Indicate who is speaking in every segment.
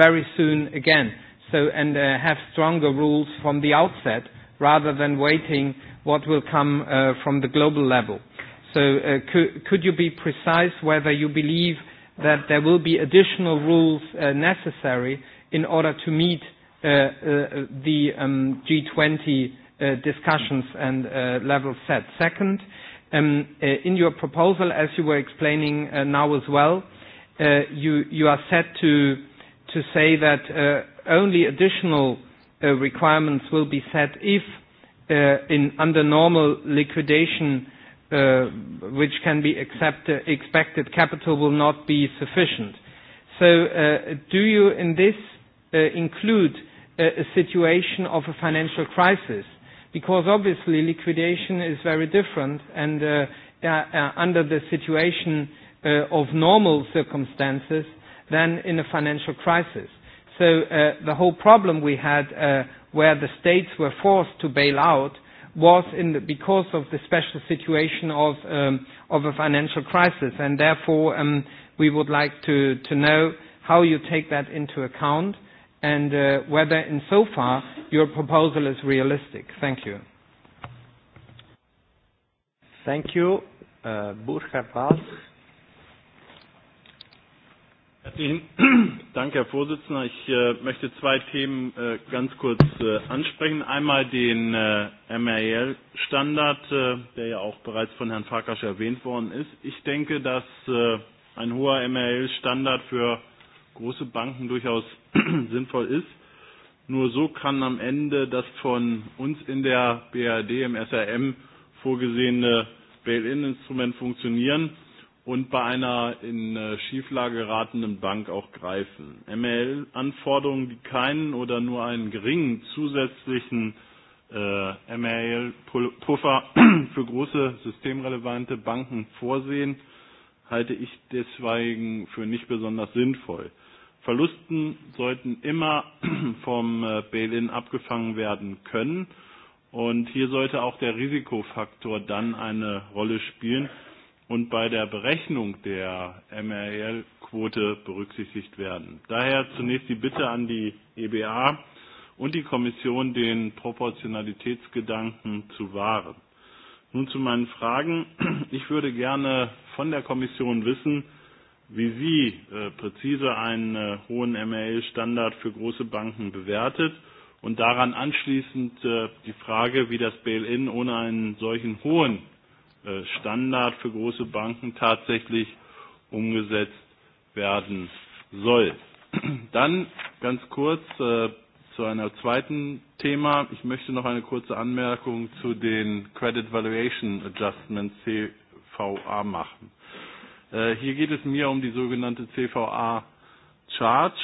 Speaker 1: very soon again. So, and uh, have stronger rules from the outset rather than waiting what will come uh, from the global level. So uh, could, could you be precise whether you believe that there will be additional rules uh, necessary in order to meet uh, uh, the um, G20 uh, discussions and uh, level set? Second, um, uh, in your proposal, as you were explaining uh, now as well, uh, you, you are set to to say that uh, only additional uh, requirements will be set if, uh, in under normal liquidation, uh, which can be accept, uh, expected, capital will not be sufficient. So, uh, do you in this uh, include a, uh, a situation of a financial crisis? Because obviously liquidation is very different, and uh, uh, uh, under the situation uh, of normal circumstances, than in a financial crisis. So uh, the whole problem we had uh, where the states were forced to bail out was in the, because of the special situation of, um, of a financial crisis. And therefore, um, we would like to, to know how you take that into account and uh, whether in so far your proposal is realistic.
Speaker 2: Thank you. Thank you. Uh, Burkhard Walsh.
Speaker 3: Dank, Herr Vorsitzender. Ich äh, möchte zwei Themen äh, ganz kurz äh, ansprechen. Einmal den äh, MRL-Standard, äh, der ja auch bereits von Herrn Farkasch erwähnt worden ist. Ich denke, dass äh, ein hoher MRL-Standard für große Banken durchaus sinnvoll ist. Nur so kann am Ende das von uns in der BRD im SRM vorgesehene Bail-in-Instrument funktionieren und bei einer in äh, Schieflage geratenen Bank auch greifen. ML-Anforderungen, die keinen oder nur einen geringen zusätzlichen äh, ML-Puffer für große systemrelevante Banken vorsehen, halte ich deswegen für nicht besonders sinnvoll. Verlusten sollten immer vom äh, Bail-in abgefangen werden können. Und hier sollte auch der Risikofaktor dann eine Rolle spielen und bei der Berechnung der MRL-Quote berücksichtigt werden. Daher zunächst die Bitte an die EBA und die Kommission, den Proportionalitätsgedanken zu wahren. Nun zu meinen Fragen. Ich würde gerne von der Kommission wissen, wie sie äh, präzise einen äh, hohen MRL-Standard für große Banken bewertet und daran anschließend äh, die Frage, wie das Bail-in ohne einen solchen hohen Äh, Standard für große Banken tatsächlich umgesetzt werden soll. Dann ganz kurz äh, zu einem zweiten Thema. Ich möchte noch eine kurze Anmerkung zu den Credit Valuation Adjustments CVA machen. Äh, hier geht es mir um die sogenannte CVA Charge.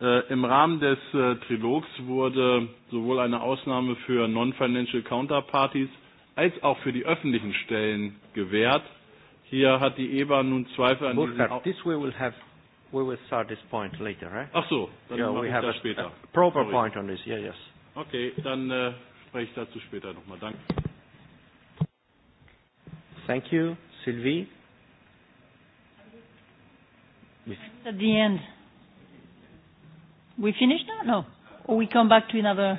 Speaker 3: Äh, Im Rahmen des äh, Trilogs wurde sowohl eine Ausnahme für Non-Financial Counterparties als auch für die öffentlichen Stellen gewährt. Hier hat die EBA nun Zweifel an diesem...
Speaker 2: This we will start this point later, right? Eh? Ach so, dann yeah, mache ich das a,
Speaker 3: später. A proper Sorry. point on this, yeah, yes. Okay, dann äh, spreche ich dazu später nochmal. Danke. Thank you, Sylvie.
Speaker 4: At the end. We finished now? No. Or we come back to another...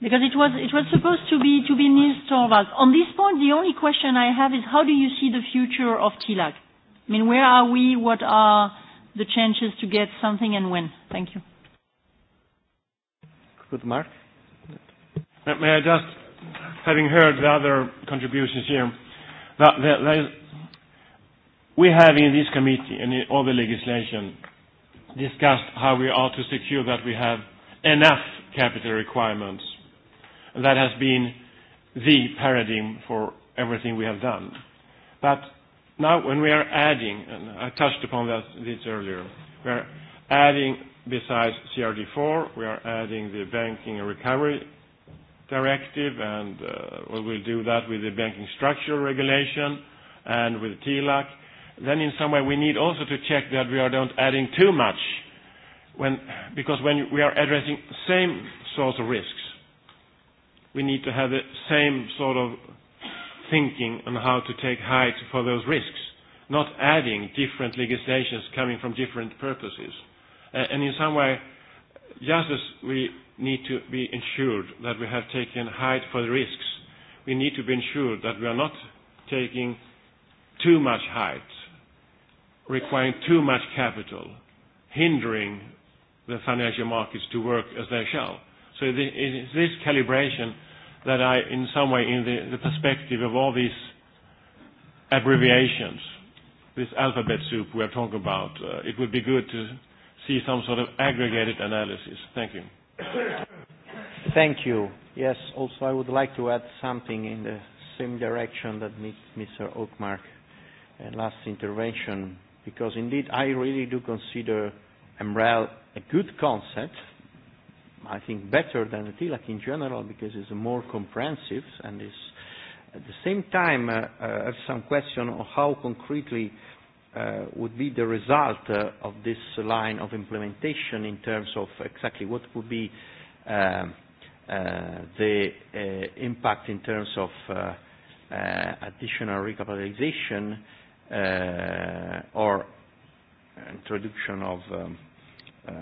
Speaker 4: Because it was, it was supposed to be, to be Nils Torvalds. On this point, the only question I have is how do you see the future of TILAC? I mean, where are we? What are the chances to get something and when? Thank you.
Speaker 5: Good, Mark. May I just, having heard the other contributions here, that, that, that is, we have in this committee and in all the legislation discussed how we are to secure that we have enough capital requirements And that has been the paradigm for everything we have done. But now when we are adding, and I touched upon that, this earlier, we are adding besides CRD4, we are adding the Banking and Recovery Directive, and uh, we will do that with the Banking Structural Regulation and with TLAC. Then in some way we need also to check that we are not adding too much, when, because when we are addressing same sorts of risks, we need to have the same sort of thinking on how to take height for those risks, not adding different legislations coming from different purposes. Uh, and in some way, just as we need to be ensured that we have taken height for the risks, we need to be ensured that we are not taking too much height, requiring too much capital, hindering the financial markets to work as they shall. So it is this calibration that I, in some way, in the, the perspective of all these abbreviations, this alphabet soup we are talking about, uh, it would be good to see some sort of aggregated analysis. Thank you. Thank you.
Speaker 2: Yes, also I would like to add something in the same direction that Mr. Oakmark uh, last intervention, because indeed I really do consider MREL a good concept, I think, better than the TILAC in general because it's more comprehensive and is at the same time uh, uh, have some question on how concretely uh, would be the result uh, of this line of implementation in terms of exactly what would be uh, uh, the uh, impact in terms of uh, uh, additional recapitalization uh, or introduction of um, uh,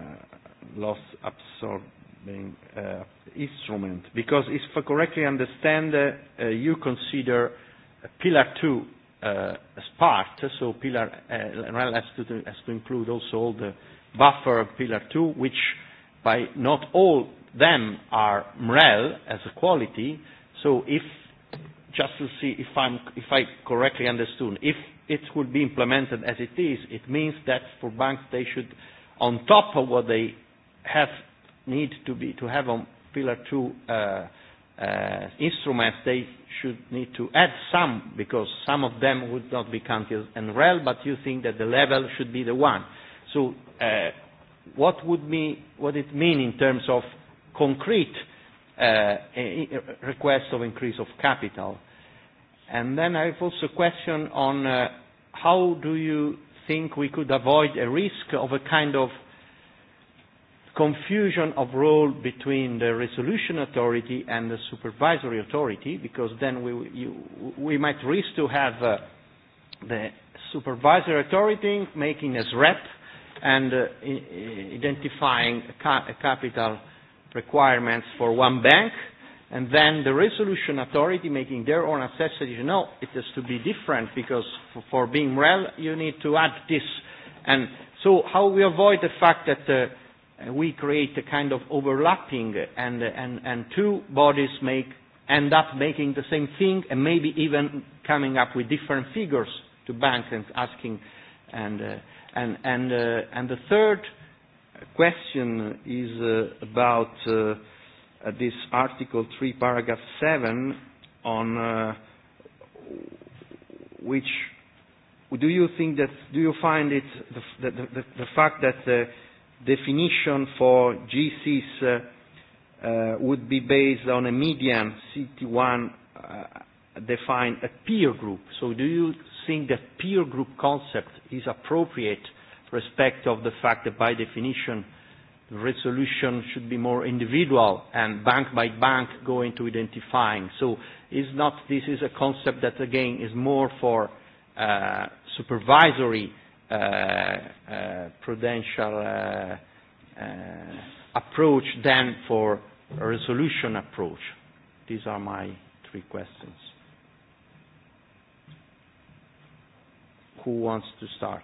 Speaker 2: loss absorbed being uh, instrument? Because if I correctly understand, uh, uh, you consider uh, Pillar two uh, as part, so Pillar uh, has, to, has to include also all the buffer of Pillar two, which by not all them are MREL as a quality. So if, just to see if, I'm, if I correctly understood, if it would be implemented as it is, it means that for banks they should, on top of what they have need to be to have on pillar two uh, uh, instruments, they should need to add some because some of them would not be counted in REL, but you think that the level should be the one. So uh, what would be, what it mean in terms of concrete uh, requests of increase of capital? And then I have also a question on uh, how do you think we could avoid a risk of a kind of confusion of role between the resolution authority and the supervisory authority, because then we, you, we might risk to have uh, the supervisory authority making a SREP and uh, identifying ca capital requirements for one bank, and then the resolution authority making their own assessment, you know, it has to be different because for, for being real, you need to add this. And so how we avoid the fact that uh, we create a kind of overlapping and, and, and two bodies make, end up making the same thing and maybe even coming up with different figures to bank and asking. And, uh, and, and, uh, and the third question is uh, about uh, this Article 3, paragraph 7 on uh, which do you think that, do you find it, the, the, the, the fact that uh, definition for GCs uh, uh, would be based on a median CT1 uh, defined a peer group. So do you think that peer group concept is appropriate respect of the fact that by definition resolution should be more individual and bank by bank going to identifying. So is not this is a concept that again is more for uh, supervisory uh, uh, uh, prudential uh, uh, approach than for a resolution approach. These are my three questions. Who wants to start?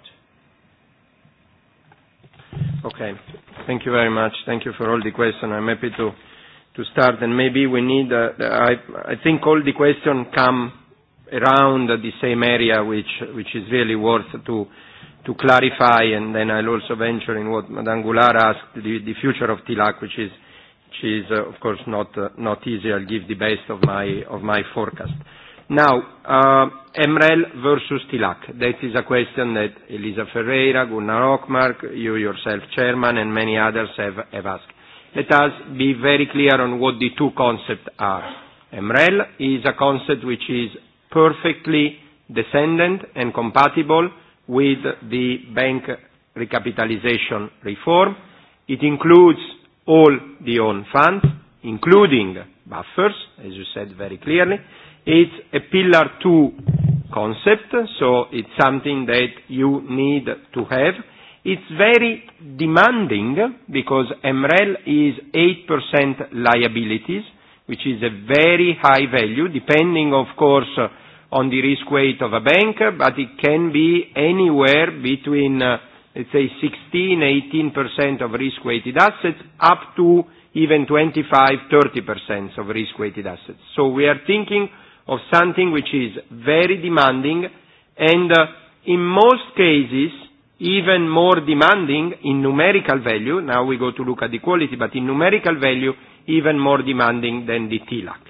Speaker 2: Okay.
Speaker 6: Thank you very much. Thank you for all the questions. I'm happy to to start, and maybe we need, uh, I, I think all the questions come around the same area, which, which is really worth to, to clarify, and then I'll also venture in what Madame Goulart asked, the, the future of TILAC, which is, which is uh, of course not, uh, not easy. I'll give the best of my, of my forecast. Now, uh, MREL versus TILAC. That is a question that Elisa Ferreira, Gunnar Ockmark, you yourself, Chairman, and many others have, have asked. Let us be very clear on what the two concepts are. MREL is a concept which is perfectly descendant and compatible with the bank recapitalization reform. It includes all the own funds, including buffers, as you said very clearly. It's a Pillar 2 concept, so it's something that you need to have. It's very demanding because MREL is 8% liabilities, which is a very high value, depending, of course, uh, on the risk weight of a bank, but it can be anywhere between, uh, let's say, 16%-18% of risk-weighted assets, up to even 25%-30% of risk-weighted assets. So we are thinking of something which is very demanding, and uh, in most cases, even more demanding in numerical value. Now we go to look at the quality, but in numerical value, even more demanding than the TLAC.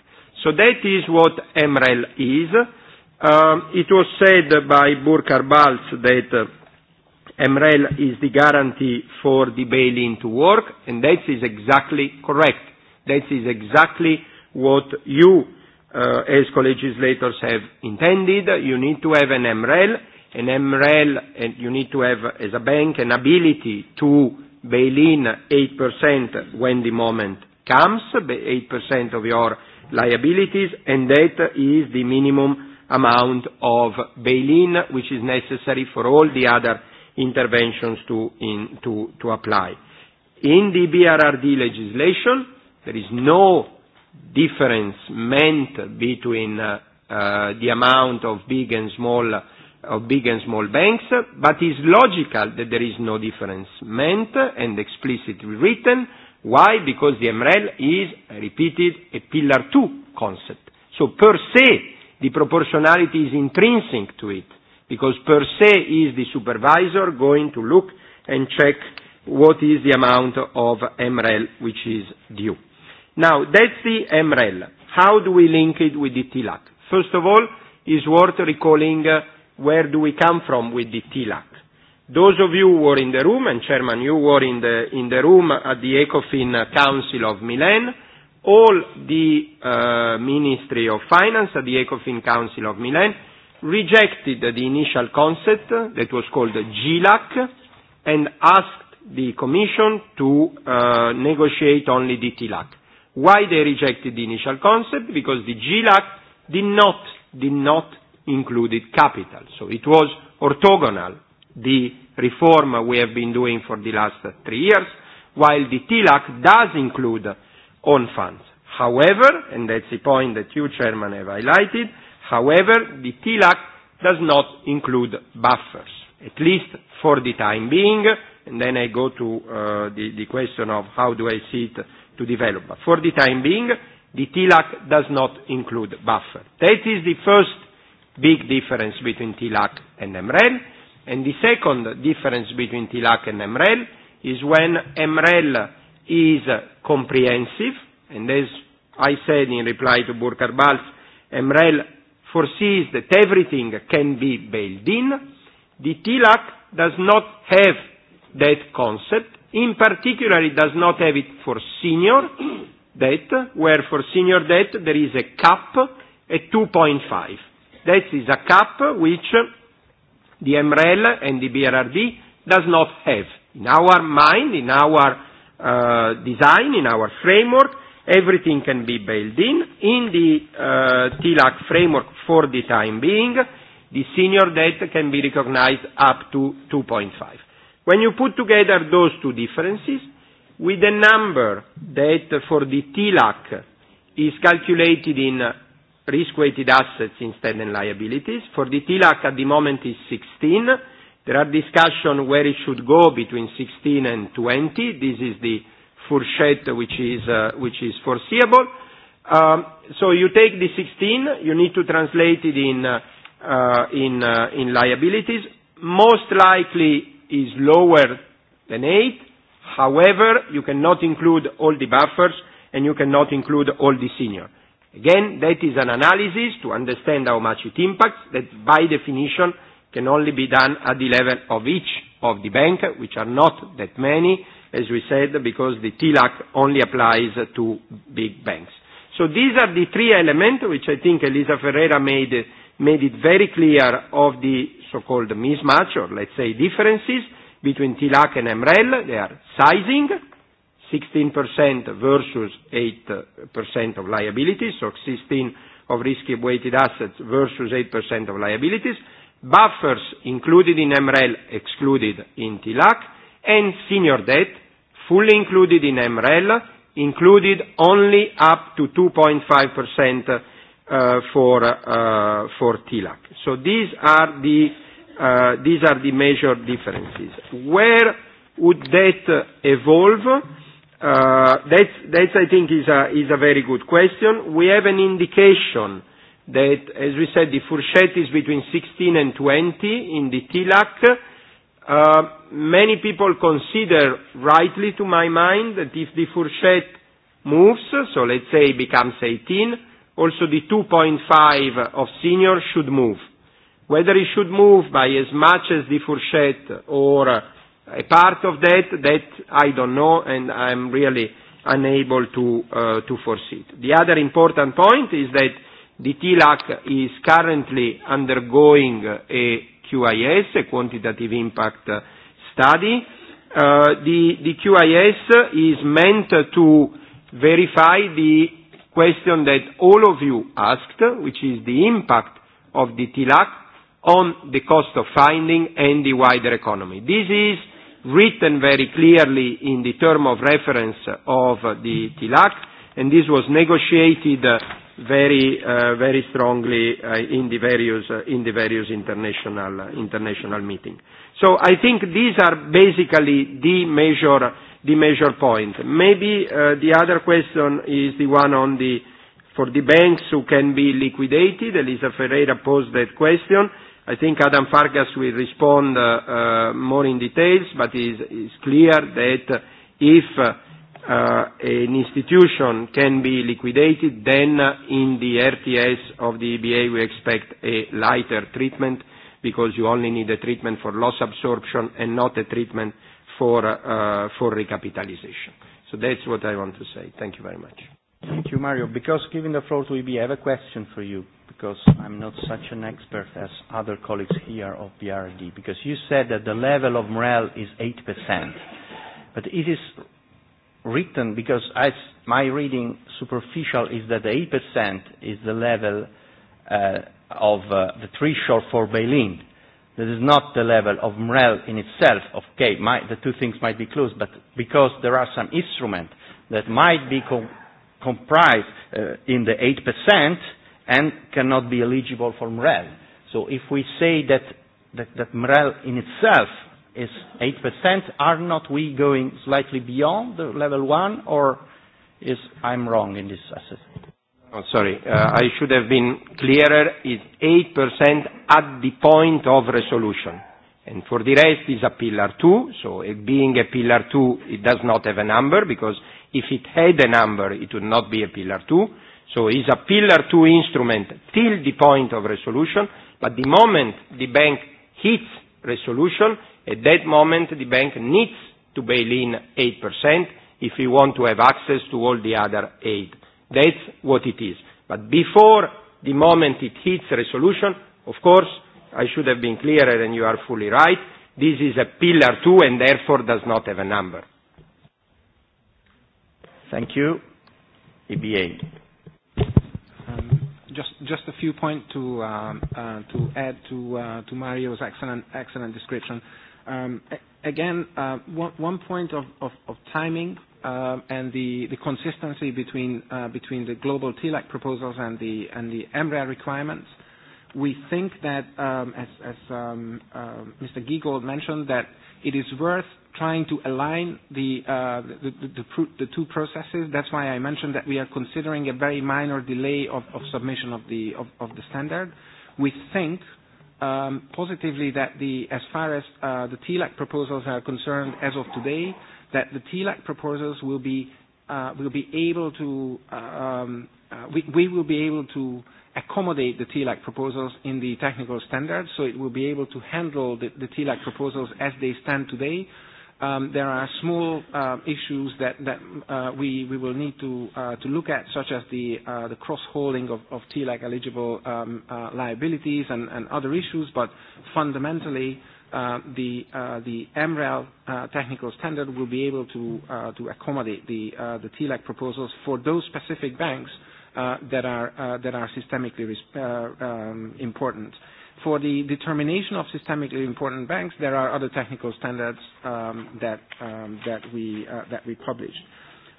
Speaker 6: So that is what MREL is. Um, it was said by Burkhard Balz that uh, MREL is the guarantee for the bail-in to work, and that is exactly correct. That is exactly what you, uh, as co-legislators, have intended. You need to have an MREL, an MREL, and you need to have, as a bank, an ability to bail in 8% when the moment comes, 8% of your liabilities, and that is the minimum amount of bail-in which is necessary for all the other interventions to, in, to, to apply. In the BRRD legislation, there is no difference meant between uh, uh, the amount of big and small of big and small banks, but it's logical that there is no difference meant and explicitly written. Why? Because the MREL is, I repeated, a Pillar 2 concept. So per se, the proportionality is intrinsic to it, because per se is the supervisor going to look and check what is the amount of MREL which is due. Now, that's the MREL. How do we link it with the TLAC? First of all, is worth recalling uh, where do we come from with the TLAC. Those of you who were in the room, and Chairman, you were in the, in the room at the ECOFIN Council of Milan, uh, all the uh, Ministry of Finance at the ECOFIN Council of Milan rejected the initial concept that was called GILAC and asked the Commission to uh, negotiate only the TILAC. Why they rejected the initial concept? Because the GILAC did not, did not include capital. So it was orthogonal, the reform we have been doing for the last three years, while the TILAC does include own funds. However, and that's the point that you, Chairman, have highlighted, however, the TLAC does not include buffers, at least for the time being, and then I go to uh, the, the question of how do I see it to develop. But for the time being, the TLAC does not include buffer. That is the first big difference between TLAC and MREL. And the second difference between TLAC and MREL is when MREL is comprehensive, and as I said in reply to Burkhard Balz, MREL foresees that everything can be bailed in. The TILAC does not have that concept. In particular, it does not have it for senior debt, where for senior debt there is a cap at 2.5. That is a cap which the MREL and the BRRD does not have. In our mind, in our uh, design, in our framework, everything can be built in. In the uh, TLAC framework for the time being, the senior debt can be recognized up to 2.5. When you put together those two differences, with the number that for the TLAC is calculated in risk-weighted assets instead than liabilities, for the TLAC at the moment is 16, There are discussion where it should go between 16 and 20. This is the fourchette which is, uh, which is foreseeable. Um, so you take the 16, you need to translate it in, uh, in, uh, in liabilities. Most likely is lower than 8. However, you cannot include all the buffers and you cannot include all the senior. Again, that is an analysis to understand how much it impacts. That by definition can only be done at the level of each of the bank, which are not that many, as we said, because the TLAC only applies to big banks. So these are the three elements which I think Elisa Ferreira made, made it very clear of the so-called mismatch or let's say differences between TLAC and MREL. They are sizing, 16% versus 8% of liabilities, so 16 of risky weighted assets versus 8% of liabilities buffers included in MREL, excluded in TLAC, and senior debt, fully included in MREL, included only up to 2.5% uh, for, uh, for TLAC. So these are the uh, these are the major differences. Where would that evolve? Uh, that, that, I think, is a, is a very good question. We have an indication that, as we said, the fourchette is between 16 and 20 in the TLAC. Uh, many people consider, rightly to my mind, that if the fourchette moves, so let's say it becomes 18, also the 2.5 of senior should move. Whether it should move by as much as the fourchette or a part of that, that I don't know and I'm really unable to, uh, to foresee. The other important point is that The TLAC is currently undergoing a QIS, a quantitative impact study. Uh, the, the QIS is meant to verify the question that all of you asked, which is the impact of the TLAC on the cost of finding and the wider economy. This is written very clearly in the term of reference of the TLAC, and this was negotiated very uh, very strongly uh, in the various uh, in the various international uh, international meeting. So I think these are basically the major the major point. Maybe uh, the other question is the one on the for the banks who can be liquidated. Elisa Ferreira posed that question. I think Adam Fargas will respond uh, uh, more in details, but it is clear that if uh, uh, an institution can be liquidated, then uh, in the RTS of the EBA, we expect a lighter treatment because you only need a treatment for loss absorption and not a treatment for, uh, for recapitalization. So that's what I want to say. Thank you very much.
Speaker 7: Thank
Speaker 2: you, Mario. Because giving the floor to EBA, I have a question for you because I'm not such an expert as other colleagues here of BRD because you said that the level of morale is 8%. But it is written because I, my reading superficial is that the 8% is the level uh, of uh, the threshold for bail-in. That is not the level of MREL in itself. Okay, my, the two things might be close, but because there are some instruments that might be com comprised uh, in the 8% and cannot be eligible for MREL. So if we say that, that, that MREL in itself is 8%. Are not we going slightly beyond the level one, or is I'm wrong in this assessment?
Speaker 6: Oh, sorry. Uh, I should have been clearer. It's 8% at the point of resolution. And for the rest is a Pillar 2. So it being a Pillar 2, it does not have a number because if it had a number, it would not be a Pillar 2. So it's a Pillar 2 instrument till the point of resolution. But the moment the bank hits resolution, At that moment, the bank needs to bail in 8% if we want to have access to all the other aid. That's what it is. But before the moment it hits resolution, of course, I should have been clearer and you are fully right, this is a pillar two and therefore does not have a number. Thank you. EBA.
Speaker 8: Um, just, just a few points to, um, uh, to add to, uh, to Mario's excellent, excellent description. Um, again, uh, one, one point of, of, of timing uh, and the, the consistency between, uh, between the global TLAC proposals and the, and the MRA requirements. We think that, um, as, as um, uh, um, Mr. Giegold mentioned, that it is worth trying to align the, uh, the, the, the, the two processes. That's why I mentioned that we are considering a very minor delay of, of submission of the, of, of the standard. We think Um, positively that the, as far as uh, the TLAC proposals are concerned as of today, that the TLAC proposals will be, uh, will be able to, uh, um, uh, we, we will be able to accommodate the TLAC proposals in the technical standards, so it will be able to handle the, the TLAC proposals as they stand today, um, there are small uh, issues that, that uh, we, we will need to, uh, to look at, such as the, uh, the cross-holding of, of TLAC eligible um, uh, liabilities and, and other issues, but fundamentally, uh, the, uh, the MREL uh, technical standard will be able to, uh, to accommodate the, uh, the TLAC proposals for those specific banks uh, that, are, uh, that are systemically uh, um, important. Uh, For the determination of systemically important banks, there are other technical standards um, that, um, that, we, uh, that we published.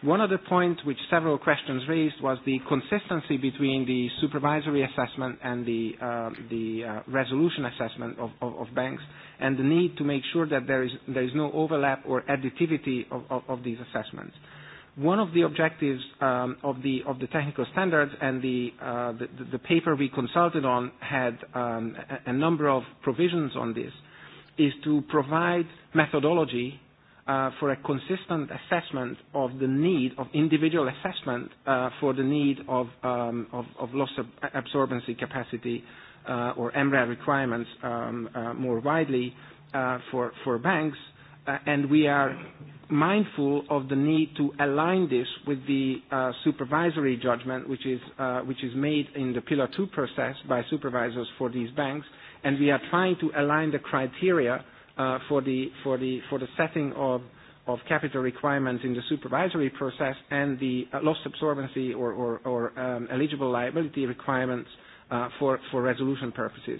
Speaker 8: One other point which several questions raised was the consistency between the supervisory assessment and the, uh, the uh, resolution assessment of, of, of banks and the need to make sure that there is, there is no overlap or additivity of, of, of these assessments. Uh, One of the objectives um, of, the, of the technical standards and the, uh, the, the paper we consulted on had um, a, a number of provisions on this, is to provide methodology uh, for a consistent assessment of the need of individual assessment uh, for the need of, um, of, of loss of absorbency capacity uh, or MRA requirements um, uh, more widely uh, for, for banks uh, and we are mindful of the need to align this with the uh, supervisory judgment which is, uh, which is made in the Pillar 2 process by supervisors for these banks, and we are trying to align the criteria uh, for, the, for, the, for the setting of, of capital requirements in the supervisory process and the uh, loss absorbency or, or, or um, eligible liability requirements uh, for, for resolution purposes.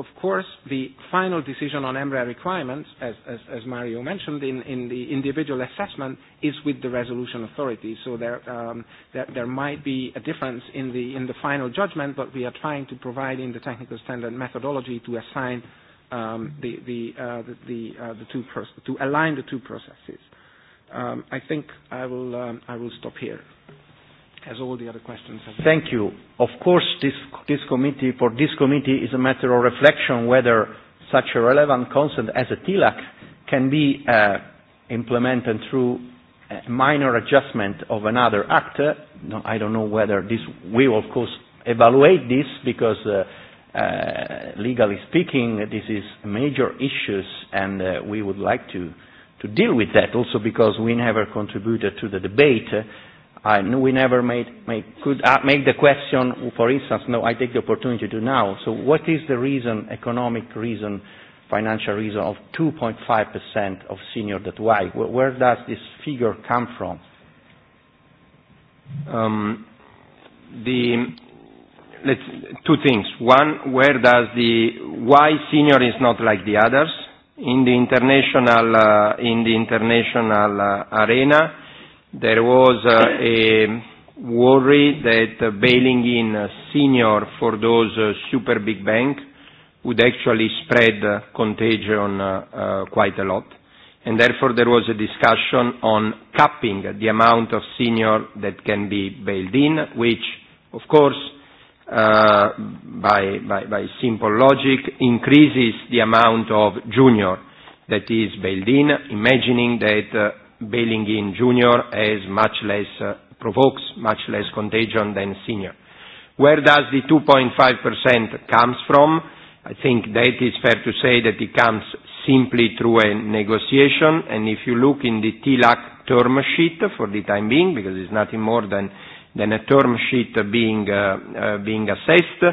Speaker 8: Of course, the final decision on MREL requirements, as, as, as Mario mentioned in, in the individual assessment, is with the resolution authority. So there, um, there, there might be a difference in the, in the final judgment, but we are trying to provide in the technical standard methodology to assign um, the, the, uh, the, the, uh, the two to align the two processes. Um, I think I will, um, I will stop here as all the other questions have been.
Speaker 2: Thank you. Of course, this, this committee, for this committee, is a matter of reflection whether such a relevant concept as a TILAC can be uh, implemented through a minor adjustment of another act. No, I don't know whether this, we will, of course, evaluate this because uh, uh, legally speaking, this is major issues and uh, we would like to, to deal with that also because we never contributed to the debate. Uh, I, we never made, made could uh, make the question, for instance, no, I take the opportunity to now. So what is the reason, economic reason, financial reason of 2.5% of senior that why? Where, where does this figure come from? Um,
Speaker 6: the, let's, two things. One, where does the, why senior is not like the others? In the international, uh, in the international uh, arena, There was uh, a worry that uh, bailing in uh, senior for those uh, super big banks would actually spread uh, contagion uh, uh, quite a lot. And therefore there was a discussion on capping the amount of senior that can be bailed in, which of course uh, by, by, by simple logic increases the amount of junior that is bailed in, imagining that uh, bailing in junior as much less uh, provokes much less contagion than senior. Where does the 2.5% comes from? I think that is fair to say that it comes simply through a negotiation, and if you look in the TLAC term sheet for the time being, because it's nothing more than, than a term sheet being, uh, uh, being assessed,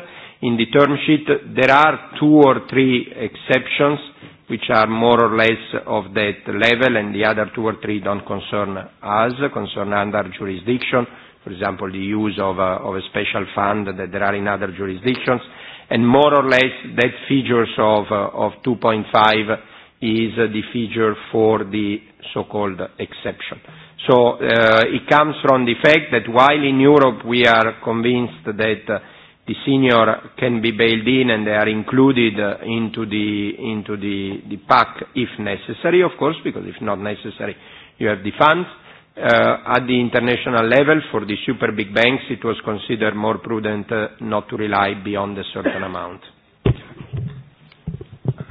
Speaker 6: in the term sheet there are two or three exceptions which are more or less of that level, and the other two or three don't concern us, concern other jurisdiction. For example, the use of a, of a special fund that there are in other jurisdictions. And more or less, that figures of, uh, of 2.5 is the figure for the so-called exception. So uh, it comes from the fact that while in Europe we are convinced that uh, the senior can be bailed in and they are included uh, into the into the, the pack if necessary, of course, because if not necessary, you have the funds. Uh, at the international level, for the super big banks, it was considered more prudent uh, not to rely beyond a certain amount.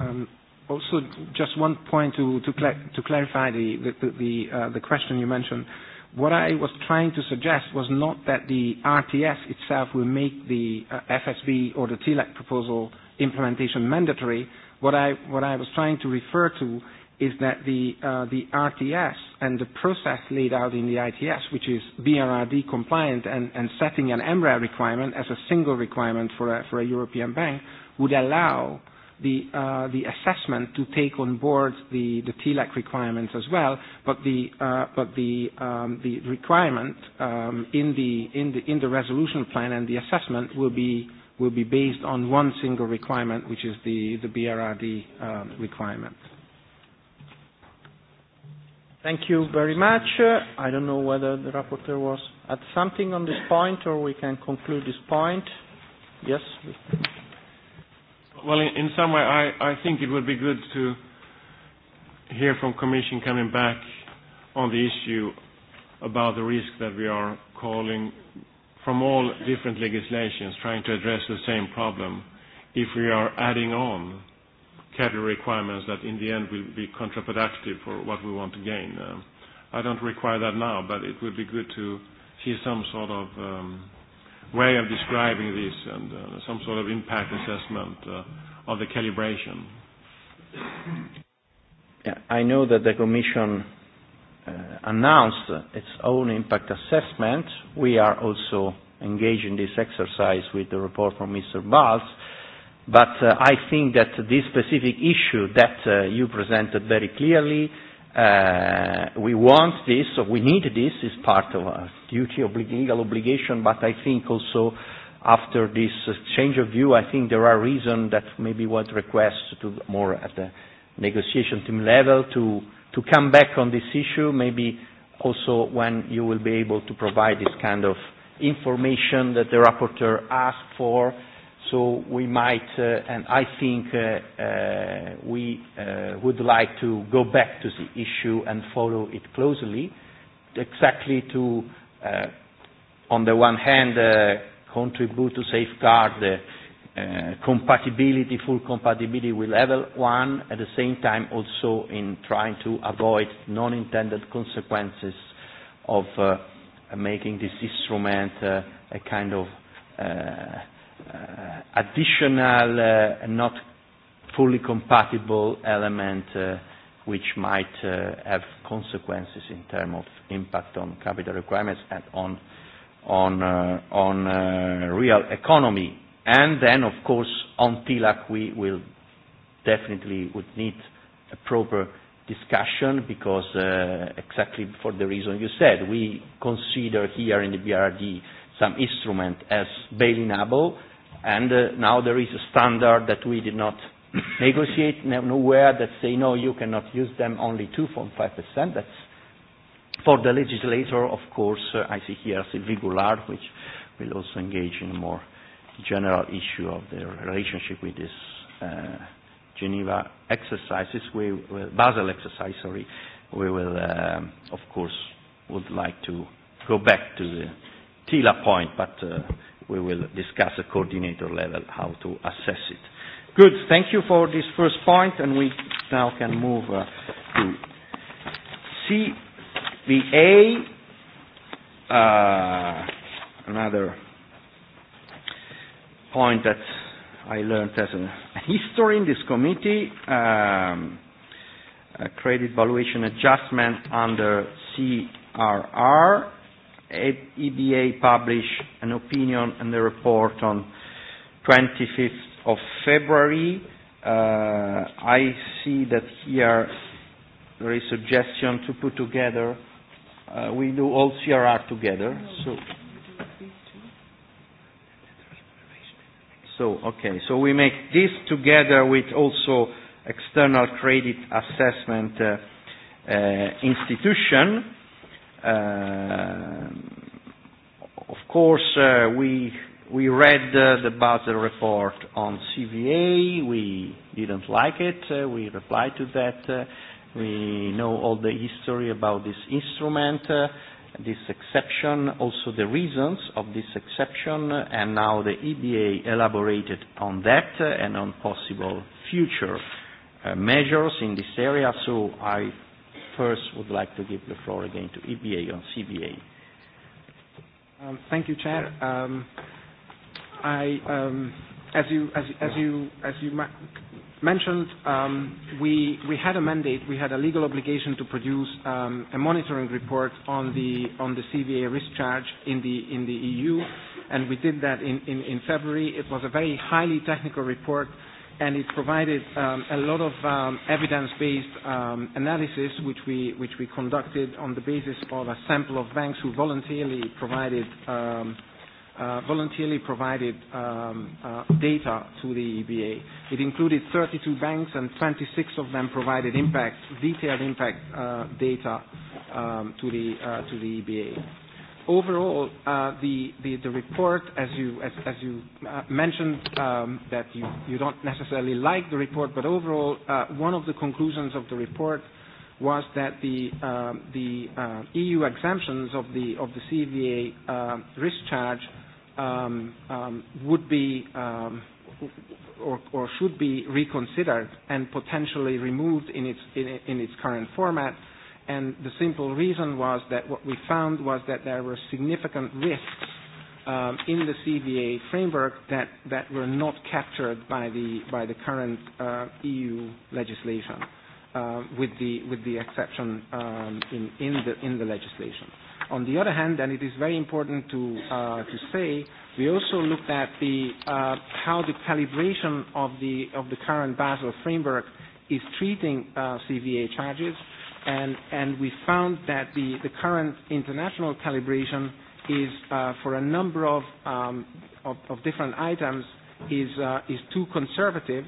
Speaker 8: Um, also, just one point to to, cl- to clarify the the the, the, uh, the question you mentioned. Uh, What I was trying to suggest was not that the RTS itself will make the uh, FSB or the TLAC e proposal implementation mandatory. What I, what I was trying to refer to is that the, uh, the RTS and the process laid out in the ITS, which is BRRD compliant and, and setting an MRA requirement as a single requirement for a, for a European bank, would allow uh, the, uh, the assessment to take on board the, the TLAC requirements as well, but the, uh, but the, um, the requirement um, in, the, in, the, in the resolution plan and the assessment will be, will be based on one single requirement, which is the, the BRRD um, requirement.
Speaker 2: Thank you very much. Uh, I don't know whether the rapporteur was at something on this point or
Speaker 5: we can conclude this point. Yes? Well, in, in some way, I, I think it would be good to hear from Commission coming back on the issue about the risk that we are calling from all different legislations trying to address the same problem if we are adding on category requirements that in the end will be counterproductive for what we want to gain. Um, I don't require that now, but it would be good to see some sort of um, way of describing this and uh, some sort of impact assessment uh, of the calibration.
Speaker 2: Yeah, I know that the Commission uh, announced its own impact assessment. We are also engaged in this exercise with the report from Mr. Valls. But uh, I think that this specific issue that uh, you presented very clearly, uh, we want this, or we need this, is part of our duty, legal obligation, but I think also after this change of view, I think there are reasons that maybe what requests to more at the negotiation team level to, to come back on this issue, maybe also when you will be able to provide this kind of information that the rapporteur asked for. So we might, uh, and I think uh, uh, we uh, would like to go back to the issue and follow it closely, exactly to uh, on the one hand, uh, contribute to safeguard the uh, compatibility, full compatibility with level one, at the same time also in trying to avoid non-intended consequences of uh, making this instrument uh, a kind of uh, uh, additional, uh, not fully compatible element uh, which might uh, have consequences in terms of impact on capital requirements and on, on, uh, on uh, real economy. And then, of course, on TILAC we will definitely would need a proper discussion because uh, exactly for the reason you said, we consider here in the BRD some instrument as bail-inable, and uh, now there is a standard that we did not negotiate nowhere that say, no, you cannot use them only 2.5%. That's for the legislator, of course, uh, I see here Sylvie Goulard, which will also engage in a more general issue of the relationship with this uh, Geneva exercises, we, will, Basel exercise, sorry, we will, um, of course, would like to go back to the TILA point, but uh, we will discuss at coordinator level how to assess it. Good. Thank you for this first point, and we now can move uh,
Speaker 9: to CVA, uh, another
Speaker 2: point that I learned as a history in this committee, um, a credit valuation adjustment under CRR. EBA e published an opinion and a report on 25th of February. Uh, I see that here there is suggestion to put together. Uh, we do all CRR together. So. So, okay, so we make this together with also external credit assessment uh, uh, institution. Uh, of course, uh, we we read uh, the Basel report on CVA. We didn't like it. Uh, we replied to that. Uh, we know all the history about this instrument, uh, this exception, also the reasons of this exception, uh, and now the EBA elaborated on that uh, and on possible future uh, measures in this area. So I first would like to give the floor again to EBA on CVA.
Speaker 8: Um, thank you, Chair. Um, I, um, as you as, as you as you ma- mentioned, um, we we had a mandate, we had a legal obligation to produce um, a monitoring report on the on the CVA risk charge in the in the EU, and we did that in in, in February. It was a very highly technical report. And it provided um, a lot of um, evidence-based um, analysis, which we which we conducted on the basis of a sample of banks who voluntarily provided um, Uh, voluntarily provided um, uh, data to the EBA. It included 32 banks and 26 of them provided impact, detailed impact uh, data um, to, the, uh, to the EBA. Overall, uh, the, the, the report, as you, as, as you uh, mentioned, um, that you, you don't necessarily like the report, but overall, uh, one of the conclusions of the report was that the, um, the uh, EU exemptions of the, of the CVA uh, risk charge um, um, would be um, or, or should be reconsidered and potentially removed in its, in, in its current format. And the simple reason was that what we found was that there were significant risks um, in the CBA framework that, that were not captured by the, by the current uh, EU legislation, uh, with, the, with the exception um, in, in, the, in the legislation. On the other hand, and it is very important to, uh, to say, we also looked at the, uh, how the calibration of the, of the current Basel framework is treating uh, CVA charges, and, and we found that the, the current international calibration is uh, for a number of, um, of, of different items is, uh, is too conservative.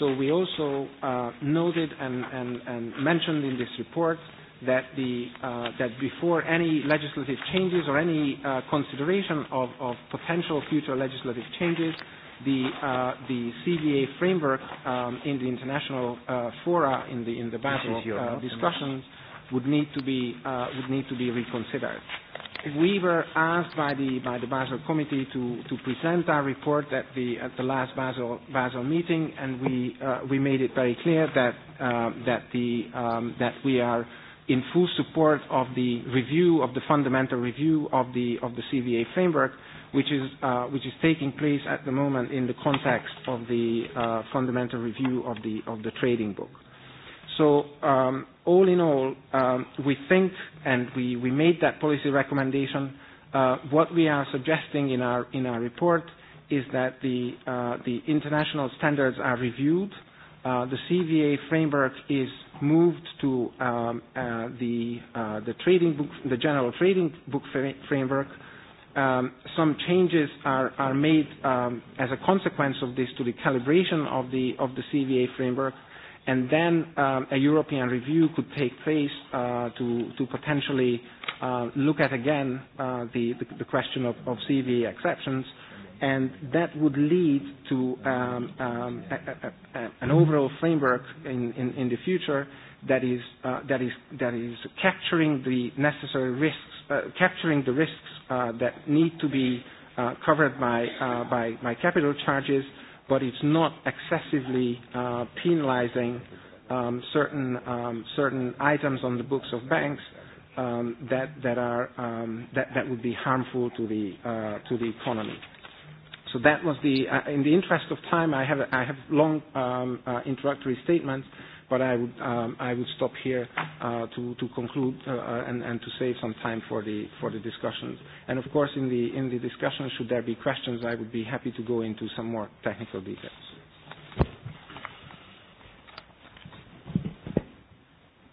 Speaker 8: So we also uh, noted and, and, and mentioned in this report that, the, uh, that before any legislative changes or any uh, consideration of, of potential future legislative changes, the, uh, the CBA framework um, in the international uh, fora, in the, in the battle uh, discussions, would need to be, uh, would need to be reconsidered. We were asked by the, by the Basel Committee to, to present our report at the, at the last Basel, Basel meeting, and we, uh, we made it very clear that, uh, that, the, um, that we are in full support of the review of the fundamental review of the of the CVA framework, which is uh, which is taking place at the moment in the context of the uh, fundamental review of the of the trading book. So um, all in all, um, we think and we, we made that policy recommendation. Uh, what we are suggesting in our in our report is that the uh, the international standards are reviewed uh, Uh, the CVA framework is moved to um, uh, the, uh, the, trading book, the general trading book fra- framework. Um, some changes are, are made um, as a consequence of this to the calibration of the, of the CVA framework, and then um, a European review could take place uh, to, to potentially uh, look at again uh, the, the, the question of, of CVA exceptions. Uh, and that would lead to um, um, a, a, a, an overall framework in, in, in the future that is, uh, that, is, that is capturing the necessary risks, uh, capturing the risks uh, that need to be uh, covered by, uh, by, by capital charges, but it's not excessively uh, penalizing um, certain, um, certain items on the books of banks um, that, that, are, um, that, that would be harmful to the, uh, to the economy. So that was the, uh, in the interest of time, I have, I have long um, uh, introductory statements, but I would, um, I would stop here uh, to, to conclude uh, uh, and, and to save some time for the, for the discussions. And of course, in the, in the discussion, should there be questions, I would be happy to go into some more technical details.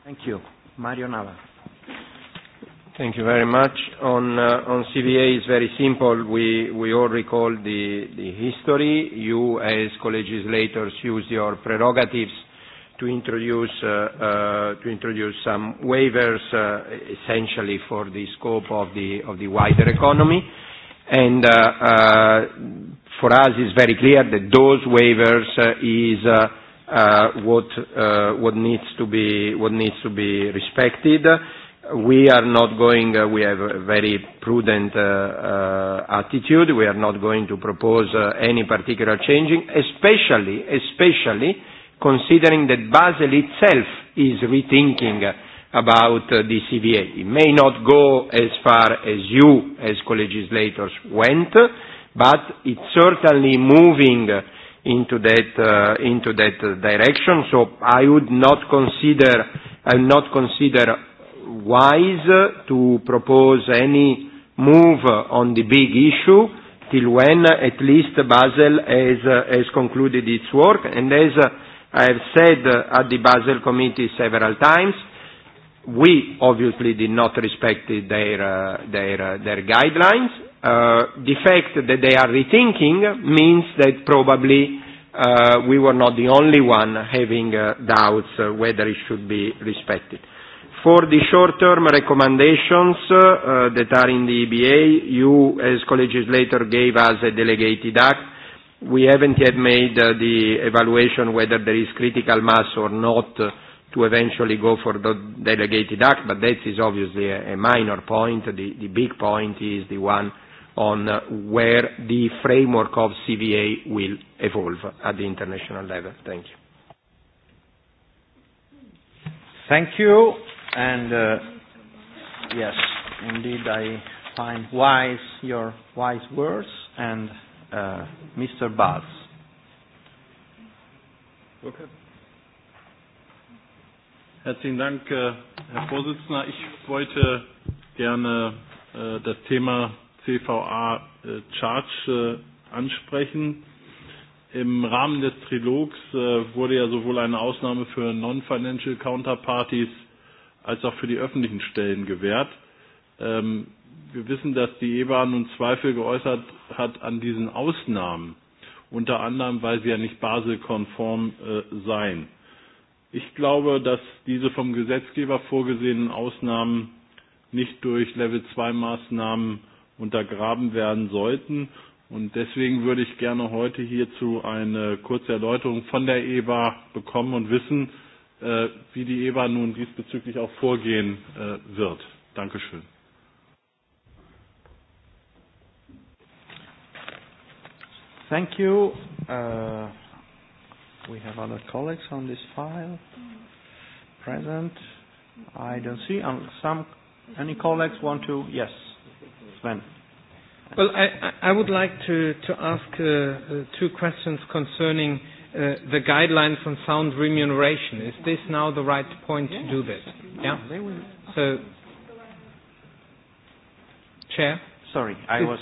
Speaker 8: Thank you. Mario Nava.
Speaker 6: Thank you very much. On, uh, on CBA, it's very simple. We, we all recall the, the history. You, as co-legislators, use your prerogatives to introduce, uh, uh, to introduce some waivers, uh, essentially for the scope of the, of the wider economy. And uh, uh, for us, it's very clear that those waivers uh, is uh, uh, what, uh, what, needs to be, what needs to be respected. Uh, we are not going, uh, we have a very prudent uh, uh, attitude. We are not going to propose uh, any particular changing, especially, especially considering that Basel itself is rethinking about uh, the CVA. It may not go as far as you, as co-legislators, went, but it's certainly moving into that, uh, into that uh, direction. So I would not consider, I would not consider wise to propose any move on the big issue till when at least Basel has, uh, has concluded its work. And as uh, I have said uh, at the Basel Committee several times, we obviously did not respect their, uh, their, uh, their guidelines. Uh, the fact that they are rethinking means that probably uh, we were not the only one having uh, doubts uh, whether it should be respected. For the short-term recommendations uh, that are in the EBA, you as co-legislator gave us a delegated act. We haven't yet made uh, the evaluation whether there is critical mass or not uh, to eventually go for the delegated act, but that is obviously a, a minor point. The, the big point is the one on uh, where the framework of CVA will evolve at the international level. Thank you.
Speaker 2: Thank you. And uh, yes, indeed, I find wise your wise words
Speaker 3: and uh, Mr. Buzz. Okay. Herzlichen Dank, äh, Herr Vorsitzender. Ich wollte gerne äh, das Thema CVA äh, Charge äh, ansprechen. Im Rahmen des Trilogs äh, wurde ja sowohl eine Ausnahme für Non-Financial Counterparties als auch für die öffentlichen Stellen gewährt. Ähm, wir wissen, dass die EBA nun Zweifel geäußert hat an diesen Ausnahmen, unter anderem, weil sie ja nicht baselkonform äh, seien. Ich glaube, dass diese vom Gesetzgeber vorgesehenen Ausnahmen nicht durch Level-2-Maßnahmen untergraben werden sollten. Und deswegen würde ich gerne heute hierzu eine kurze Erläuterung von der EBA bekommen und wissen, Äh, wie die EBA nun diesbezüglich auch vorgehen äh, wird. Dankeschön.
Speaker 2: Thank you. Uh, we have other colleagues on this file present. I don't see um, some. Any colleagues want to? Yes, Sven.
Speaker 1: Well, I, I would like to, to ask uh, uh two questions concerning Uh, the guidelines on sound remuneration. Is this now the right point yes. to do this? Yeah. So, Chair. Sorry, I is, was.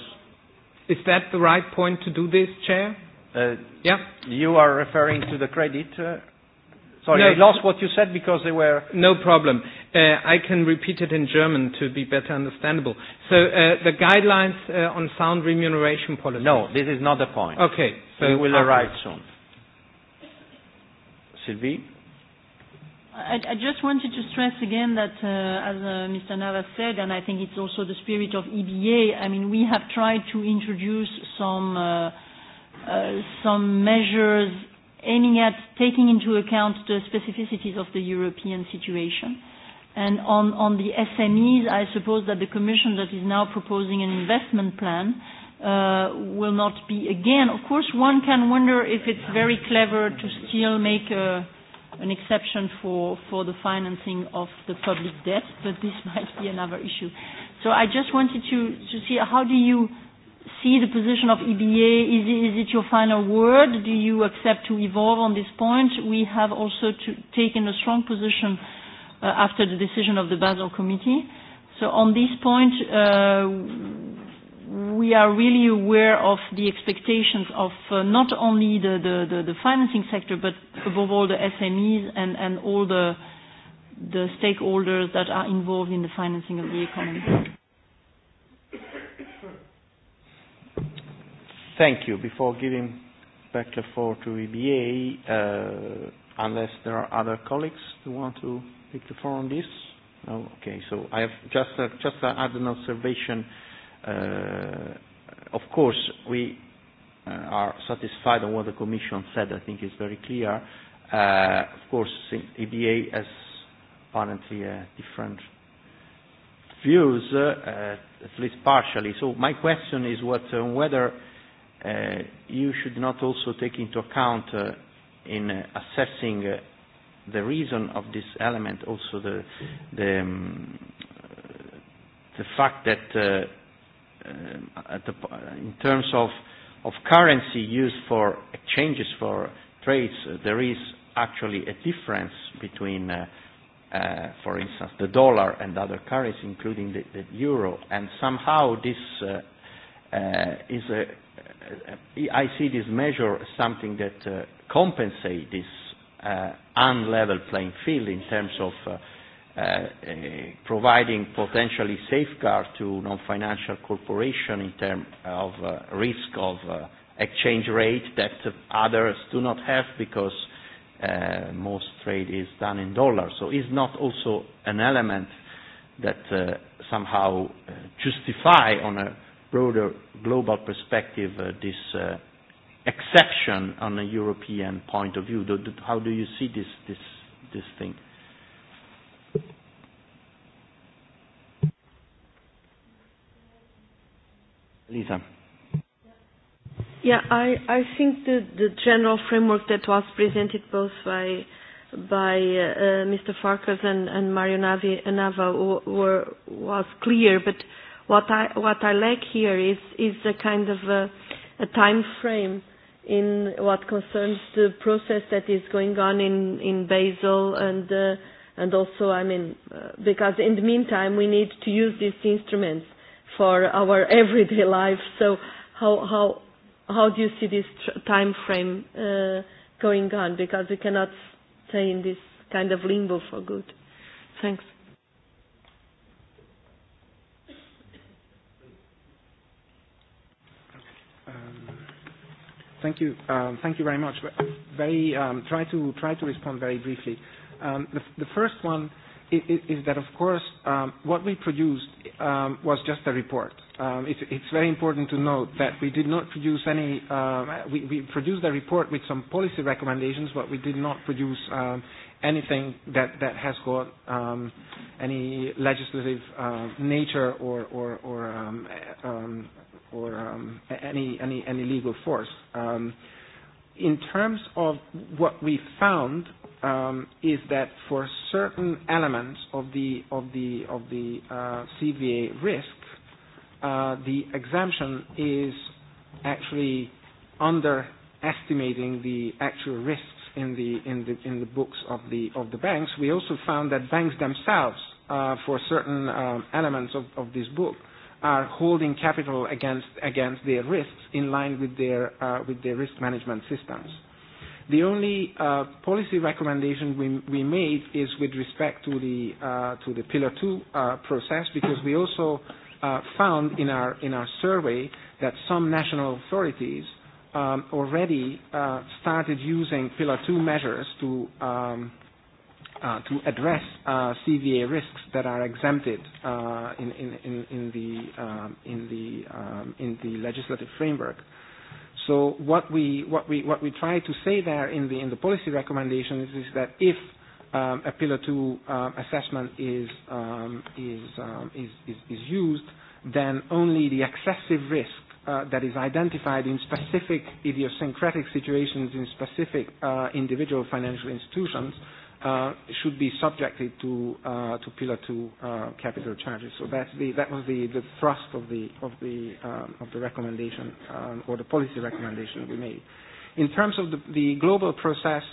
Speaker 1: Is that the right point to do this, Chair? Uh, yeah. You are referring to the credit. Uh, sorry, no, I lost what you said because they were. No problem. Uh, I can repeat it in German to be better understandable. So uh, the guidelines uh, on sound remuneration
Speaker 2: policy. No, this is not the point. Okay. So we will arrive soon. Sylvie?
Speaker 4: I, I just wanted to stress again that, uh, as uh, Mr. Navas said, and I think it's also the spirit of EBA, I mean, we have tried to introduce some, uh, uh, some measures aiming at taking into account the specificities of the European situation. And on, on the SMEs, I suppose that the Commission that is now proposing an investment plan uh, Uh, will not be again. Of course, one can wonder if it's very clever to still make a, uh, an exception for, for the financing of the public debt, but this might be another issue. So I just wanted to, to see how do you see the position of EBA? Is it, is it your final word? Do you accept to evolve on this point? We have also to, taken a strong position uh, after the decision of the Basel Committee. So on this point, uh, we are really aware of the expectations of uh, not only the, the, the, the financing sector, but above all the SMEs and, and all the, the stakeholders that are involved in the financing of the economy.
Speaker 2: Thank you. Before giving back the floor to EBA, uh, unless there are other colleagues who want to take the floor on this. No? Okay, so I have just, uh, just uh, add an observation. Uh, Uh, of course, we uh, are satisfied on what the Commission said. I think it's very clear. Uh, of course, EBA e has apparently uh, different views, uh, uh, at least partially. So my question is what, uh, whether uh, you should not also take into account uh, in uh, assessing uh, the reason of this element also the, the, um, the fact that uh, Uh, at the, uh, in terms of, of currency used for exchanges for trades, uh, there is actually a difference between, uh, uh, for instance, the dollar and other currencies, including the, the euro. And somehow this uh, uh, is a, a, uh, I see this measure as something that uh, compensates this uh, unlevel playing field in terms of uh, Uh, uh, providing potentially safeguard to non-financial corporation in terms of uh, risk of uh, exchange rate that others do not have because uh, most trade is done in dollars. So is not also an element that uh, somehow uh, justify on a broader global perspective uh, this uh, exception on a European point of view? Do, do, how do you see this, this, this thing? Uh, Lisa.
Speaker 10: Yeah, I, I think the, the general framework that was presented both by by uh, uh Mr. Farkas and, and Mario Navi, Nava were, was clear, but what I, what I lack here is, is a kind of a, a time frame in what concerns the process that is going on in, in Basel and, uh, and also, I mean, uh, because in the meantime we need to use these instruments for our everyday life. So how how how do you see this time frame uh, going on? Because we cannot stay in this kind of limbo for good. Thanks.
Speaker 8: Um, thank you. Um, thank you very much. Very um, try to try to respond very briefly. Um, the, the first one is, that, of course, um, what we produced um, was just a report. Um, it, it's very important to note that we did not produce any, uh, we, we produced a report with some policy recommendations, but we did not produce um, anything that, that has got um, any legislative uh, nature or, or, or, um, um, or um, any, any, any legal force. Um, in terms of what we found, um, is that for certain elements of the of the of the uh, CVA risk, uh, the exemption is actually underestimating the actual risks in the in the in the books of the of the banks. We also found that banks themselves, uh, for certain um, elements of, of this book, are holding capital against against their risks in line with their uh, with their risk management systems. The only uh, policy recommendation we, we made is with respect to the uh, to the Pillar Two uh, process, because we also uh, found in our in our survey that some national authorities um, already uh, started using Pillar Two measures to um, uh, to address uh, CVA risks that are exempted uh, in, in, in, in the um, in the um, in the legislative framework. Uh, So what we, what we, what we try to say there in the, in the policy recommendation is, is that if um, a pillar two uh, assessment is, um, is, um, is, is, is used, then only the excessive risk uh, that is identified in specific idiosyncratic situations in specific uh, individual financial institutions Uh, should be subjected to uh, to Pillar Two uh, capital charges. So that's the that was the, the thrust of the of the um, of the recommendation um, or the policy recommendation we made. In terms of the, the global process,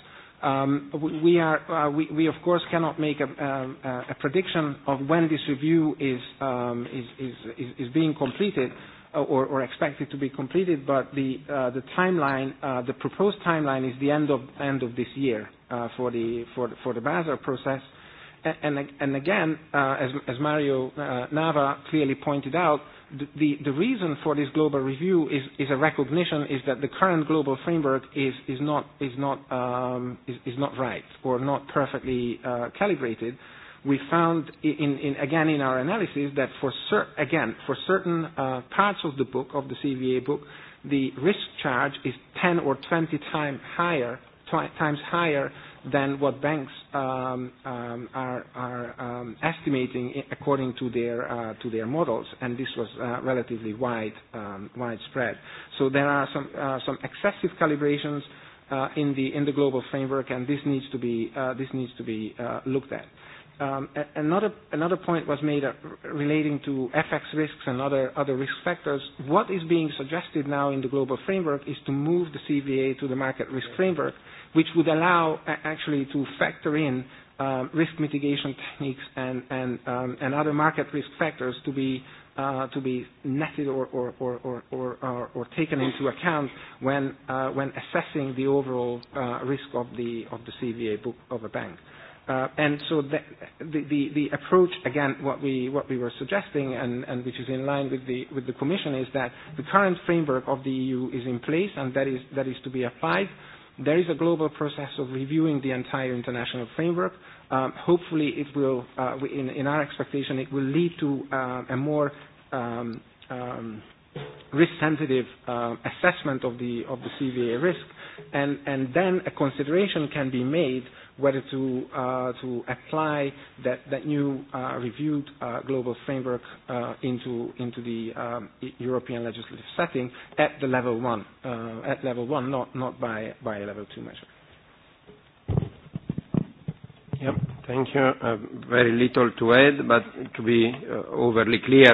Speaker 8: um, we, we are uh, we, we of course cannot make a, um, a, a prediction of when this review is um, is, is is is being completed. Uh, or, or expected to be completed, but the, uh, the timeline, uh, the proposed timeline is the end of, end of this year uh, for, the, for, for the Basel process. And, and, and again, uh, as, as Mario uh, Nava clearly pointed out, the, the reason for this global review is, is a recognition is that the current global framework is, is, not, is, not, um, is, is not right or not perfectly uh, calibrated. Uh, we found, in, in, again in our analysis, that for cer- again for certain uh, parts of the book of the CVA book, the risk charge is 10 or 20 times higher tw- times higher than what banks um, um, are, are um, estimating according to their uh, to their models, and this was uh, relatively wide um, widespread. So there are some uh, some excessive calibrations uh, in the in the global framework, and this needs to be uh, this needs to be uh, looked at. Um, another, point was made uh, relating to FX risks and other, risk factors. What is being suggested now in the global framework is to move the CVA to the market risk framework, which would allow actually to factor in um, risk mitigation techniques um, and, other market risk factors to be uh, netted or, taken into account when, uh, assessing the overall risk of the, CVA book of a bank. Uh, and so the, the, the, the approach, again, what we, what we were suggesting and, and which is in line with the, with the Commission is that the current framework of the EU is in place and that is, that is to be applied. There is a global process of reviewing the entire international framework. Um, hopefully it will, uh, in, in our expectation, it will lead to uh, a more um, um, risk-sensitive uh, assessment of the, of the CVA risk. And, and then a consideration can be made whether to, uh, to apply that, that new uh, reviewed uh, global framework uh, into, into the um, e-, European legislative setting at the level one, uh, at level one, not, not by, by a level two measure.
Speaker 7: Yep, thank you. Uh,
Speaker 6: very little to add, but to be uh, overly clear,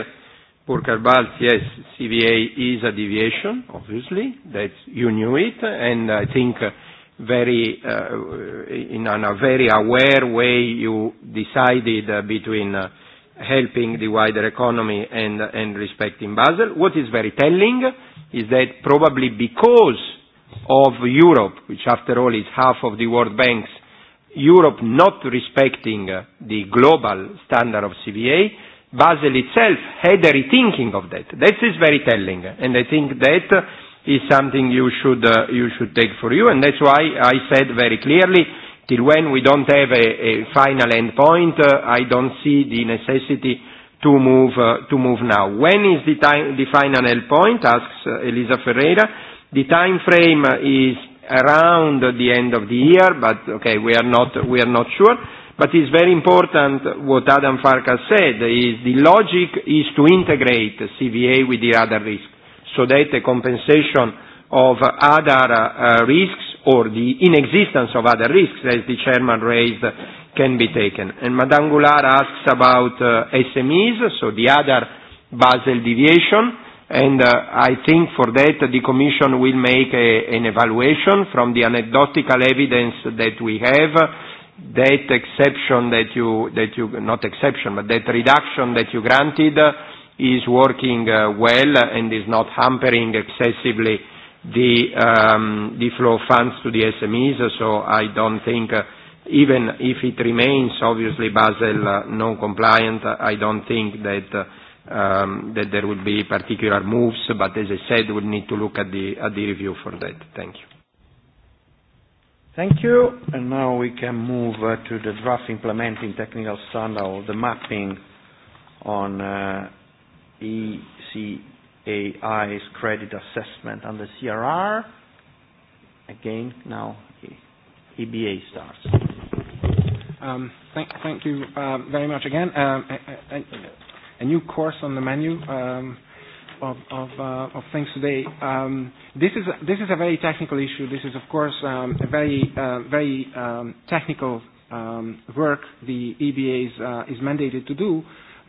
Speaker 6: Burkhard Balz, yes, CVA is a deviation, obviously, that you knew it, and I think uh, very uh, in a very aware way you decided uh, between uh, helping the wider economy and and respecting Basel. What is very telling is that probably because of Europe, which after all is half of the World Bank's, Europe not respecting uh, the global standard of CVA, Basel itself had a rethinking of that. That is very telling, and I think that. Uh, is something you should, uh, you should take for you. And that's why I said very clearly, till when we don't have a, a final end point, uh, I don't see the necessity to move, uh, to move now. When is the, time, the final end point, asks uh, Elisa Ferreira. The time frame is around the end of the year, but okay, we are not, we are not sure. But it's very important what Adam Farkas said, is the logic is to integrate CVA with the other risk so that the compensation of other uh, risks or the inexistence of other risks, as the chairman raised, can be taken. And Madame Goulart asks about uh, SMEs, so the other Basel deviation, and uh, I think for that the Commission will make a, an evaluation from the anecdotal evidence that we have that exception that you, that you, not exception, but that reduction that you granted uh, is working uh, well and is not hampering excessively the, um, the flow of funds to the SMEs. So I don't think, uh, even if it remains obviously Basel uh, non-compliant, I don't think that, uh, um, that there will be particular moves. But as I said, we'll need to look at the, at the review for that. Thank you.
Speaker 2: Thank you. And now we can move uh, to the draft implementing technical standard, the mapping on uh, ECAI's credit assessment the
Speaker 8: CRR. Again, now EBA starts. Um, thank, thank you uh, very much again. Um, a, a, a new course on the menu um, of, of, uh, of things today. Um, this is a, this is a very technical issue. This is of course um, a very uh, very um, technical um, work the EBA is, uh, is mandated to do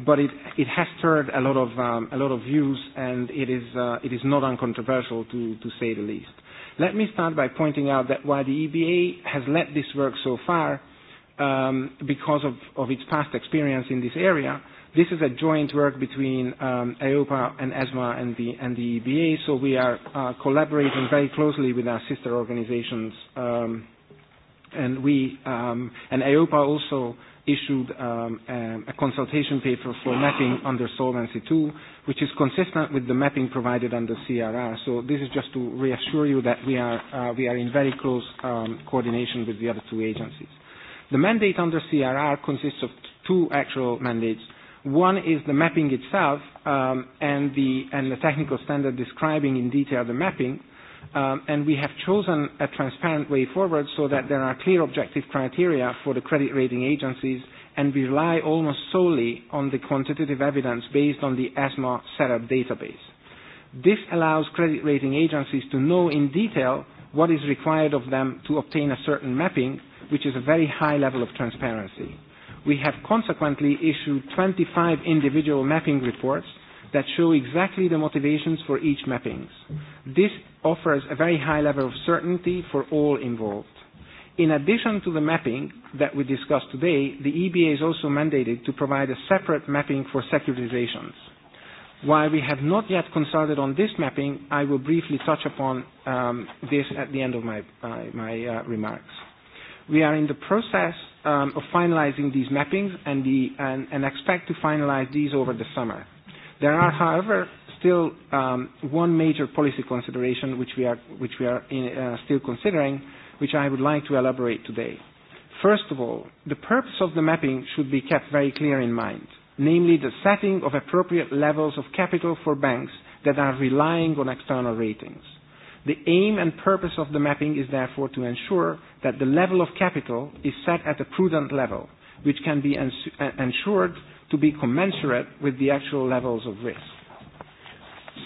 Speaker 8: but it, it has stirred a lot of, um, a lot of views and it is, uh, it is not uncontroversial to, to say the least. Let me start by pointing out that while the EBA has led this work so far, um, because of, of its past experience in this area, this is a joint work between um, AOPA and ESMA and the, and the EBA, so we are uh, collaborating very closely with our sister organisations, Um, and we, um, and AOPA also issued um, a, a consultation paper for mapping under Solvency II, which is consistent with the mapping provided under CRR. So this is just to reassure you that we are, uh, we are in very close um, coordination with the other two agencies. The mandate under CRR consists of two actual mandates. One is the mapping itself um, and, the, and the technical standard describing in detail the mapping, Um, and we have chosen a transparent way forward so that there are clear objective criteria for the credit rating agencies, and we rely almost solely on the quantitative evidence based on the ESMA setup database. This allows credit rating agencies to know in detail what is required of them to obtain a certain mapping, which is a very high level of transparency. We have consequently issued 25 individual mapping reports that show exactly the motivations for each mappings. This offers a very high level of certainty for all involved. In addition to the mapping that we discussed today, the EBA is also mandated to provide a separate mapping for securitizations. While we have not yet consulted on this mapping, I will briefly touch upon um, this at the end of my, uh, my uh, remarks. We are in the process um, of finalizing these mappings and, the, and, and expect to finalize these over the summer. There are, however, still um, one major policy consideration which we are, which we are in, uh, still considering, which I would like to elaborate today. First of all, the purpose of the mapping should be kept very clear in mind, namely the setting of appropriate levels of capital for banks that are relying on external ratings. The aim and purpose of the mapping is therefore to ensure that the level of capital is set at a prudent level, which can be ensured to be commensurate with the actual levels of risk.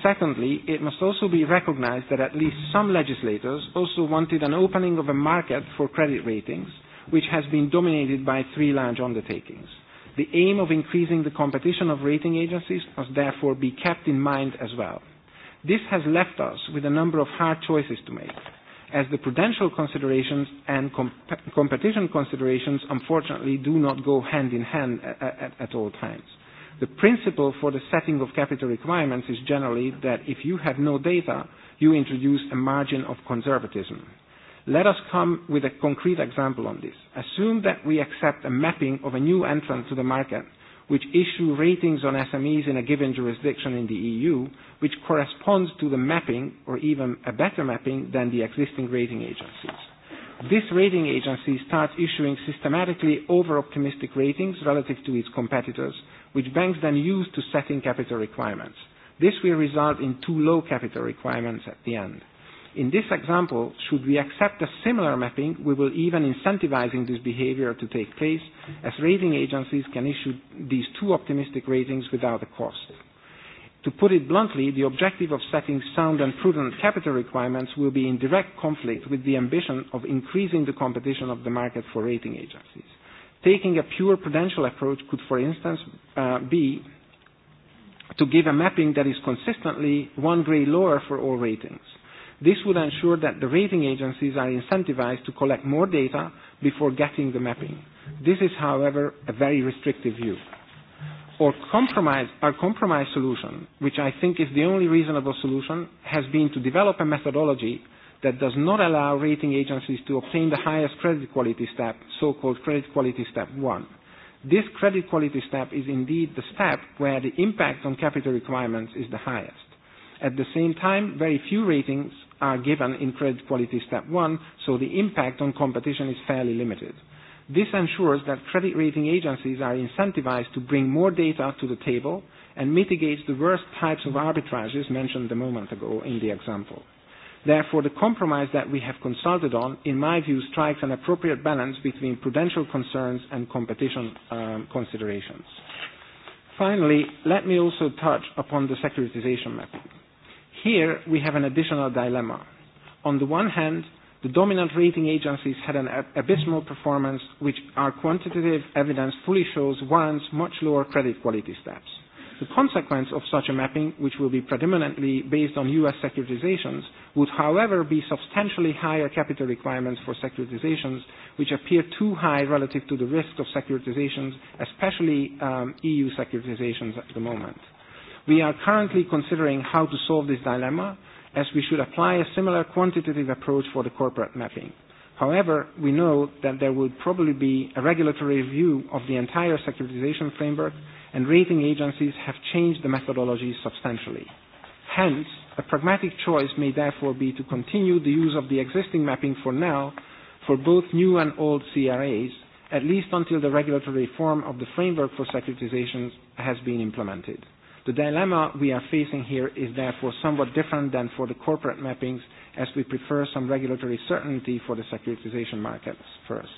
Speaker 8: Secondly, it must also be recognized that at least some legislators also wanted an opening of a market for credit ratings, which has been dominated by three large undertakings. The aim of increasing the competition of rating agencies must therefore be kept in mind as well. This has left us with a number of hard choices to make as the prudential considerations and comp competition considerations unfortunately do not go hand in hand at, at, at all times. The principle for the setting of capital requirements is generally that if you have no data, you introduce a margin of conservatism. Let us come with a concrete example on this. Assume that we accept a mapping of a new entrant to the market which issue ratings on SMEs in a given jurisdiction in the EU, which corresponds to the mapping or even a better mapping than the existing rating agencies. This rating agency starts issuing systematically over-optimistic ratings relative to its competitors, which banks then use to setting capital requirements. This will result in too low capital requirements at the end. In this example, should we accept a similar mapping, we will even incentivizing this behavior to take place, as rating agencies can issue these two optimistic ratings without a cost. To put it bluntly, the objective of setting sound and prudent capital requirements will be in direct conflict with the ambition of increasing the competition of the market for rating agencies. Taking a pure prudential approach could, for instance, uh, be to give a mapping that is consistently one grade lower for all ratings. This would ensure that the rating agencies are incentivized to collect more data before getting the mapping. This is, however, a very restrictive view. Our compromise, our compromise solution, which I think is the only reasonable solution, has been to develop a methodology that does not allow rating agencies to obtain the highest credit quality step, so-called credit quality step one. This credit quality step is indeed the step where the impact on capital requirements is the highest. At the same time, very few ratings are given in credit quality step one, so the impact on competition is fairly limited. This ensures that credit rating agencies are incentivized to bring more data to the table and mitigates the worst types of arbitrages mentioned a moment ago in the example. Therefore, the compromise that we have consulted on, in my view, strikes an appropriate balance between prudential concerns and competition um, considerations. Finally, let me also touch upon the securitization method. Here we have an additional dilemma. On the one hand, the dominant rating agencies had an abysmal performance, which our quantitative evidence fully shows warrants much lower credit quality steps. The consequence of such a mapping, which will be predominantly based on U.S. securitizations, would however be substantially higher capital requirements for securitizations, which appear too high relative to the risk of securitizations, especially um, EU securitizations at the moment. We are currently considering how to solve this dilemma, as we should apply a similar quantitative approach for the corporate mapping. However, we know that there will probably be a regulatory review of the entire securitization framework, and rating agencies have changed the methodology substantially. Hence, a pragmatic choice may therefore be to continue the use of the existing mapping for now for both new and old CRAs, at least until the regulatory reform of the framework for securitization has been implemented. The dilemma we are facing here is therefore somewhat different than for the corporate mappings, as we prefer some regulatory certainty for the securitization markets first.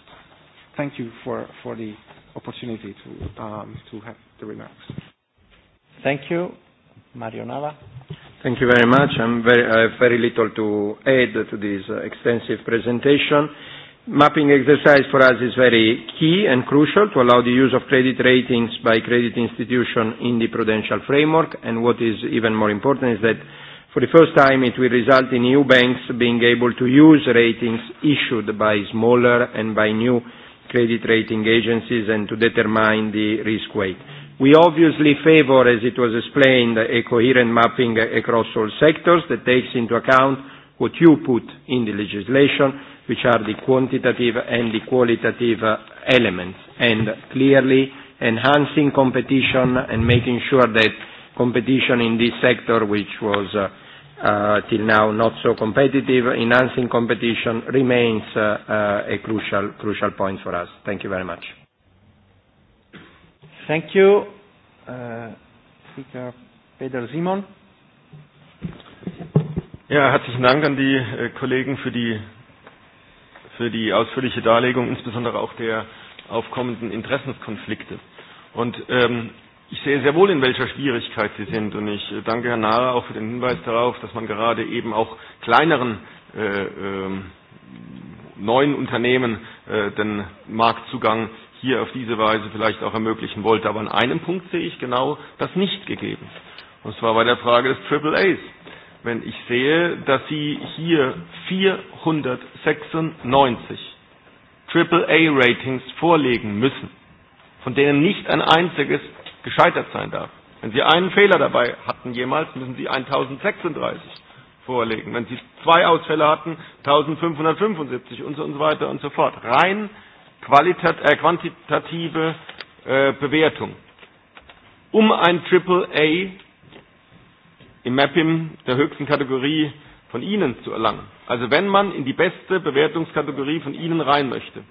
Speaker 8: Thank you for, for the opportunity to, um, to have the remarks. Thank you. Mario Nava.
Speaker 6: Thank you very much. I'm very, I have very little to add to this uh, extensive presentation mapping exercise for us is very key and crucial to allow the use of credit ratings by credit institution in the prudential framework. And what is even more important is that for the first time it will result in new banks being able to use ratings issued by smaller and by new credit rating agencies and to determine the risk weight. We obviously favor, as it was explained, a coherent mapping across all sectors that takes into account what you put in the legislation which are the quantitative and the qualitative elements, and clearly enhancing competition and making sure that competition in this sector, which was uh, uh, till now not so competitive, enhancing competition remains uh, uh, a crucial, crucial point for us. Thank you very much.
Speaker 2: Thank you. Uh, Speaker Peter Simon.
Speaker 11: Ja, herzlichen Dank an die äh, Kollegen für die für die ausführliche Darlegung, insbesondere auch der aufkommenden Interessenkonflikte. Und ähm, ich sehe sehr wohl, in welcher Schwierigkeit Sie sind. Und ich äh, danke Herrn Nahre auch für den Hinweis darauf, dass man gerade eben auch kleineren äh, äh, neuen Unternehmen äh, den Marktzugang hier auf diese Weise vielleicht auch ermöglichen wollte. Aber an einem Punkt sehe ich genau das nicht gegeben. Und zwar bei der Frage des Triple A's wenn ich sehe, dass sie hier 496 AAA-Ratings vorlegen müssen, von denen nicht ein einziges gescheitert sein darf. Wenn Sie einen Fehler dabei hatten jemals, müssen Sie 1036 vorlegen. Wenn Sie zwei Ausfälle hatten, 1575 und so, und so weiter und so fort. Rein qualitat äh, quantitative äh, Bewertung. Um ein AAA im Mapim der höchsten Kategorie von Ihnen zu erlangen. Also wenn man in die beste Bewertungskategorie von Ihnen rein möchte,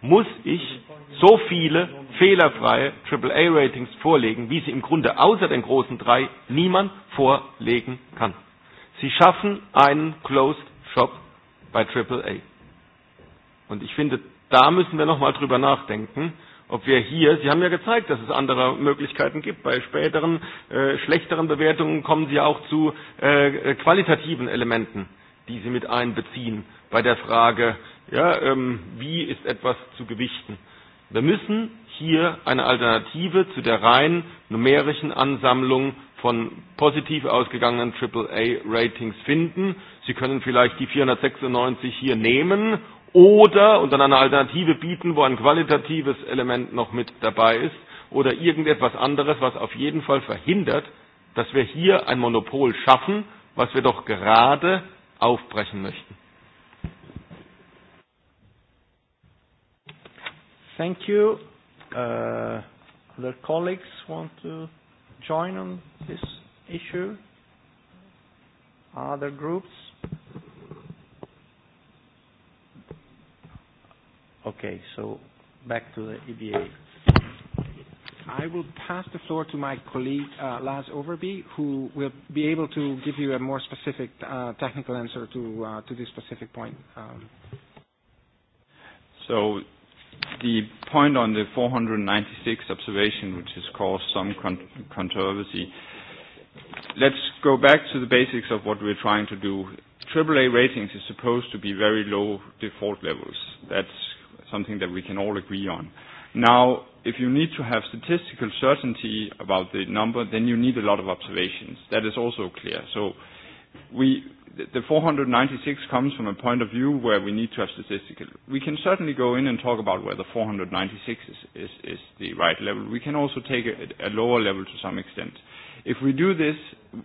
Speaker 11: muss ich so viele fehlerfreie AAA-Ratings vorlegen, wie sie im Grunde außer den großen drei niemand vorlegen kann. Sie schaffen einen Closed Shop bei AAA. Und ich finde, da müssen wir nochmal drüber nachdenken, ob wir hier, Sie haben ja gezeigt, dass es andere Möglichkeiten gibt. Bei späteren, äh, schlechteren Bewertungen kommen Sie auch zu äh, qualitativen Elementen, die Sie mit einbeziehen bei der Frage, ja, ähm, wie ist etwas zu gewichten. Wir müssen hier eine Alternative zu der rein numerischen Ansammlung von positiv ausgegangenen AAA-Ratings finden. Sie können vielleicht die 496 hier nehmen oder und dann eine Alternative bieten, wo ein qualitatives Element noch mit dabei ist oder irgendetwas anderes, was auf jeden Fall verhindert, dass wir hier ein Monopol schaffen, was wir doch gerade aufbrechen möchten.
Speaker 2: Thank you. Uh, other colleagues want to join on this issue? Other groups?
Speaker 8: Okay, so back to the EBA. I will pass the floor to my colleague, uh, Lars Overby, who will be able to give you a more specific uh, technical answer to, uh, to this specific point. Um.
Speaker 12: So the point on the 496 observation, which has caused some con controversy, let's go back to the basics of what we're trying to do. AAA ratings is supposed to be very low default levels. That's something that we can all agree on. Now, if you need to have statistical certainty about the number, then you need a lot of observations. That is also clear. So we, the 496 comes from a point of view where we need to have statistical. We can certainly go in and talk about whether 496 is, is, is the right level. We can also take a, a lower level to some extent. If we do this,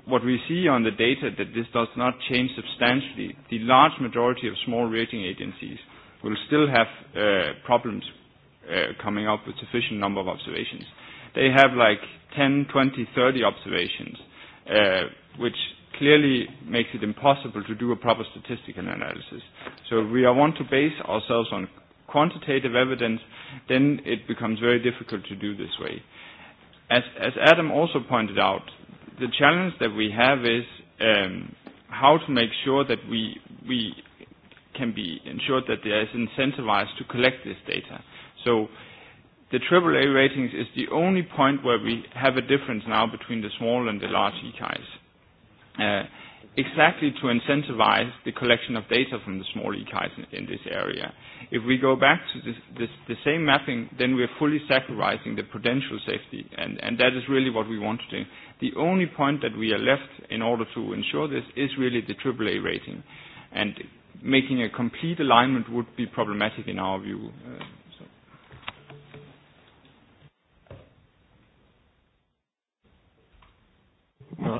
Speaker 12: what we see on the data that this does not change substantially. The large majority of small rating agencies – we'll still have uh, problems uh, coming up with sufficient number of observations. They have like 10, 20, 30 observations, uh, which clearly makes it impossible to do a proper statistical analysis. So if we want to base ourselves on quantitative evidence, then it becomes very difficult to do this way. As, as Adam also pointed out, the challenge that we have is um, how to make sure that we, we can be ensured that they are incentivized to collect this data. So the AAA ratings is the only point where we have a difference now between the small and the large EKIs. Uh, exactly to incentivize the collection of data from the small EKIs in, in this area. If we go back to this, this, the same mapping, then we're fully sacrificing the prudential safety, and, and that is really what we want to do. The only point that we are left in order to ensure this is really the AAA rating. And making a complete alignment would be problematic in our view. Uh, so.
Speaker 7: No,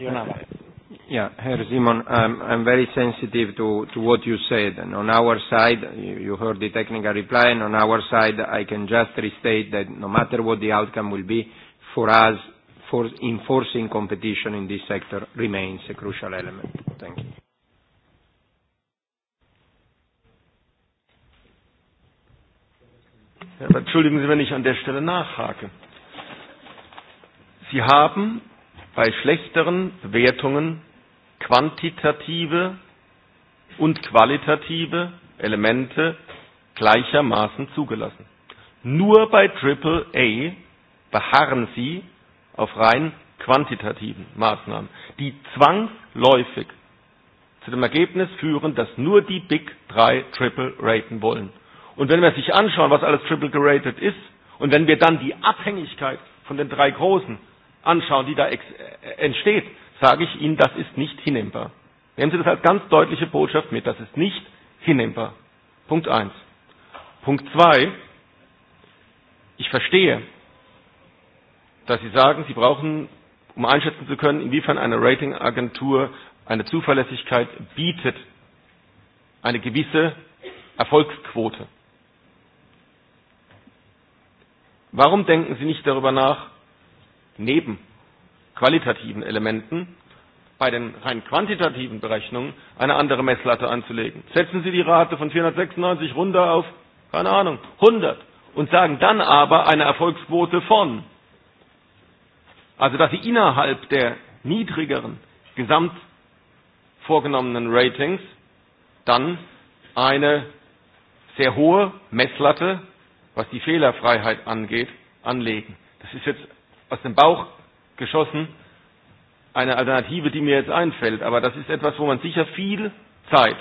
Speaker 6: yeah, Herr Simon, I'm, I'm very sensitive to, to what you said. And on our side, you, you heard the technical reply, and on our side, I can just restate that no matter what the outcome will be, for us, for enforcing competition in this sector remains a crucial element. Thank you.
Speaker 11: Ja, aber entschuldigen Sie, wenn ich an der Stelle nachhake. Sie haben bei schlechteren Bewertungen quantitative und qualitative Elemente gleichermaßen zugelassen. Nur bei AAA beharren Sie auf rein quantitativen Maßnahmen, die zwangsläufig zu dem Ergebnis führen, dass nur die Big Drei Triple raten wollen. Und wenn wir sich anschauen, was alles triple gerated ist, und wenn wir dann die Abhängigkeit von den drei Großen anschauen, die da äh, entsteht, sage ich Ihnen, das ist nicht hinnehmbar. Nehmen Sie das als ganz deutliche Botschaft mit, das ist nicht hinnehmbar. Punkt eins. Punkt zwei, ich verstehe, dass Sie sagen, Sie brauchen, um einschätzen zu können, inwiefern eine Ratingagentur eine Zuverlässigkeit bietet, eine gewisse Erfolgsquote. Warum denken Sie nicht darüber nach, neben qualitativen Elementen bei den rein quantitativen Berechnungen eine andere Messlatte anzulegen? Setzen Sie die Rate von 496 runter auf, keine Ahnung, 100 und sagen dann aber eine Erfolgsquote von. Also dass Sie innerhalb der niedrigeren Gesamt vorgenommenen Ratings dann eine sehr hohe Messlatte was die Fehlerfreiheit angeht, anlegen. Das ist jetzt aus dem Bauch geschossen eine Alternative, die mir jetzt einfällt. Aber das ist etwas, wo man sicher viel Zeit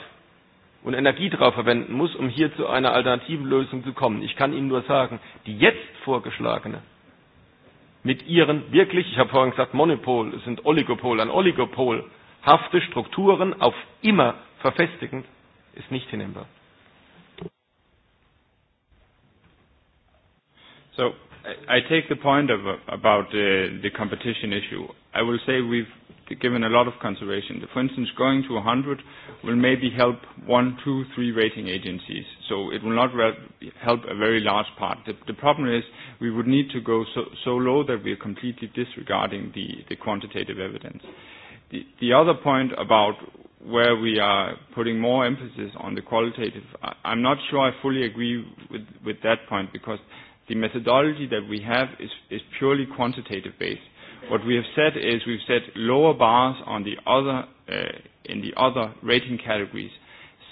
Speaker 11: und Energie drauf verwenden muss, um hier zu einer alternativen Lösung zu kommen. Ich kann Ihnen nur sagen, die jetzt vorgeschlagene mit ihren wirklich, ich habe vorhin gesagt, Monopol, es sind Oligopol, an Oligopol hafte Strukturen auf immer verfestigend, ist nicht hinnehmbar.
Speaker 12: So I take the point of, about uh, the competition issue. I will say we've given a lot of consideration. For instance, going to 100 will maybe help one, two, three rating agencies. So it will not help a very large part. The, the problem is we would need to go so, so low that we are completely disregarding the, the quantitative evidence. The, the other point about where we are putting more emphasis on the qualitative, I, I'm not sure I fully agree with, with that point because The methodology that we have is, is purely quantitative based. What we have said is we've set lower bars on the other, uh, in the other rating categories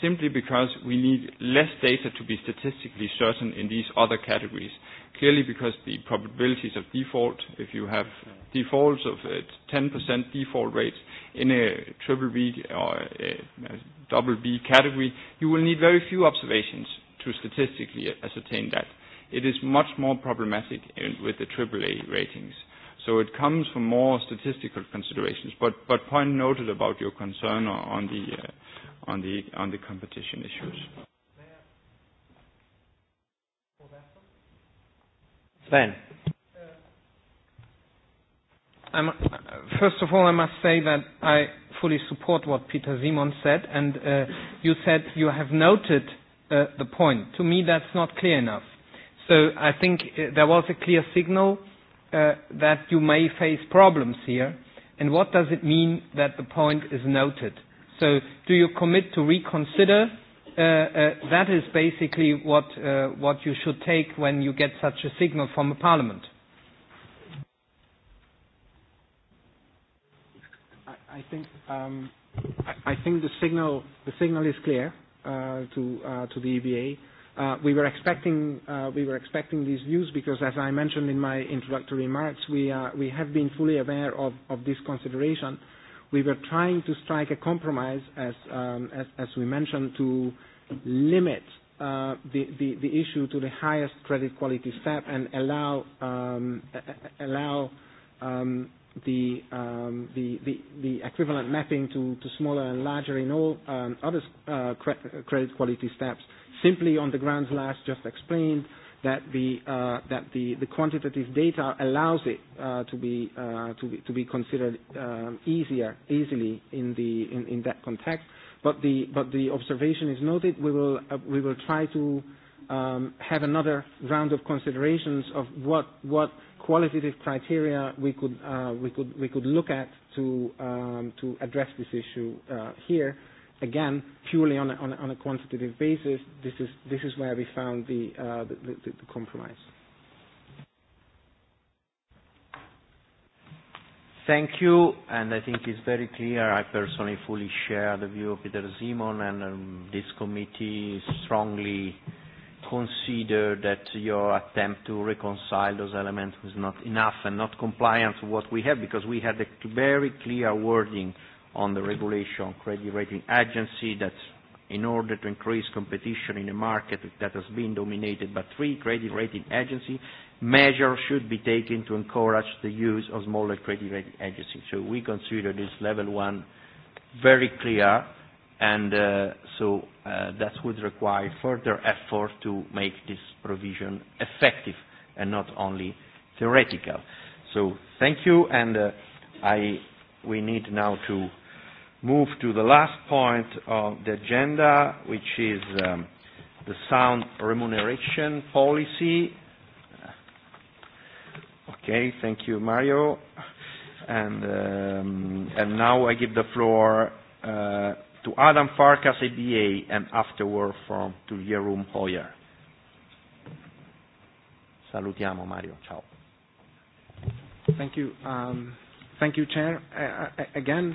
Speaker 12: simply because we need less data to be statistically certain in these other categories. Clearly because the probabilities of default, if you have defaults of uh, 10% default rates in a triple B or a a double B category, you will need very few observations to statistically ascertain that it is much more problematic in, with the AAA ratings. So it comes from more statistical considerations. But, but point noted about your concern on the, uh, on the, on the competition issues. Sven. I'm,
Speaker 1: first of all, I must say that I fully support what Peter Simon said, and uh, you said you have noted uh, the point. To me, that's not clear enough So I think uh, there was a clear signal uh, that you may face problems here. And what does it mean that the point is noted? So do you commit to reconsider? Uh, uh, that is basically what, uh, what you should take when you get such a signal from a parliament.
Speaker 8: I, think um, I, I think the signal the signal is clear uh, to uh, to the EBA Uh, we were expecting uh, we were expecting these views because, as I mentioned in my introductory remarks, we uh, we have been fully aware of, of this consideration. We were trying to strike a compromise, as um, as, as we mentioned, to limit uh, the, the the issue to the highest credit quality step and allow um, allow um, the, um, the, the, the equivalent mapping to, to smaller and larger in all um, other uh, cre- credit quality steps simply on the grounds last just explained that the uh, that the, the quantitative data allows it uh, to be uh, to be to be considered um, easier easily in the in, in that context. But the but the observation is noted. We will uh, we will try to um, have another round of considerations of what what qualitative criteria we could uh, we could we could look at to um, to address this issue uh, here again, purely on a, on a, on a quantitative basis, this is, this is where we found the, uh, the, the, the compromise. Thank
Speaker 2: you, and I think it's very clear. I personally fully share the view of Peter Simon, and um, this committee strongly consider that your attempt to reconcile those elements was not enough and not compliant to what we have, because we had a very clear wording on the regulation on credit rating agency that in order to increase competition in a market that has been dominated by three credit rating agency, measures should be taken to encourage the use of smaller credit rating agencies. So we consider this level one very clear, and uh, so uh, that would require further effort to make this provision effective and not only theoretical. So thank you, and uh, I, we need now to move to the last point of the agenda, which is um, the sound remuneration policy. Okay, thank you, Mario. And, um, and now I give the floor uh, to Adam Farkas, ABA, and afterward from, to Jerum Hoyer. Salutiamo, Mario. Ciao.
Speaker 8: Thank you. Um, thank you, Chair. I, I, again,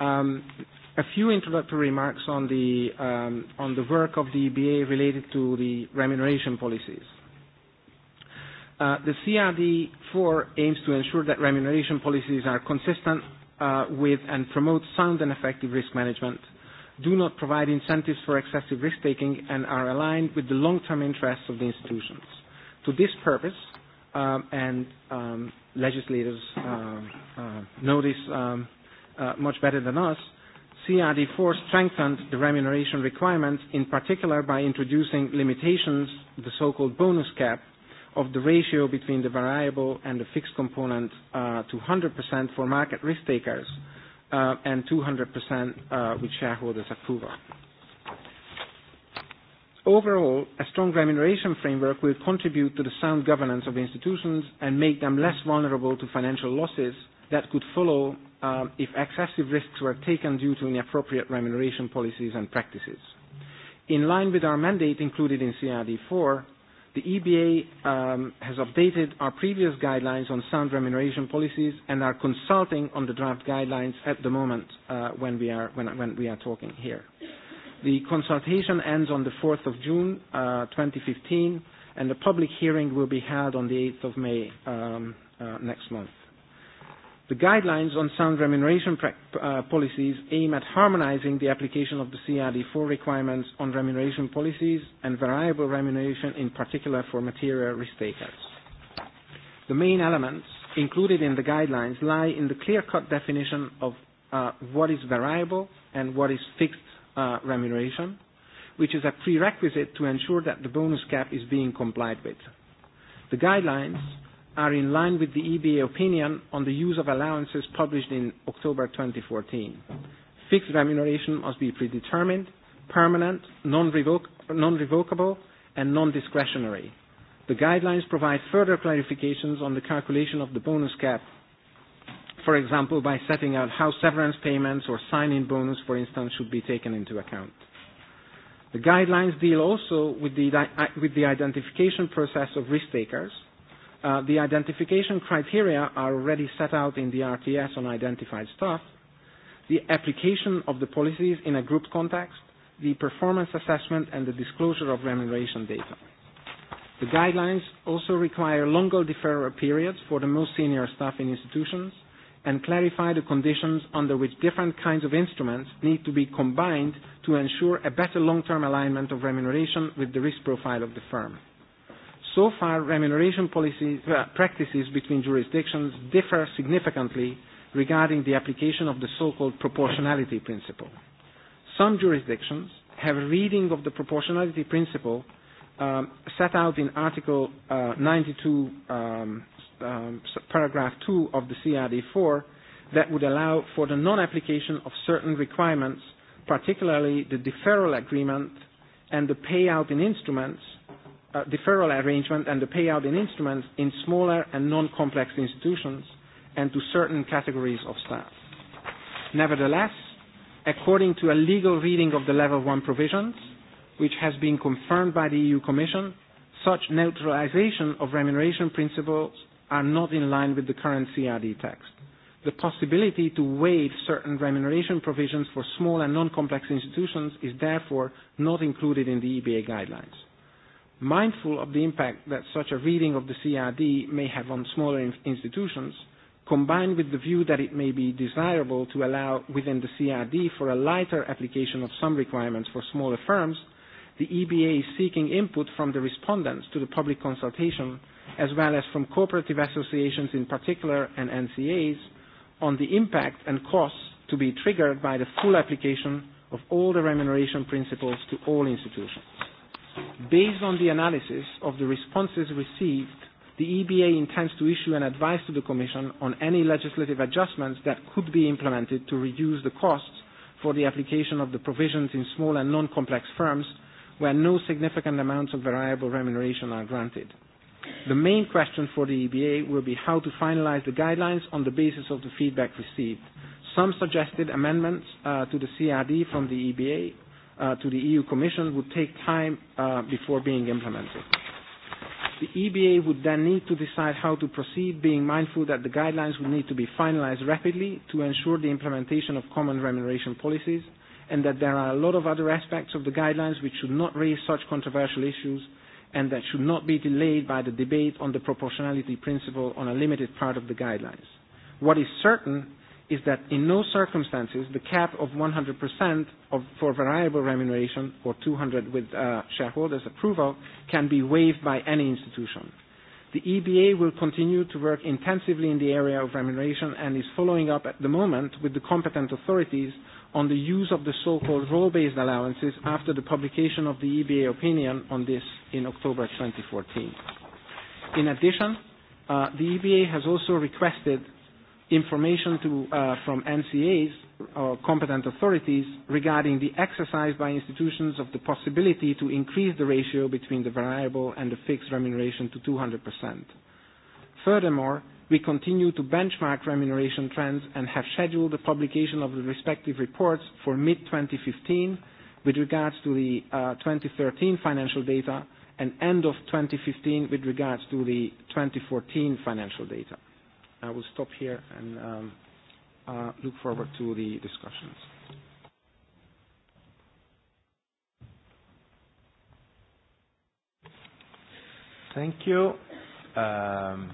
Speaker 8: Um, a few introductory remarks on the, um, on the work of the EBA related to the remuneration policies. Uh, the CRD 4 aims to ensure that remuneration policies are consistent uh, with and promote sound and effective risk management, do not provide incentives for excessive risk-taking, and are aligned with the long-term interests of the institutions. To this purpose, um, and um, legislators uh, uh, notice um, uh, much better than us, CRD4 strengthened the remuneration requirements, in particular by introducing limitations, the so-called bonus cap, of the ratio between the variable and the fixed component uh, to 100% for market risk takers uh, and 200% uh, with shareholders approval. Overall, a strong remuneration framework will contribute to the sound governance of institutions and make them less vulnerable to financial losses that could follow um, if excessive risks were taken due to inappropriate remuneration policies and practices. In line with our mandate included in CRD4, the EBA um, has updated our previous guidelines on sound remuneration policies and are consulting on the draft guidelines at the moment uh, when, we are, when, when we are talking here. The consultation ends on the 4th of June uh, 2015 and the public hearing will be held on the 8th of May um, uh, next month. The guidelines on sound remuneration pra- uh, policies aim at harmonizing the application of the CRD4 requirements on remuneration policies and variable remuneration in particular for material risk takers. The main elements included in the guidelines lie in the clear-cut definition of uh, what is variable and what is fixed uh, remuneration, which is a prerequisite to ensure that the bonus cap is being complied with. The guidelines are in line with the EBA opinion on the use of allowances published in October 2014. Fixed remuneration must be predetermined, permanent, non-revoc non-revocable, and non-discretionary. The guidelines provide further clarifications on the calculation of the bonus cap, for example, by setting out how severance payments or sign-in bonus, for instance, should be taken into account. The guidelines deal also with the, with the identification process of risk takers – Uh, the identification criteria are already set out in the RTS on identified staff, the application of the policies in a group context, the performance assessment and the disclosure of remuneration data. The guidelines also require longer deferral periods for the most senior staff in institutions and clarify the conditions under which different kinds of instruments need to be combined to ensure a better long-term alignment of remuneration with the risk profile of the firm. So far, remuneration policies, uh, practices between jurisdictions differ significantly regarding the application of the so-called proportionality principle. Some jurisdictions have a reading of the proportionality principle um, set out in Article uh, 92, um, um, paragraph 2 of the CRD 4 that would allow for the non-application of certain requirements, particularly the deferral agreement and the payout in instruments Uh, deferral arrangement and the payout in instruments in smaller and non-complex institutions and to certain categories of staff. Nevertheless, according to a legal reading of the Level 1 provisions, which has been confirmed by the EU Commission, such neutralization of remuneration principles are not in line with the current CRD text. The possibility to waive certain remuneration provisions for small and non-complex institutions is therefore not included in the EBA guidelines. Mindful of the impact that such a reading of the CRD may have on smaller institutions, combined with the view that it may be desirable to allow within the CRD for a lighter application of some requirements for smaller firms, the EBA is seeking input from the respondents to the public consultation, as well as from cooperative associations in particular and NCAs, on the impact and costs to be triggered by the full application of all the remuneration principles to all institutions. Based on the analysis of the responses received, the EBA intends to issue an advice to the Commission on any legislative adjustments that could be implemented to reduce the costs for the application of the provisions in small and non-complex firms where no significant amounts of variable remuneration are granted. The main question for the EBA will be how to finalize the guidelines on the basis of the feedback received. Some suggested amendments uh, to the CRD from the EBA uh, to the EU Commission would take time uh, before being implemented. The EBA would then need to decide how to proceed, being mindful that the guidelines would need to be finalized rapidly to ensure the implementation of common remuneration policies, and that there are a lot of other aspects of the guidelines which should not raise such controversial issues and that should not be delayed by the debate on the proportionality principle on a limited part of the guidelines. What is certain is that in no circumstances the cap of 100% of, for variable remuneration or 200 with uh, shareholders approval can be waived by any institution. The EBA will continue to work intensively in the area of remuneration and is following up at the moment with the competent authorities on the use of the so-called role-based allowances after the publication of the EBA opinion on this in October 2014. In addition, uh, the EBA has also requested information to, uh, from NCAs or uh, competent authorities regarding the exercise by institutions of the possibility to increase the ratio between the variable and the fixed remuneration to 200%. Furthermore, we continue to benchmark remuneration trends and have scheduled the publication of the respective reports for mid-2015 with regards to the uh, 2013 financial data and end of 2015 with regards to the 2014 financial data. I will stop here and um, uh, look forward to the discussions. Thank you. Um,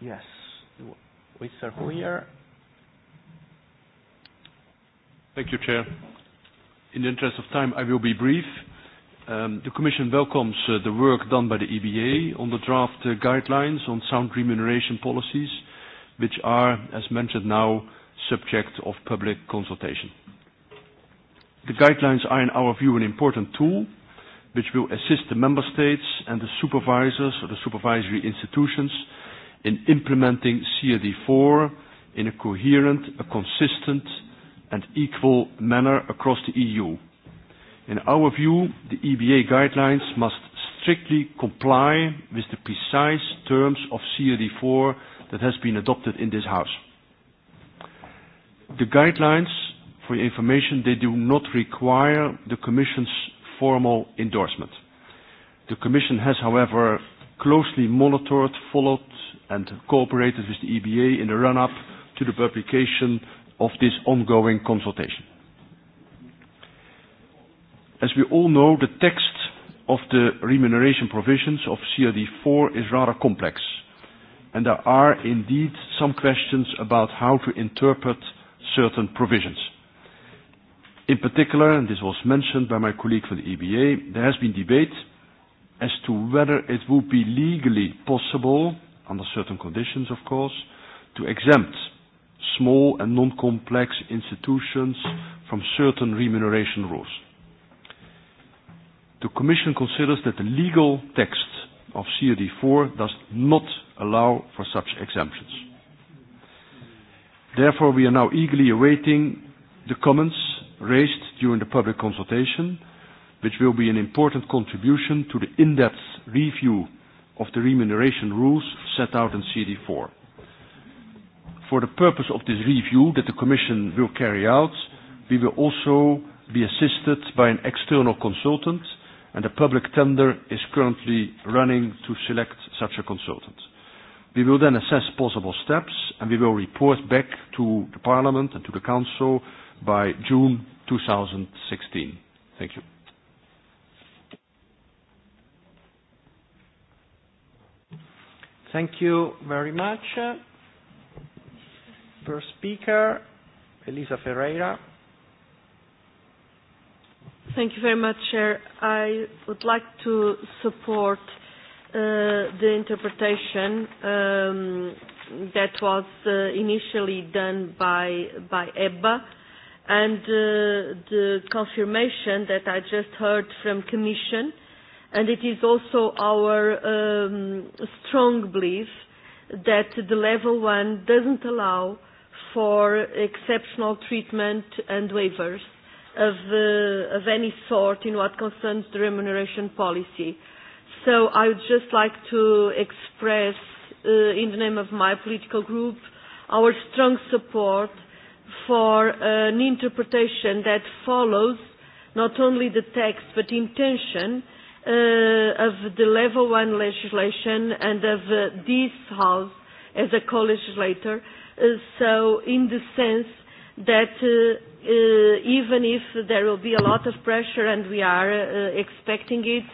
Speaker 8: yes,
Speaker 13: Mr. Hoyer. Thank you, Chair. In the interest of time, I will be brief. Um, ehm, the Commission welcomes uh, the work done by the EBA on the draft uh, guidelines on sound remuneration policies, which are, as mentioned now, subject of public consultation. The guidelines are, in our view, an important tool which will assist the member states and the supervisors or the supervisory institutions in implementing CRD4 in a coherent, a consistent and equal manner across the EU In our view, the EBA guidelines must strictly comply with the precise terms of CRD4 that has been adopted in this House. The guidelines, for your information, they do not require the Commission's formal endorsement. The Commission has, however, closely monitored, followed and cooperated with the EBA in the run-up to the publication of this ongoing consultation. As we all know, the text of the remuneration provisions of crd IV is rather complex, and there are indeed some questions about how to interpret certain provisions. In particular, and this was mentioned by my colleague from the EBA, there has been debate as to whether it would be legally possible, under certain conditions of course, to exempt small and non-complex institutions from certain remuneration rules. The Commission considers that the legal text of crd IV does not allow for such exemptions. Therefore, we are now eagerly awaiting the comments raised during the public consultation, which will be an important contribution to the in-depth review of the remuneration rules set out in CD4. For the purpose of this review that the Commission will carry out, we will also be assisted by an external consultant and a public tender is currently running to select such a consultant. We will then assess possible steps, and we will report back to the Parliament and to the Council by June 2016. Thank you.
Speaker 2: Thank you very much. First speaker, Elisa Ferreira.
Speaker 10: Thank you very much, Chair. I would like to support uh, the interpretation um, that was uh, initially done by, by EBA and uh, the confirmation that I just heard from Commission. And it is also our um, strong belief that the level one doesn't allow for exceptional treatment and waivers of, uh, of any sort in what concerns the remuneration policy. So I would just like to express, uh, in the name of my political group, our strong support for an interpretation that follows not only the text but intention uh, of the level one legislation and of uh, this house as a co-legislator. Uh, so in the sense that uh, uh, even if there will be a lot of pressure, and we are uh, expecting it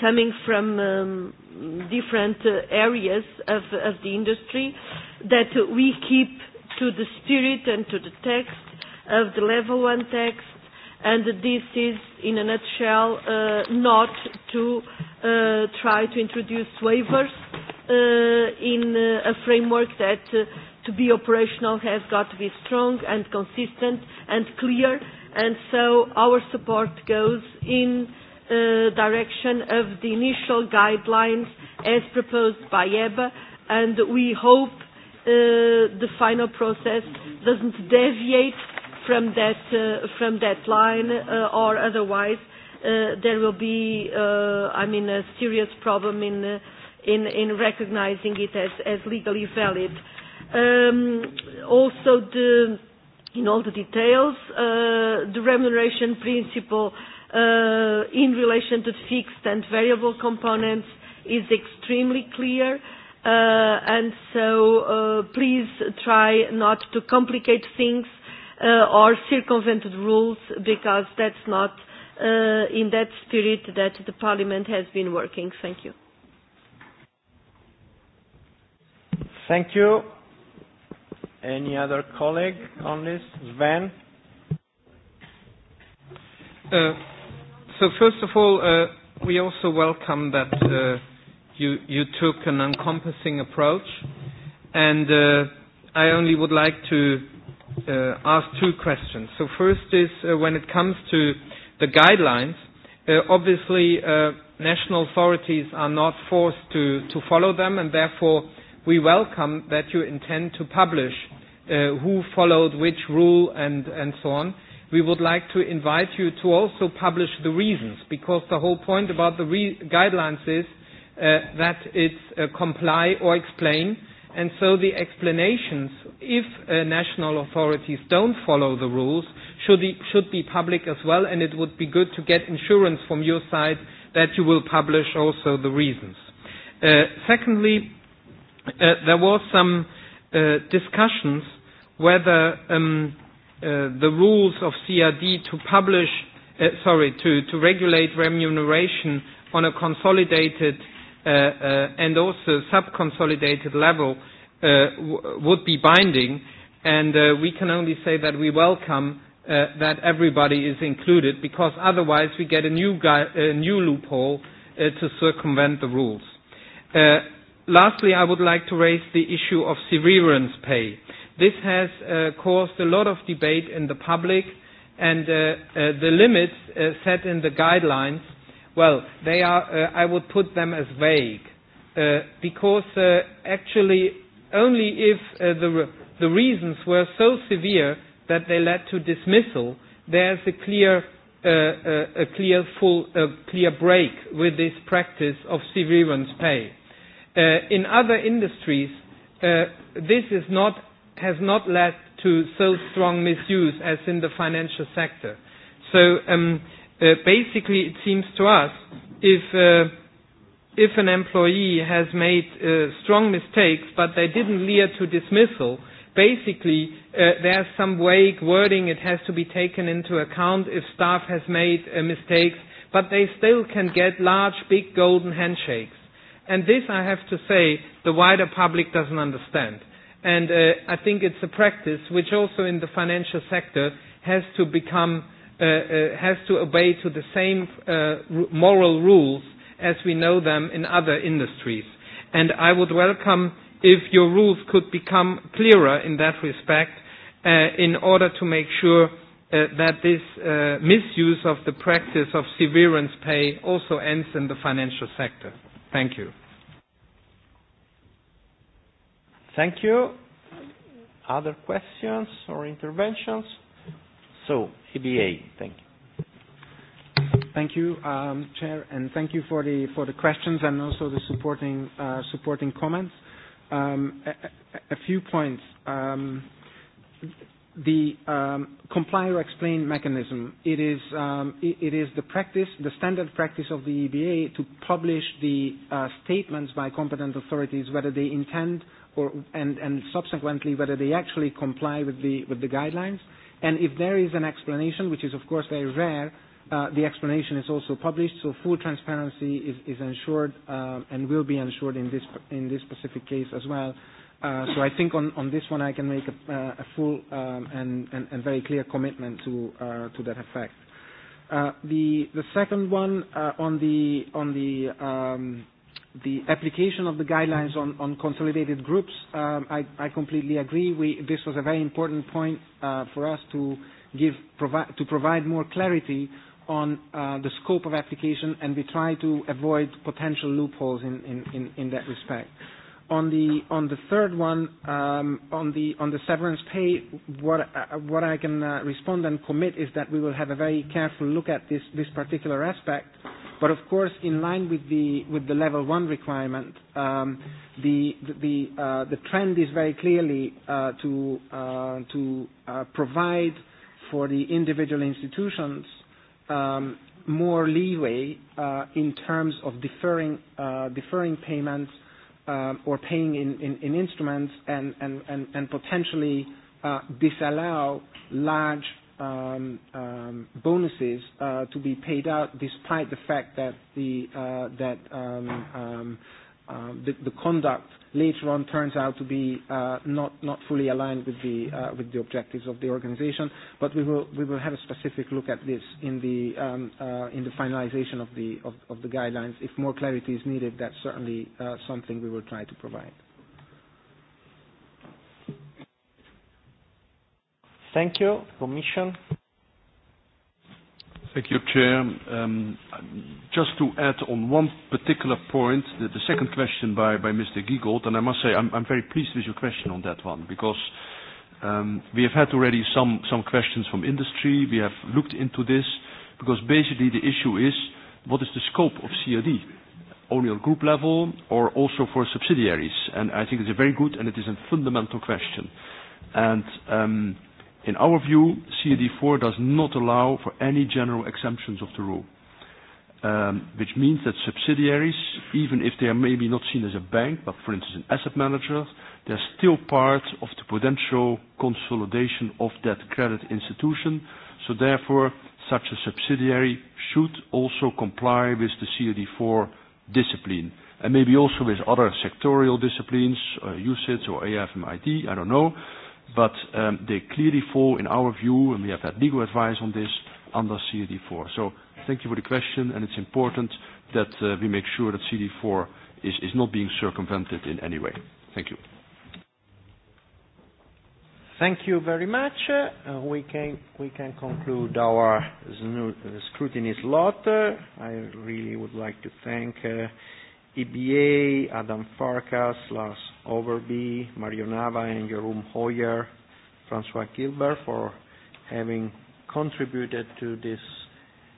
Speaker 10: coming from um, different uh, areas of, of the industry, that we keep to the spirit and to the text of the level one text, and this is, in a nutshell, uh, not to uh, try to introduce waivers uh, in uh, a framework that uh, to be operational has got to be strong and consistent and clear, and so our support goes in uh, direction of the initial guidelines as proposed by EBA, and we hope uh, the final process doesn't deviate from that, uh, from that line uh, or otherwise uh, there will be, uh, I mean, a serious problem in, uh, in, in recognizing it as, as legally valid. Um, also, the, in all the details, uh, the remuneration principle uh, in relation to fixed and variable components is extremely clear. Uh, and so uh, please try not to complicate things uh, or circumvent the rules because that's not uh, in that spirit that the Parliament has been working. Thank you.
Speaker 2: Thank you. Any other colleague on this? Sven?
Speaker 1: Uh, so first of all, uh, we also welcome that uh, you, you took an encompassing approach. And uh, I only would like to uh, ask two questions. So first is uh, when it comes to the guidelines, uh, obviously uh, national authorities are not forced to, to follow them and therefore we welcome that you intend to publish uh, who followed which rule and, and so on. We would like to invite you to also publish the reasons, because the whole point about the re- guidelines is uh, that it's uh, comply or explain, and so the explanations, if uh, national authorities don't follow the rules, should, be should be public as well, and it would be good to get insurance from your side that you will publish also the reasons. Uh, secondly, Uh, there was some uh, discussions whether um, uh, the rules of CRD to publish, uh, sorry, to, to regulate remuneration on a consolidated uh, uh, and also sub-consolidated level uh, w- would be binding. And uh, we can only say that we welcome uh, that everybody is included because otherwise we get a new, guy, a new loophole uh, to circumvent the rules. Uh, Lastly, I would like to raise the issue of severance pay. This has uh, caused a lot of debate in the public, and uh, uh, the limits uh, set in the guidelines, well, they are, uh, I would put them as vague, uh, because uh, actually only if uh, the, re the reasons were so severe that they led to dismissal, there's a clear uh, uh, a clear full a clear break with this practice of severance pay. Uh, in other industries, uh, this is not, has not led to so strong misuse as in the financial sector. So um, uh, basically, it seems to us if uh, if an employee has made uh, strong mistakes but they didn't lead to dismissal, basically uh, there's some vague wording it has to be taken into account if staff has made uh, mistakes, but they still can get large, big golden handshakes. And this, I have to say, the wider public doesn't understand. And uh, I think it's a practice which also in the financial sector has to become, uh, uh, has to obey to the same uh, moral rules as we know them in other industries. And I would welcome if your rules could become clearer in that respect uh, in order to make sure uh, that this uh, misuse of the practice of severance pay also ends in the financial
Speaker 2: sector. Thank you. Thank you.
Speaker 8: Other questions or interventions?
Speaker 2: So, EBA, thank you.
Speaker 8: Thank you, um, Chair, and thank you for the for the questions and also the supporting uh, supporting comments. Um, a, a, a few points. Um, the um, comply or explain mechanism. It is, um, it, it is the practice, the standard practice of the EBA to publish the uh, statements by competent authorities whether they intend or, and, and subsequently whether they actually comply with the, with the guidelines. And if there is an explanation, which is of course very rare, uh, the explanation is also published, so full transparency is, is ensured uh, and will be ensured in this, in this specific case as well Uh, so I think on, on this one I can make a, uh, a full um, and, and, and very clear commitment to, uh, to that effect. Uh, the, the second one uh, on the, on the, um, the application of the guidelines on, on consolidated groups, um, I, I completely agree. We, this was a very important point uh, for us to, give, provi- to provide more clarity on uh, the scope of application, and we try to avoid potential loopholes in, in, in, in that respect the third one, um, on the severance pay, what uh, I can uh, respond and commit is that we will have a very careful look at this particular aspect. of course, in line with the level 1 requirement, um, uh, the trend is very clearly to provide for the individual institutions um, more leeway in terms of deferring payments uh, or paying in, in, in instruments and, and, and, and potentially uh, disallow large um, um, bonuses uh, to be paid out despite the fact that the, uh, that um, um, um, the, the conduct uh, later on turns out to be uh, not, not fully aligned with the, uh, with the objectives of the organization. But we will, we will have a specific look at this in the, um, uh, in the finalization of the, of, of the guidelines. If more clarity is needed, that's certainly uh, something we will try to provide. Thank you. Commission.
Speaker 13: Thank you, Chair. Um, just to add on one particular point, the, the second question by, by Mr. Giegold, and I must say I'm, I'm very pleased with your question on that one because um, we have had already some, some questions from industry. We have looked into this because basically the issue is what is the scope of CRD, only on group level or also for subsidiaries? And I think it's a very good and it is a fundamental question. And um, In our view, CAD4 does not allow for any general exemptions of the rule, um, which means that subsidiaries, even if they are maybe not seen as a bank, but for instance an asset manager, they're still part of the potential consolidation of that credit institution. So therefore, such a subsidiary should also comply with the CAD4 discipline and maybe also with other sectorial disciplines, uh, or AFMID, I don't know. But um, they clearly fall, in our view, and we have had legal advice on this, under CD4. So thank you for the question, and it's important that uh, we make sure that CD4 is, is not being circumvented in any way. Thank you.
Speaker 2: Thank you very much. Uh, we can we can conclude our scrutiny slot. Uh, I really would like to thank uh, EBA, Adam Farkas, Lars Overby, Mario Nava, and Jerome Hoyer, Francois Gilbert for having contributed to this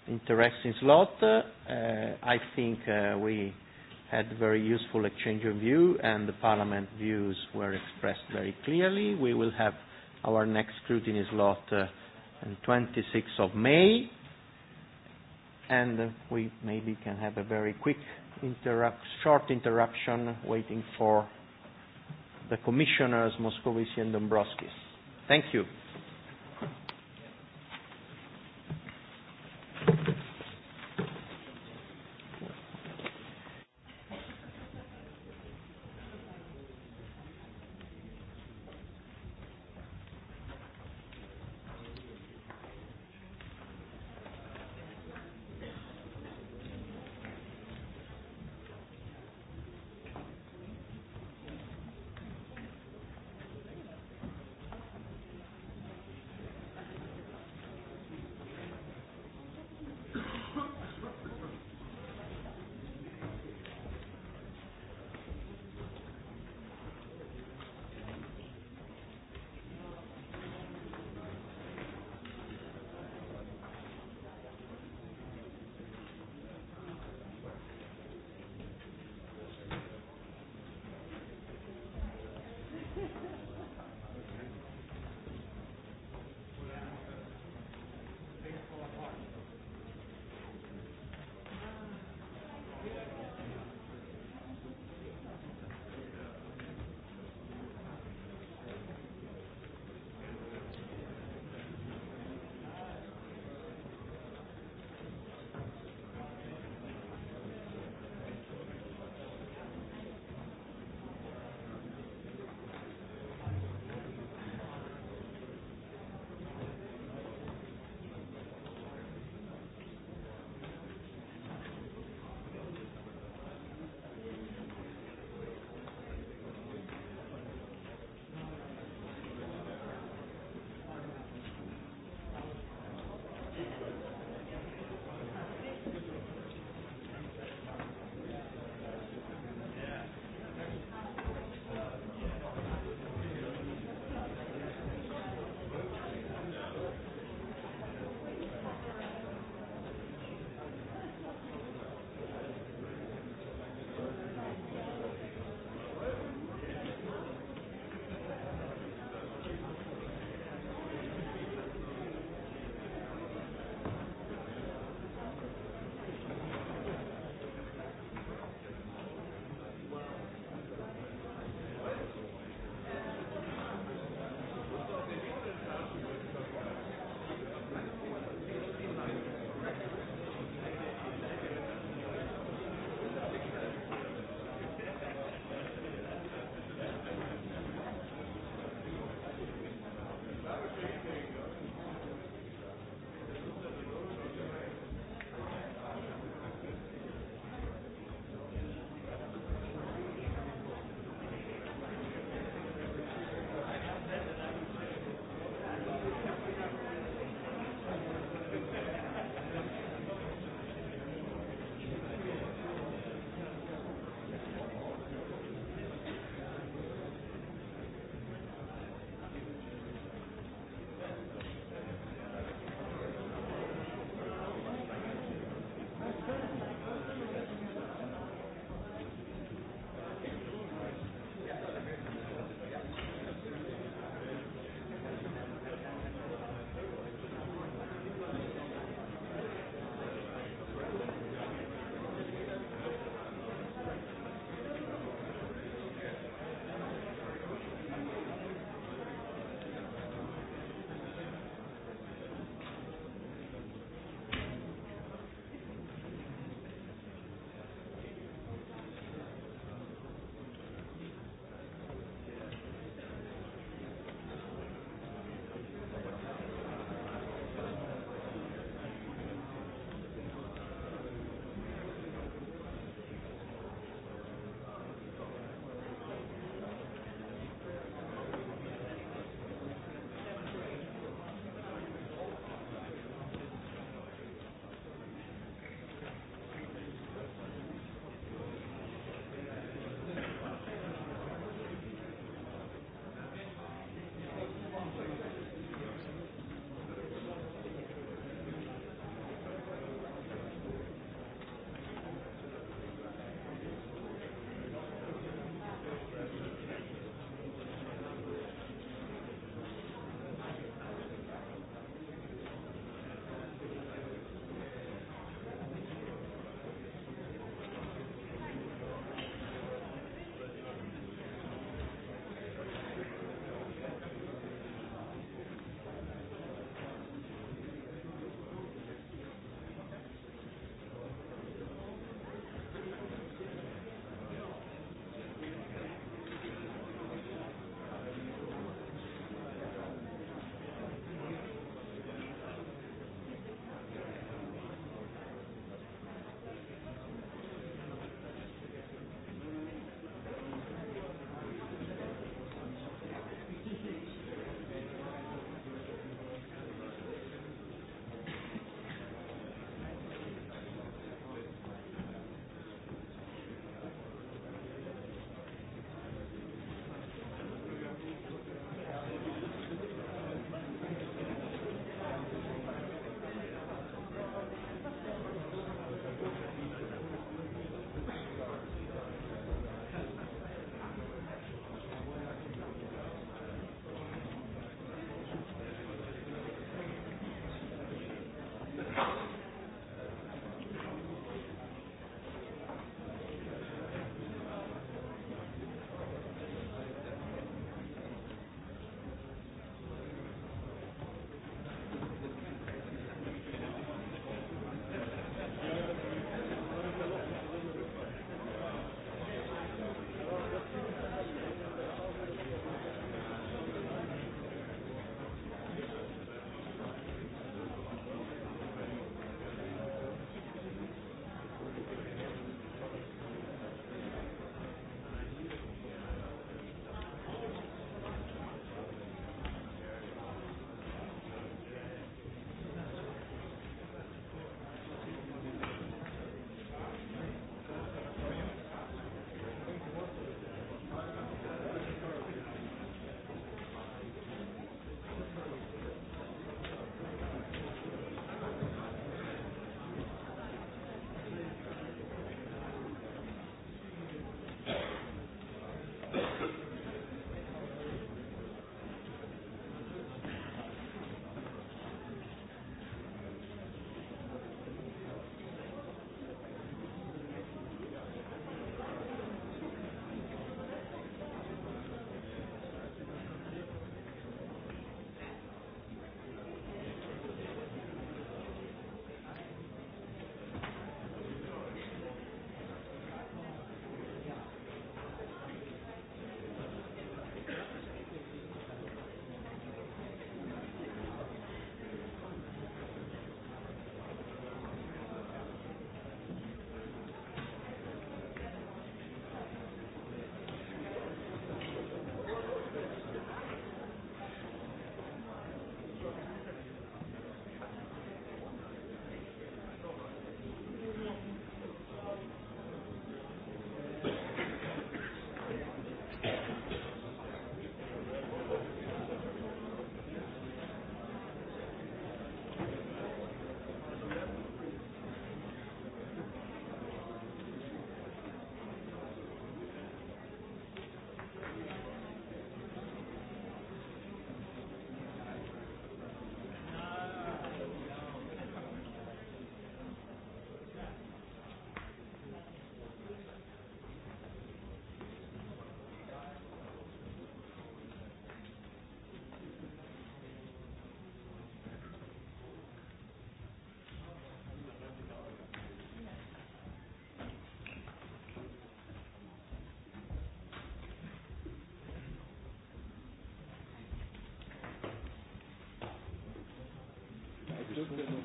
Speaker 2: interesting slot. Uh, I think uh, we had very useful exchange of view and the Parliament views were expressed very clearly. We will have our next scrutiny slot uh, on 26th of May and uh, we maybe can have a very quick interrupt, short interruption waiting for the commissioners Moscovici and Dombrovskis. Thank you.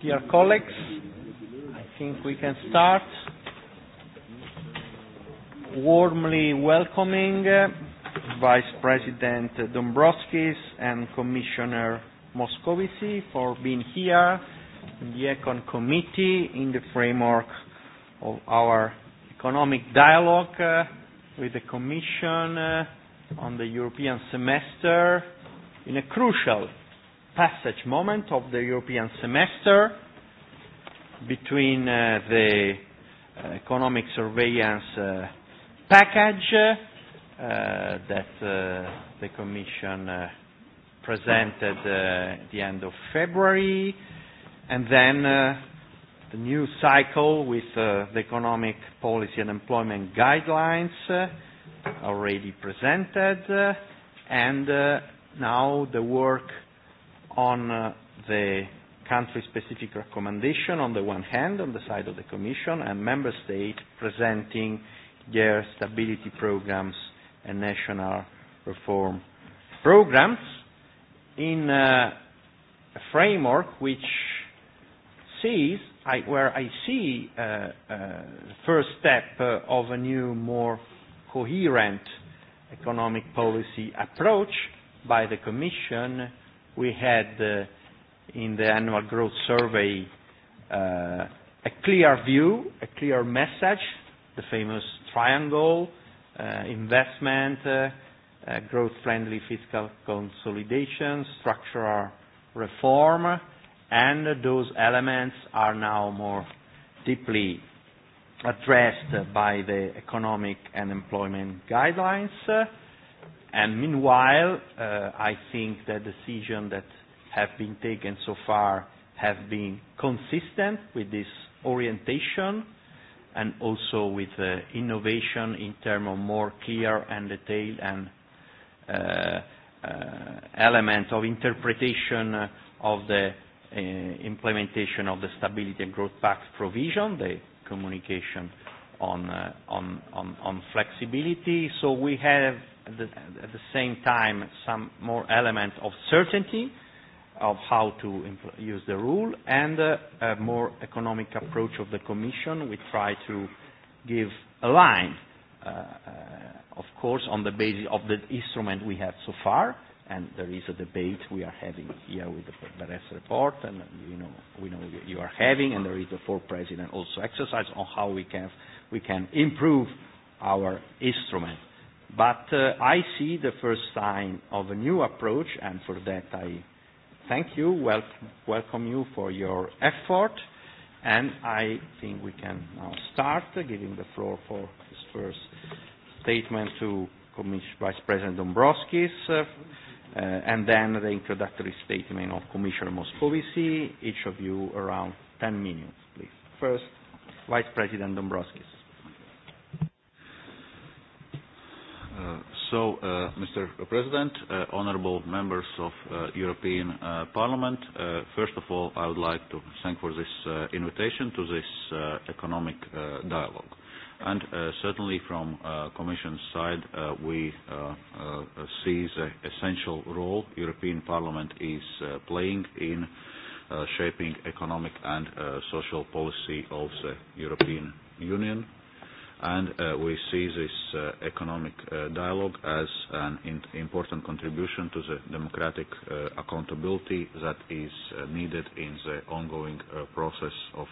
Speaker 7: Dear colleagues, I think we can
Speaker 14: start.
Speaker 2: Warmly welcoming uh, Vice President Dombrovskis and Commissioner Moscovici for being here in the Econ Committee in the framework of our economic dialogue uh, with the Commission uh, on the European semester in a crucial passage moment of the European semester between uh, the uh, economic surveillance uh, package uh, that uh, the Commission uh, presented uh, at the end of February, and then uh, the new cycle with uh, the economic policy and employment guidelines uh, already presented, uh, and uh, now the work on uh, the country-specific recommendation on the one hand, on the side of the Commission, and Member States presenting their stability programs and national reform programs in uh, a framework which sees, I, where I see uh, uh, first step uh, of a new, more coherent economic policy approach by the Commission we had uh, in the annual growth survey uh, a clear view, a clear message, the famous triangle, uh, investment, uh, uh, growth-friendly fiscal consolidation, structural reform, and those elements are now more deeply addressed by the economic and employment guidelines. Uh, And meanwhile, uh, I think that decisions that have been taken so far have been consistent with this orientation and also with uh, innovation in terms of more clear and detailed and uh, uh, element of interpretation of the uh, implementation of the Stability and Growth Pact provision, the communication on, uh, on, on, on flexibility. So we have at the, at the same time some more element of certainty of how to use the rule and a, uh, a more economic approach of the Commission. We try to give a line, uh, uh, of course, on the basis of the instrument we have so far, and there is a debate we are having here with the Beres report, and uh, you know, we know you are having, and there is the four president also exercise on how we can, we can improve our instrument But uh, I see the first sign of a new approach, and for that I thank you, wel welcome you for your effort, and I think we can now start uh, giving the floor for this first statement to Commission Vice President Dombrovskis, uh, uh, and then the introductory statement of Commissioner Moscovici, each of you around
Speaker 14: 10 minutes, please. First, Vice President Dombrovskis. Uh, so, uh, Mr. President, uh, honorable members of uh, European uh, Parliament, uh, first of all, I would like to thank for this uh, invitation to this uh, economic uh, dialogue. And uh, certainly from uh, Commission's side, uh, we uh, uh, see the essential role European Parliament is uh, playing in uh, shaping economic and uh, social policy of the European Union and uh, we see this uh, economic uh, dialogue as an in important contribution to the democratic uh, accountability that is uh, needed in the ongoing uh, process of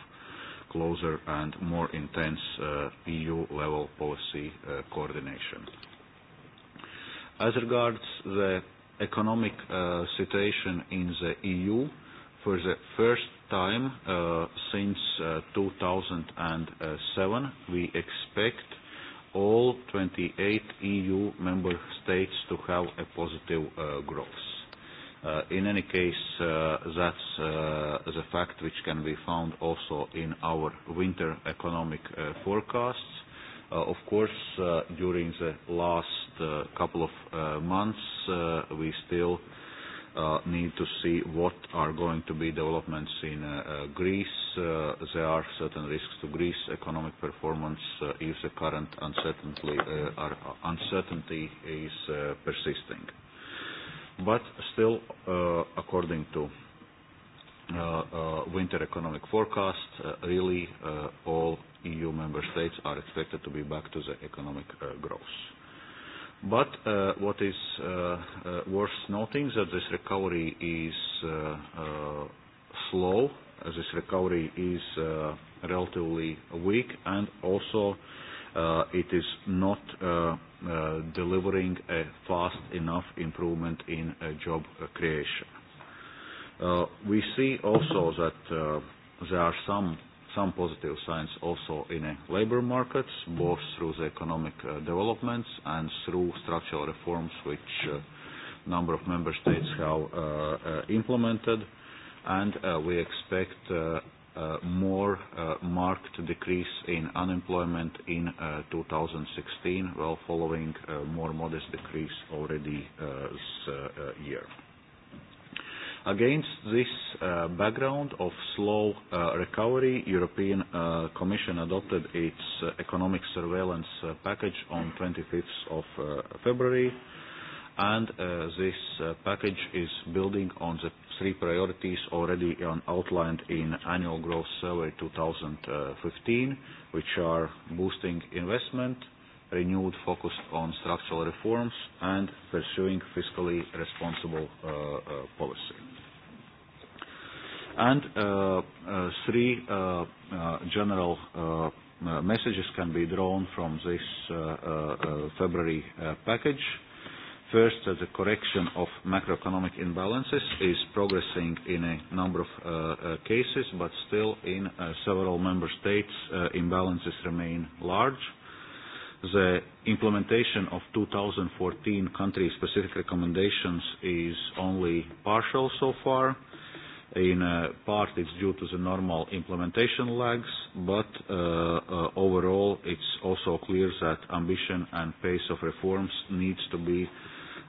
Speaker 14: closer and more intense uh, EU-level policy uh, coordination. As regards the economic uh, situation in the EU, for the first time uh, since uh, 2007. We expect all 28 EU member states to have a positive uh, growth. Uh, in any case, uh, that's uh, the fact which can be found also in our winter economic uh, forecasts. Uh, of course, uh, during the last uh, couple of uh, months, uh, we still uh, uh, need to see what are going to be developments in uh, uh, Greece. Uh, there are certain risks to Greece economic performance uh, if the current uncertainty, uh, uh, uncertainty is uh, persisting. But still, uh, according to uh, uh, winter economic forecast, uh, really uh, all EU member states are expected to be back to the economic uh, growth. But uh, what is uh, uh, worth noting that this recovery is uh, uh, slow, as this recovery is uh, relatively weak, and also uh, it is not uh, uh, delivering a fast enough improvement in uh, job creation. Uh, we see also that uh, there are some some positive signs also in the labor markets, both through the economic uh, developments and through structural reforms which uh, number of member states have uh, uh, implemented. And uh, we expect uh, uh, more uh, marked decrease in unemployment in uh, 2016, well following a uh, more modest decrease already uh, this uh, uh year. Against this uh, background of slow uh, recovery, European uh, Commission adopted its uh, economic surveillance uh, package on 25th of uh, February, and uh, this uh, package is building on the three priorities already outlined in Annual Growth Survey 2015, uh, which are boosting investment, renewed focus on structural reforms and pursuing fiscally responsible uh, uh, policy. And uh, uh, three uh, uh, general uh, uh, messages can be drawn from this uh, uh, uh February uh, package. First, uh, the correction of macroeconomic imbalances is progressing in a number of uh, uh, cases, but still in uh, several member states, uh, imbalances remain large. Uh, The implementation of 2014 country-specific recommendations is only partial so far. In uh, part, it's due to the normal implementation lags, but uh, uh, overall, it's also clear that ambition and pace of reforms needs to be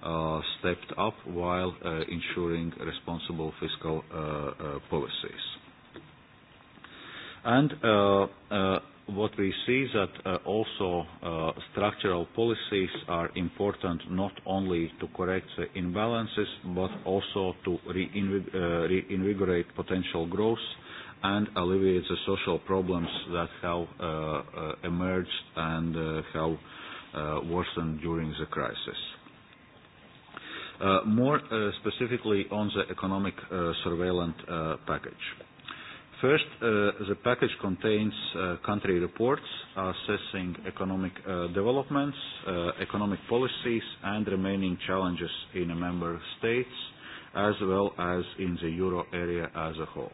Speaker 14: uh, stepped up while uh, ensuring responsible fiscal uh, uh, policies. And uh, uh, what we see is that uh, also uh, structural policies are important not only to correct the imbalances but also to reinvig uh, reinvigorate potential growth and alleviate the social problems that have uh, uh, emerged and uh, have uh, worsened during the crisis. Uh, more uh, specifically on the economic uh, surveillance uh, package. First, uh, the package contains uh, country reports assessing economic uh, developments, uh, economic policies, and remaining challenges in the member states, as well as in the euro area as a whole.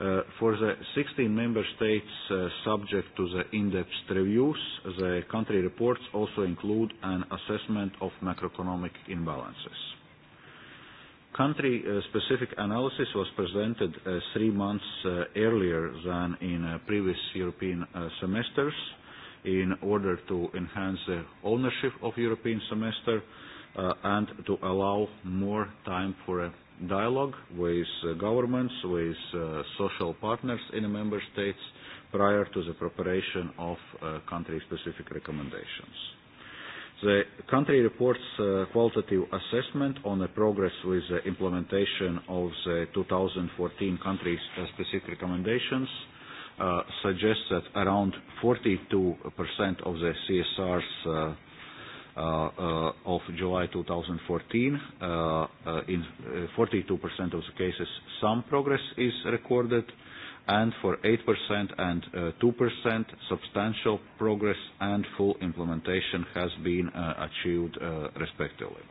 Speaker 14: Uh, for the 16 member states uh, subject to the in-depth reviews, the country reports also include an assessment of macroeconomic imbalances. Country-specific uh, analysis was presented uh, three months uh, earlier than in uh, previous European uh, semesters in order to enhance the ownership of European semester uh, and to allow more time for a dialogue with uh, governments, with uh, social partners in the member states prior to the preparation of uh, country-specific recommendations. The country reports uh, qualitative assessment on the progress with the implementation of the 2014 country-specific uh, recommendations uh, suggests that around 42% of the CSRs uh, uh, uh, of July 2014, uh, uh, in 42% uh, of the cases some progress is recorded, and for 8% and uh, 2%, substantial progress and full implementation has been uh, achieved uh, respectively.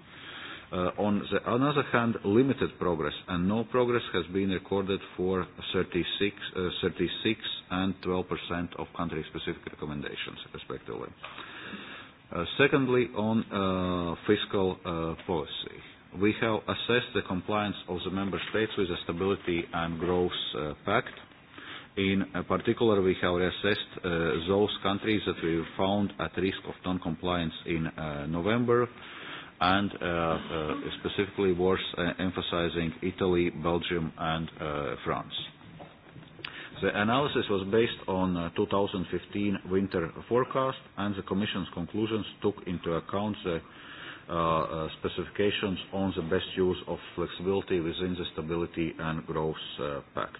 Speaker 14: Uh, on the other hand, limited progress and no progress has been recorded for 36, uh, 36 and 12% of country-specific recommendations, respectively. Uh, secondly, on uh, fiscal uh, policy. We have assessed the compliance of the member states with the Stability and Growth uh, Pact. Uh, In uh, particular, we have assessed uh, those countries that we found at risk of non-compliance in uh, November, and uh, uh, specifically worth uh, emphasizing Italy, Belgium, and uh, France. The analysis was based on uh, 2015 winter forecast, and the Commission's conclusions took into account the uh, uh, specifications on the best use of flexibility within the Stability and Growth uh, Pact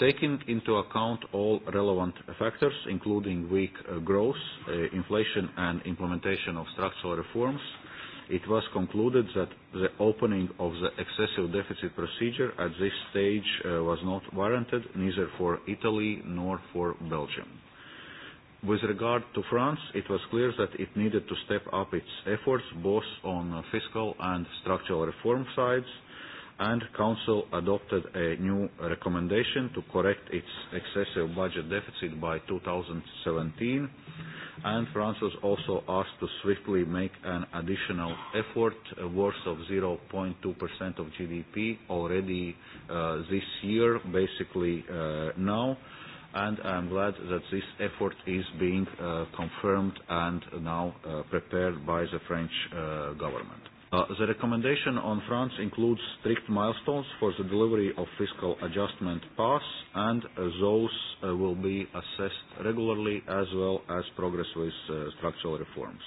Speaker 14: taking into account all relevant factors, including weak uh, growth, uh, inflation, and implementation of structural reforms, it was concluded that the opening of the excessive deficit procedure at this stage uh, was not warranted, neither for Italy nor for Belgium. With regard to France, it was clear that it needed to step up its efforts both on fiscal and structural reform sides, and Council adopted a new recommendation to correct its excessive budget deficit by 2017, and France was also asked to swiftly make an additional effort worth of 0.2% of GDP already uh, this year, basically uh, now, and I'm glad that this effort is being uh, confirmed and now uh, prepared by the French uh, government. Uh, the recommendation on France includes strict milestones for the delivery of fiscal adjustment paths, and uh, those uh, will be assessed regularly as well as progress with uh, structural reforms.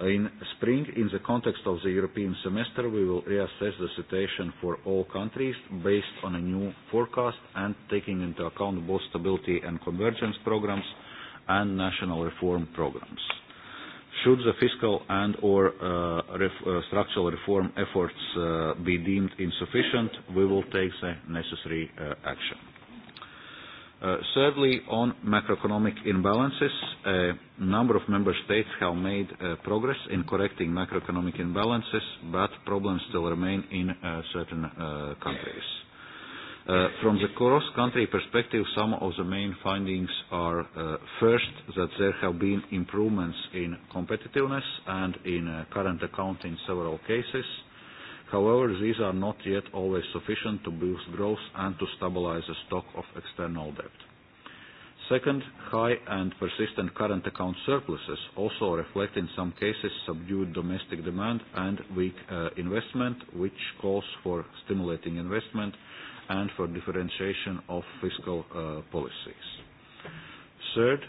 Speaker 14: In spring, in the context of the European semester, we will reassess the situation for all countries based on a new forecast and taking into account both stability and convergence programs and national reform programs should the fiscal and/or uh, ref, uh, structural reform efforts uh, be deemed insufficient, we will take the necessary uh, action. Uh, thirdly, on macroeconomic imbalances, a number of member states have made uh, progress in correcting macroeconomic imbalances, but problems still remain in uh, certain uh, countries. Uh, Uh, from the cross-country perspective, some of the main findings are uh, first, that there have been improvements in competitiveness and in uh, current account in several cases. However, these are not yet always sufficient to boost growth and to stabilize the stock of external debt. Second, high and persistent current account surpluses also reflect in some cases subdued domestic demand and weak uh, investment, which calls for stimulating investment and for differentiation of fiscal uh, policies. Third,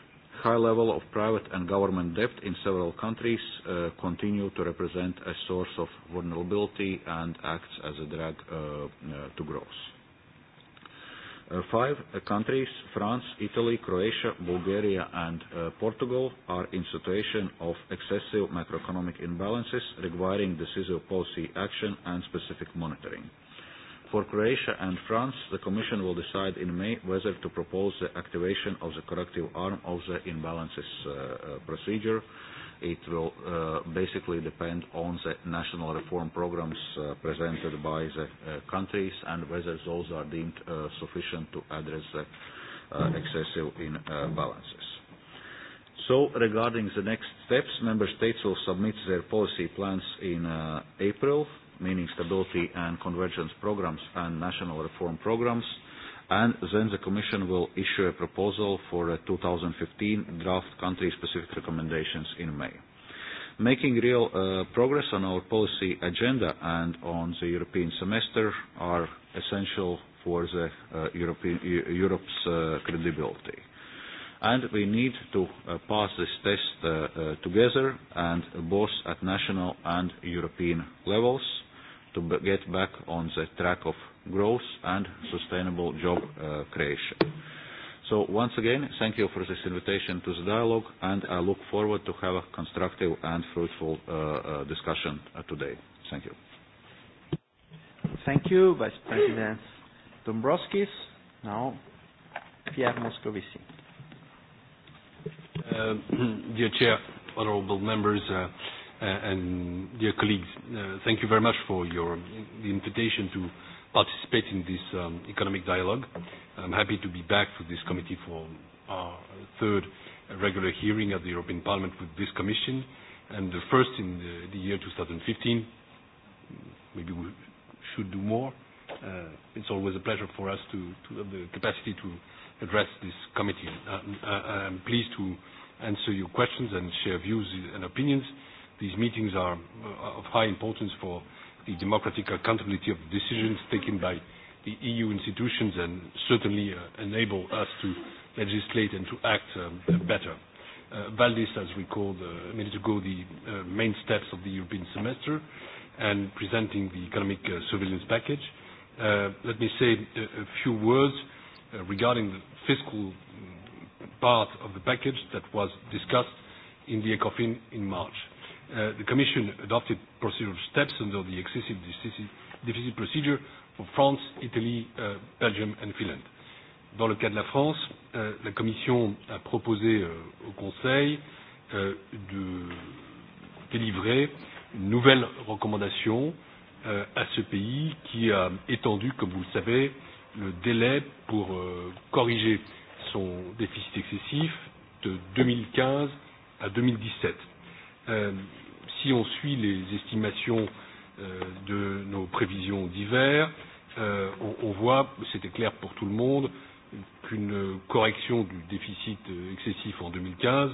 Speaker 14: high level of private and government debt in several countries uh, continue to represent a source of vulnerability and acts as a drag uh, uh, to growth. Uh, five uh, countries, France, Italy, Croatia, Bulgaria and uh, Portugal, are in situation of excessive macroeconomic imbalances requiring decisive policy action and specific monitoring. Uh, For Croatia and France, the Commission will decide in May whether to propose the activation of the corrective arm of the imbalances uh, uh, procedure. It will uh, basically depend on the national reform programs uh, presented by the uh, countries and whether those are deemed uh, sufficient to address the uh, excessive imbalances. So regarding the next steps, member states will submit their policy plans in uh, April meaning stability and convergence programs and national reform programs. And then the Commission will issue a proposal for a 2015 draft country-specific recommendations in May. Making real uh, progress on our policy agenda and on the European semester are essential for the uh, European, Europe's uh, credibility. And we need to uh, pass this test uh, uh, together and both at national and European levels to get back on the track of growth and sustainable job uh, creation. So once again, thank you for this invitation to the dialogue, and I look forward to have a constructive and fruitful uh, uh, discussion uh, today. Thank you.
Speaker 2: Thank you, Vice President Dombrovskis. Now, Pierre Moscovici.
Speaker 15: Uh, dear Chair, honorable members, uh, Uh, and dear colleagues, uh, thank you very much for your the invitation to participate in this um, economic dialogue. I'm happy to be back to this committee for our third regular hearing at the European Parliament with this Commission, and the first in the, the year 2015. Maybe we should do more. Uh, it's always a pleasure for us to, to have the capacity to address this committee. Uh, uh I'm pleased to answer your questions and share views and opinions. These meetings are uh, of high importance for the democratic accountability of decisions taken by the EU institutions and certainly uh, enable us to legislate and to act um, better. Uh, Valdis has recalled uh, a minute ago the uh, main steps of the European semester and presenting the economic uh, surveillance package. Uh, let me say a, uh, a few words uh, regarding the fiscal mm, part of the package that was discussed in the ECOFIN in March. Uh, Uh, the Commission adopted procedural steps under the excessive deficit procedure for France, Italy, euh, Belgium and Finland. Dans le cas de la France, euh, la Commission a proposé euh, au Conseil euh, de délivrer une nouvelle recommandation euh, à ce pays qui a étendu, comme vous le savez, le délai pour euh, corriger son déficit excessif de 2015 à 2017 Euh, si on suit les estimations euh, de nos prévisions d'hiver, euh, on, on voit, c'était clair pour tout le monde, qu'une correction du déficit euh, excessif en 2015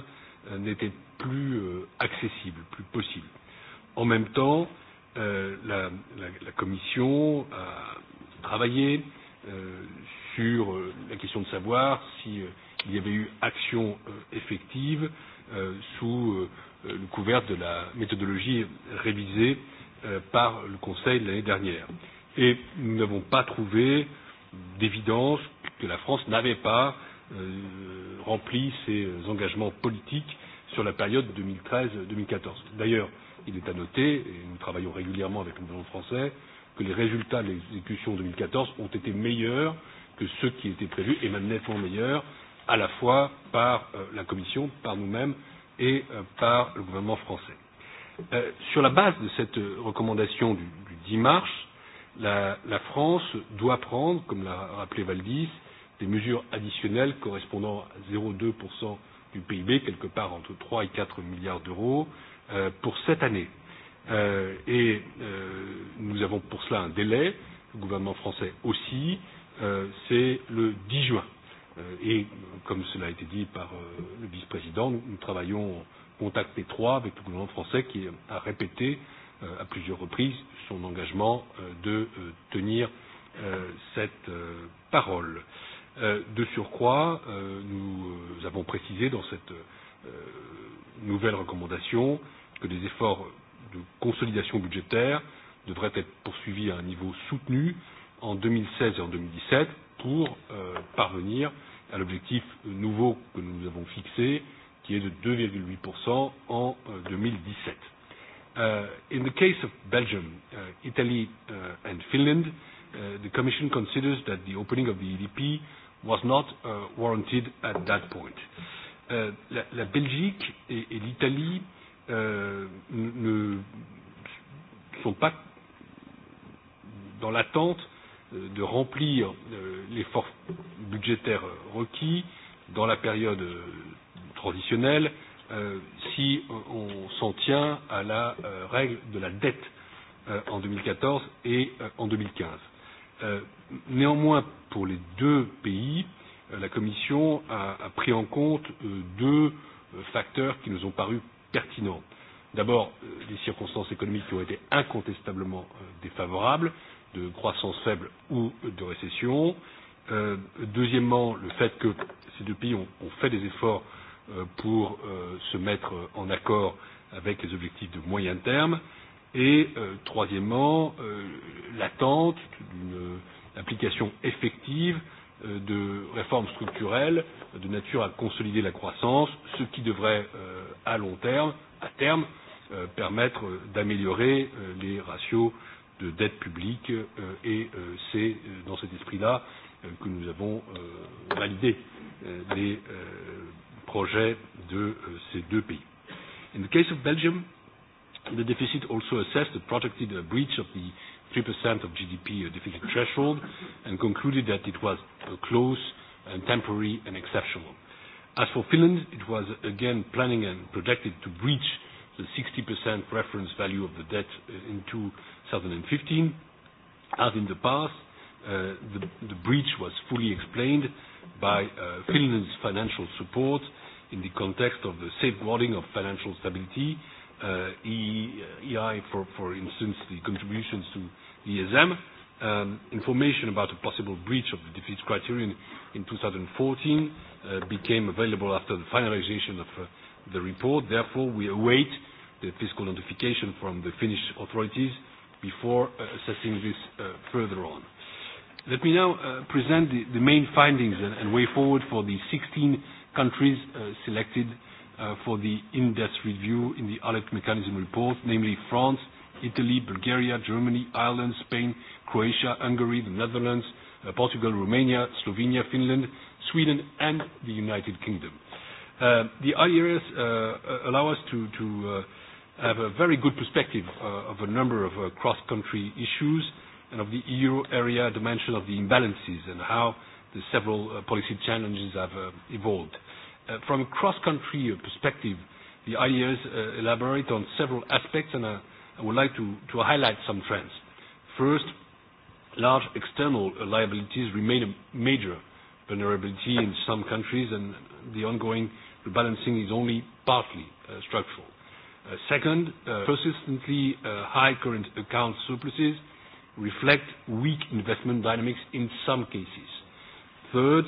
Speaker 15: euh, n'était plus euh, accessible, plus possible. En même temps, euh, la, la, la Commission a travaillé euh, sur euh, la question de savoir s'il si, euh, y avait eu action euh, effective euh, Euh, sous le euh, couvert de la méthodologie révisée euh, par le Conseil l'année dernière. Et nous n'avons pas trouvé d'évidence que la France n'avait pas rempli ses engagements politiques sur la période 2013-2014. D'ailleurs, il est à noter, et nous travaillons régulièrement avec le gouvernement français, que les résultats de l'exécution 2014 ont été meilleurs que ceux qui étaient prévus, et même nettement meilleurs, à la fois par euh, la Commission, par nous-mêmes et euh, par le gouvernement français. Euh, sur la base de cette euh, recommandation du, du 10 mars, la, la France doit prendre, comme l'a rappelé Valdis, des mesures additionnelles correspondant à 0,2% du PIB, quelque part entre 3 et 4 milliards d'euros, euh, pour cette année. Euh, et euh, nous avons pour cela un délai, le gouvernement français aussi, euh, c'est le 10 juin. Euh, Euh, et comme cela a été dit par euh, le vice président nous, nous travaillons en contact étroit avec le gouvernement français qui a répété euh, à plusieurs reprises son engagement de tenir cette parole. De surcroît, nous avons précisé dans cette nouvelle recommandation que les efforts de consolidation budgétaire devraient être poursuivis à un niveau soutenu en 2016 et en 2017 pour euh, parvenir à l'objectif nouveau que nous avons fixé, qui est de 2,8% en euh, 2017. Uh, in the case of Belgium, uh, Italy uh, and Finland, uh, the Commission considers that the opening of the EDP was not uh, warranted at that point. Uh, la, la Belgique et, et l'Italie euh, ne sont pas dans l'attente de remplir euh, l'effort budgétaire requis dans la période euh, traditionnelle euh, si on s'en tient à la règle de la dette en 2014 et en 2015. Néanmoins, pour les deux pays, la Commission a pris en compte deux facteurs qui nous ont paru pertinents. D'abord, les circonstances économiques qui ont été incontestablement défavorables de croissance faible ou de récession. Euh, deuxièmement, le fait que ces deux pays ont, ont fait des efforts euh, pour euh, se mettre en accord avec les objectifs de moyen terme. Et euh, troisièmement, euh, l'attente d'une application effective euh, de réformes structurelles de nature à consolider la croissance, ce qui devrait euh, à long terme, à terme, euh, permettre euh, d'améliorer euh, les ratios euh, de dette publique euh, et euh, c'est euh, dans cet esprit-là euh, que nous avons euh, validé euh, les euh, projets de euh, ces deux pays. In the case of Belgium, the deficit also assessed the projected uh, breach of the 3% of GDP uh, deficit threshold and concluded that it was uh, close and temporary and exceptional. As for Finland, it was again planning and projected to breach the 60% reference value of the debt in 2015. As in the past, uh, the, breach was fully explained by uh, Finland's financial support in the context of the safeguarding of financial stability, uh, EI, e, uh, e for, instance, the contributions to the ESM, um, information about a possible breach of the defeat criterion in 2014 became available after the finalization of the report. Therefore, we await the fiscal notification from the Finnish authorities before uh, assessing this uh, further on. Let me now uh, present the, the main findings and, and way forward for the 16 countries uh, selected uh, for the in-depth review in the ALEC mechanism report, namely France, Italy, Bulgaria, Germany, Ireland, Spain, Croatia, Hungary, the Netherlands, uh, Portugal, Romania, Slovenia, Finland, Sweden, and the United Kingdom. Uh, the IRS e uh, uh, allow us to, have a very good perspective of a number of cross-country issues and of the euro area dimension of the imbalances and how the several policy challenges have evolved. from a cross-country perspective, the IRS e elaborate on several aspects, and I would like to, highlight some trends. First, large external liabilities remain a major vulnerability in some countries, and the ongoing the balancing is only partly uh, structural. Uh, second, uh, persistently uh, high current account surpluses reflect weak investment dynamics in some cases. Third,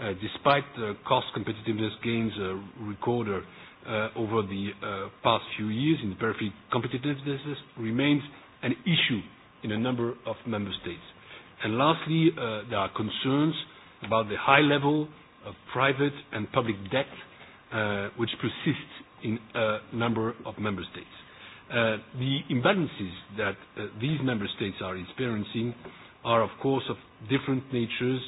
Speaker 15: uh, despite the cost competitiveness gains uh, recorded uh, over the uh, past few years in periphery competitiveness remains an issue in a number of member states. And lastly, uh, there are concerns about the high level of private and public debt uh, Uh, which persists in a number of member states. Uh, the imbalances that uh, these member states are experiencing are, of course, of different natures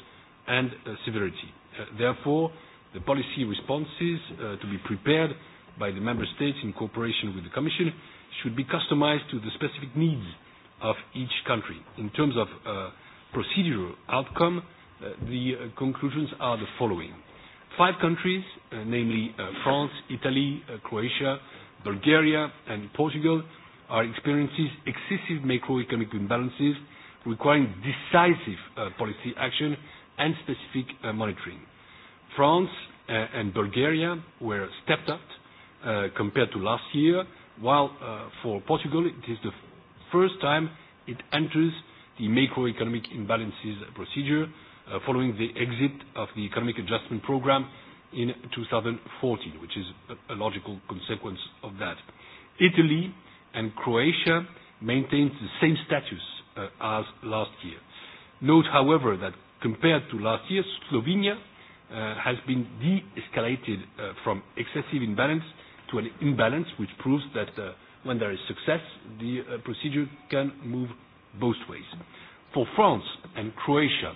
Speaker 15: and uh, severity. Uh, therefore, the policy responses uh, to be prepared by the member states in cooperation with the Commission should be customized to the specific needs of each country. In terms of uh, procedural outcome, uh, the uh, conclusions are the following five countries, uh, namely uh, France, Italy, uh, Croatia, Bulgaria, and Portugal, are experiencing excessive macroeconomic imbalances requiring decisive uh, policy action and specific uh, monitoring. France uh, and Bulgaria were stepped up uh, compared to last year, while uh, for Portugal it is the first time it enters the macroeconomic imbalances procedure, uh, following the exit of the economic adjustment program in 2014, which is a logical consequence of that. Italy and Croatia maintained the same status uh, as last year. Note, however, that compared to last year, Slovenia uh, has been de-escalated uh, from excessive imbalance to an imbalance, which proves that uh, when there is success, the uh, procedure can move both ways. For France and Croatia,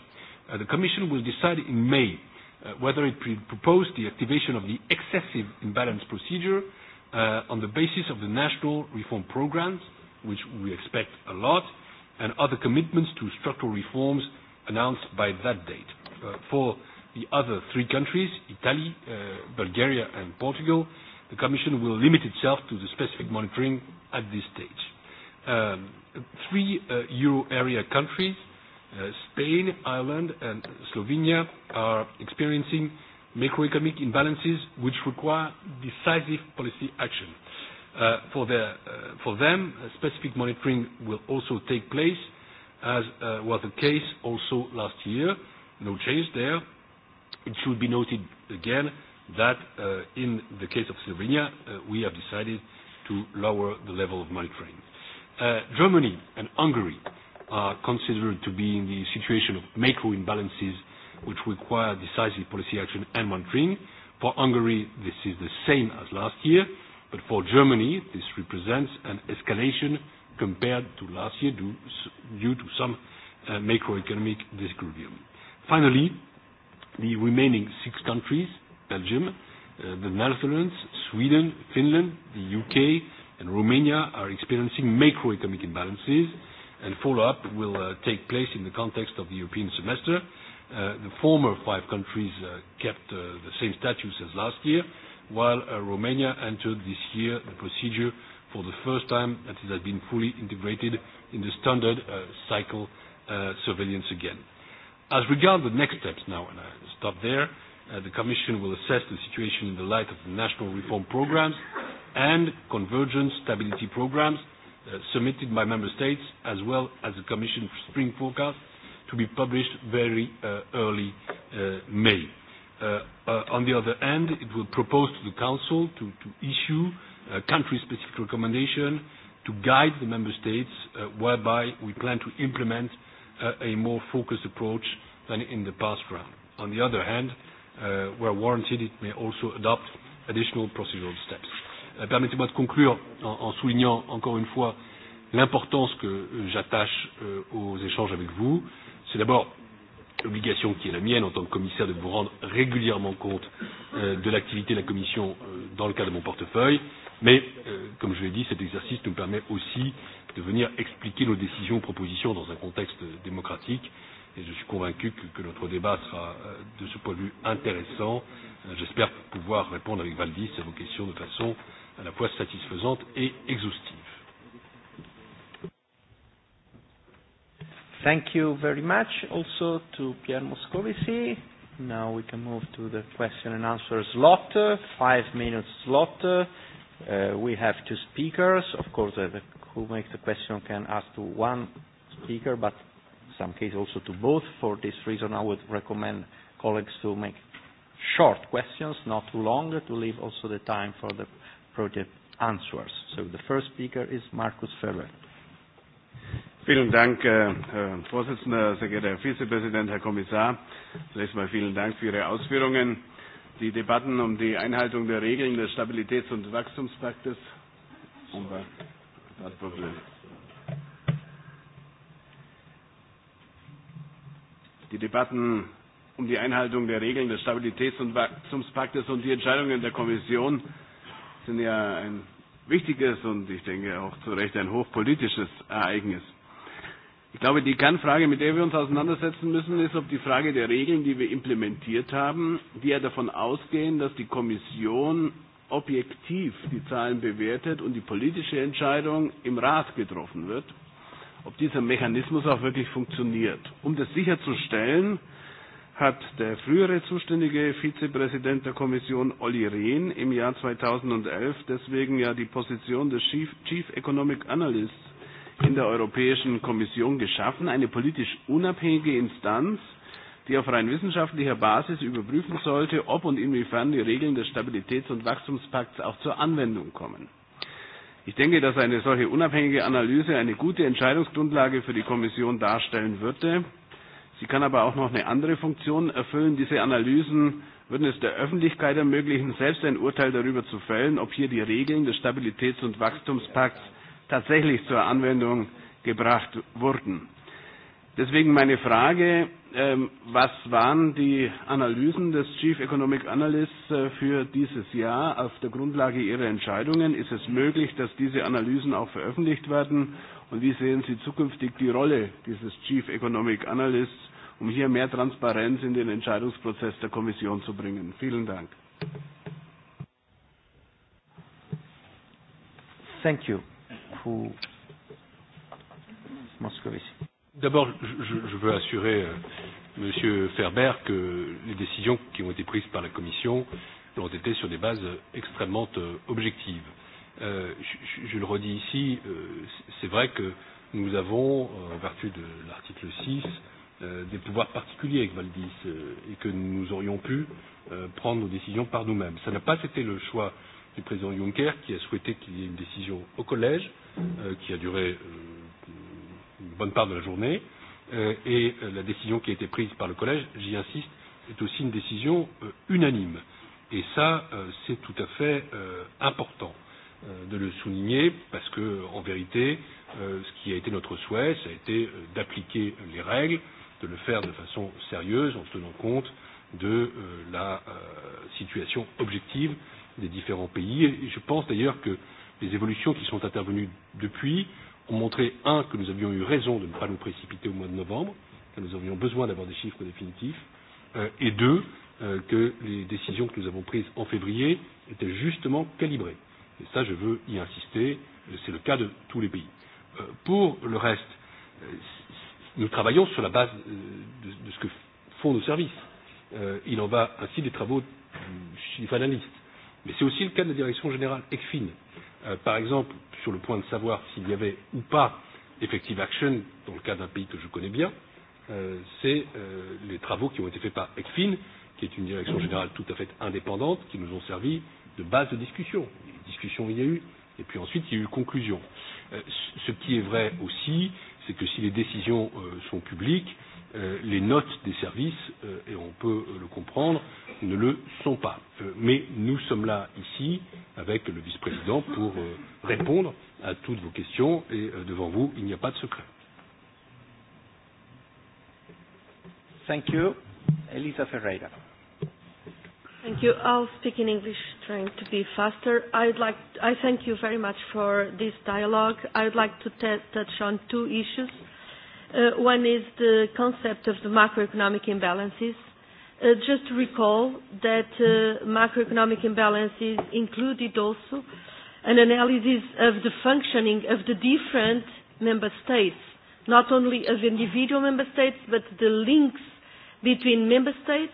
Speaker 15: Uh, the Commission will decide in May uh, whether it will propose the activation of the excessive imbalance procedure uh, on the basis of the national reform programs, which we expect a lot, and other commitments to structural reforms announced by that date. Uh, for the other three countries, Italy, uh, Bulgaria, and Portugal, the Commission will limit itself to the specific monitoring at this stage. Um, three uh, euro area countries, Uh, Spain, Ireland, and Slovenia are experiencing macroeconomic imbalances which require decisive policy action. Uh, for, uh, for them, uh, specific monitoring will also take place, as uh, was the case also last year. No change there. It should be noted again that uh, in the case of Slovenia, uh, we have decided to lower the level of monitoring. Uh, Germany and Hungary are considered to be in the situation of macro imbalances which require decisive policy action and monitoring. For Hungary, this is the same as last year, but for Germany, this represents an escalation compared to last year due, due to some uh, macroeconomic disgrubium. Finally, the remaining six countries, Belgium, uh, the Netherlands, Sweden, Finland, the U.K., and Romania, are experiencing macroeconomic imbalances and follow-up will uh, take place in the context of the European semester. Uh, the former five countries uh, kept uh, the same status as last year, while uh, Romania entered this year the procedure for the first time that it has been fully integrated in the standard uh, cycle uh, surveillance again. As regards the next steps now, and I stop there, uh, the Commission will assess the situation in the light of the national reform programs and convergence stability programs Uh, submitted by member states as well as the Commission spring forecast to be published very uh, early uh, May. Uh, uh, on the other hand, it will propose to the Council to, to issue a country-specific recommendation to guide the member states uh, whereby we plan to implement uh, a more focused approach than in the past round. On the other hand, uh, where warranted, it may also adopt additional procedural steps. Euh, permettez-moi de conclure en, en soulignant encore une fois l'importance que euh, j'attache euh, aux échanges avec vous. C'est d'abord l'obligation qui est la mienne en tant que commissaire de vous rendre régulièrement compte euh, de l'activité de la Commission euh, dans le cadre de mon portefeuille, mais euh, comme je l'ai dit, cet exercice nous permet aussi de venir expliquer nos décisions et propositions dans un contexte démocratique et je suis convaincu que, que notre débat sera euh, de ce point de vue intéressant. J'espère pouvoir répondre avec Valdis à vos questions de façon euh, à la fois satisfaisante et exhaustive.
Speaker 2: Thank you very much also to Pierre Moscovici. Now we can move to the question and answer slot, five minutes slot. Uh, we have two speakers. Of course, uh, the, who makes the question can ask to one speaker, but in some cases also to both. For this reason, I would recommend colleagues to make short questions, not too long, to leave also the time for the project answers. So the first speaker is Markus Ferber.
Speaker 16: Vielen Dank, äh, Herr Vorsitzender, sehr geehrter Herr Vizepräsident, Herr Kommissar. Zunächst mal vielen Dank für Ihre Ausführungen. Die Debatten um die Einhaltung der Regeln des Stabilitäts- und Wachstumspaktes. Um das Problem. Die Debatten um die Einhaltung der Regeln des Stabilitäts- und Wachstumspaktes und die Entscheidungen der Kommission sind ja ein wichtiges und ich denke auch zu Recht ein hochpolitisches Ereignis. Ich glaube, die Kernfrage, mit der wir uns auseinandersetzen müssen, ist, ob die Frage der Regeln, die wir implementiert haben, die ja davon ausgehen, dass die Kommission objektiv die Zahlen bewertet und die politische Entscheidung im Rat getroffen wird, ob dieser Mechanismus auch wirklich funktioniert. Um das sicherzustellen, hat der frühere zuständige Vizepräsident der Kommission Olli Rehn im Jahr 2011 deswegen ja die Position des Chief, Chief Economic Analysts in der Europäischen Kommission geschaffen, eine politisch unabhängige Instanz, die auf rein wissenschaftlicher Basis überprüfen sollte, ob und inwiefern die Regeln des Stabilitäts- und Wachstumspakts auch zur Anwendung kommen. Ich denke, dass eine solche unabhängige Analyse eine gute Entscheidungsgrundlage für die Kommission darstellen würde. Sie kann aber auch noch eine andere Funktion erfüllen. Diese Analysen würden es der Öffentlichkeit ermöglichen, selbst ein Urteil darüber zu fällen, ob hier die Regeln des Stabilitäts- und Wachstumspakts tatsächlich zur Anwendung gebracht wurden. Deswegen meine Frage, ähm, was waren die Analysen des Chief Economic Analysts äh, für dieses Jahr auf der Grundlage Ihrer Entscheidungen? Ist es möglich, dass diese Analysen auch veröffentlicht werden? Und wie sehen Sie zukünftig die Rolle dieses Chief Economic Analysts um hier mehr Transparenz in den Entscheidungsprozess der Kommission zu bringen. Vielen Dank. Thank you.
Speaker 15: D'abord, je, je veux assurer euh, M. Ferber que les décisions qui ont été prises par la Commission ont été sur des bases extrêmement euh, objectives. Euh, je, je le redis ici, euh, c'est vrai que nous avons, euh, en vertu de l'article 6, euh, Euh, des pouvoirs particuliers avec Valdis euh, et que nous aurions pu euh, prendre nos décisions par nous-mêmes. Ça n'a pas été le choix du président Juncker qui a souhaité qu'il y ait une décision au collège euh, qui a duré euh, une bonne part de la journée euh, et euh, la décision qui a été prise par le collège, j'y insiste, est aussi une décision euh, unanime. Et ça, euh, c'est tout à fait euh, important euh, de le souligner parce que, en vérité, euh, ce qui a été notre souhait, ça a été euh, d'appliquer les règles euh, de le faire de façon sérieuse en tenant compte de euh, la euh, situation objective des différents pays. Et je pense d'ailleurs que les évolutions qui sont intervenues depuis ont montré, un, que nous avions eu raison de ne pas nous précipiter au mois de novembre, que nous avions besoin d'avoir des chiffres définitifs, euh, et deux, euh, que les décisions que nous avons prises en février étaient justement calibrées. Et ça, je veux y insister, c'est le cas de tous les pays. Euh, pour le reste, euh, Nous travaillons sur la base euh, de, de, ce que font nos services. Euh, il en va ainsi des travaux du chiffre analyste. Mais c'est aussi le cas de la direction générale ECFIN. Euh, par exemple, sur le point de savoir s'il y avait ou pas effective action dans le cas d'un pays que je connais bien, euh, c'est euh, les travaux qui ont été faits par ECFIN, qui est une direction générale tout à fait indépendante, qui nous ont servi de base de discussion. Discussion il y a eu, et puis ensuite il y a eu conclusion. Euh, ce qui est vrai aussi, euh, c'est que si les décisions euh, sont publiques, euh, les notes des services, euh, et on peut euh, le comprendre, ne le sont pas. Euh, mais nous sommes là, ici, avec le vice-président, pour euh, répondre à toutes vos questions, et euh, devant vous, il n'y a pas de secret. Thank you. Elisa
Speaker 2: Ferreira. Thank you.
Speaker 10: I'll speak in English, trying to be faster. I'd like, I thank you very much for this dialogue. I'd like to touch on two issues. Uh, one is the concept of the macroeconomic imbalances. Uh, just to recall that uh, macroeconomic imbalances included also an analysis of the functioning of the different member states, not only of individual member states, but the links between member states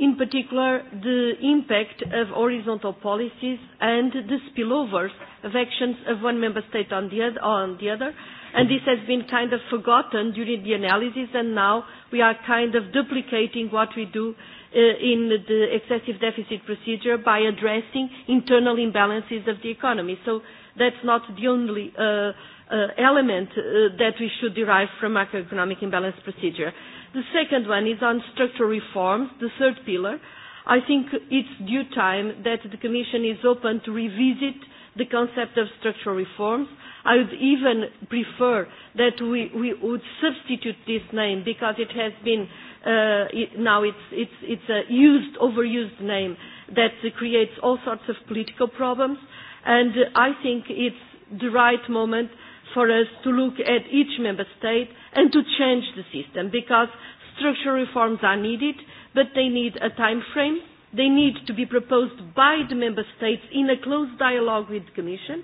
Speaker 10: in particular the impact of horizontal policies and the spillovers of actions of one member state on the, other, on the other. And this has been kind of forgotten during the analysis, and now we are kind of duplicating what we do uh, in the excessive deficit procedure by addressing internal imbalances of the economy. So that's not the only uh, uh, element uh, that we should derive from macroeconomic imbalance procedure. Uh, The second one is on structural reforms, the third pillar. I think it's due time that the Commission is open to revisit the concept of structural reforms. I would even prefer that we, we would substitute this name because it has been uh, it, now it's, it's, it's a used, overused name that creates all sorts of political problems. And I think it's the right moment for us to look at each member state and to change the system because structural reforms are needed, but they need a time frame. They need to be proposed by the member states in a close dialogue with the Commission.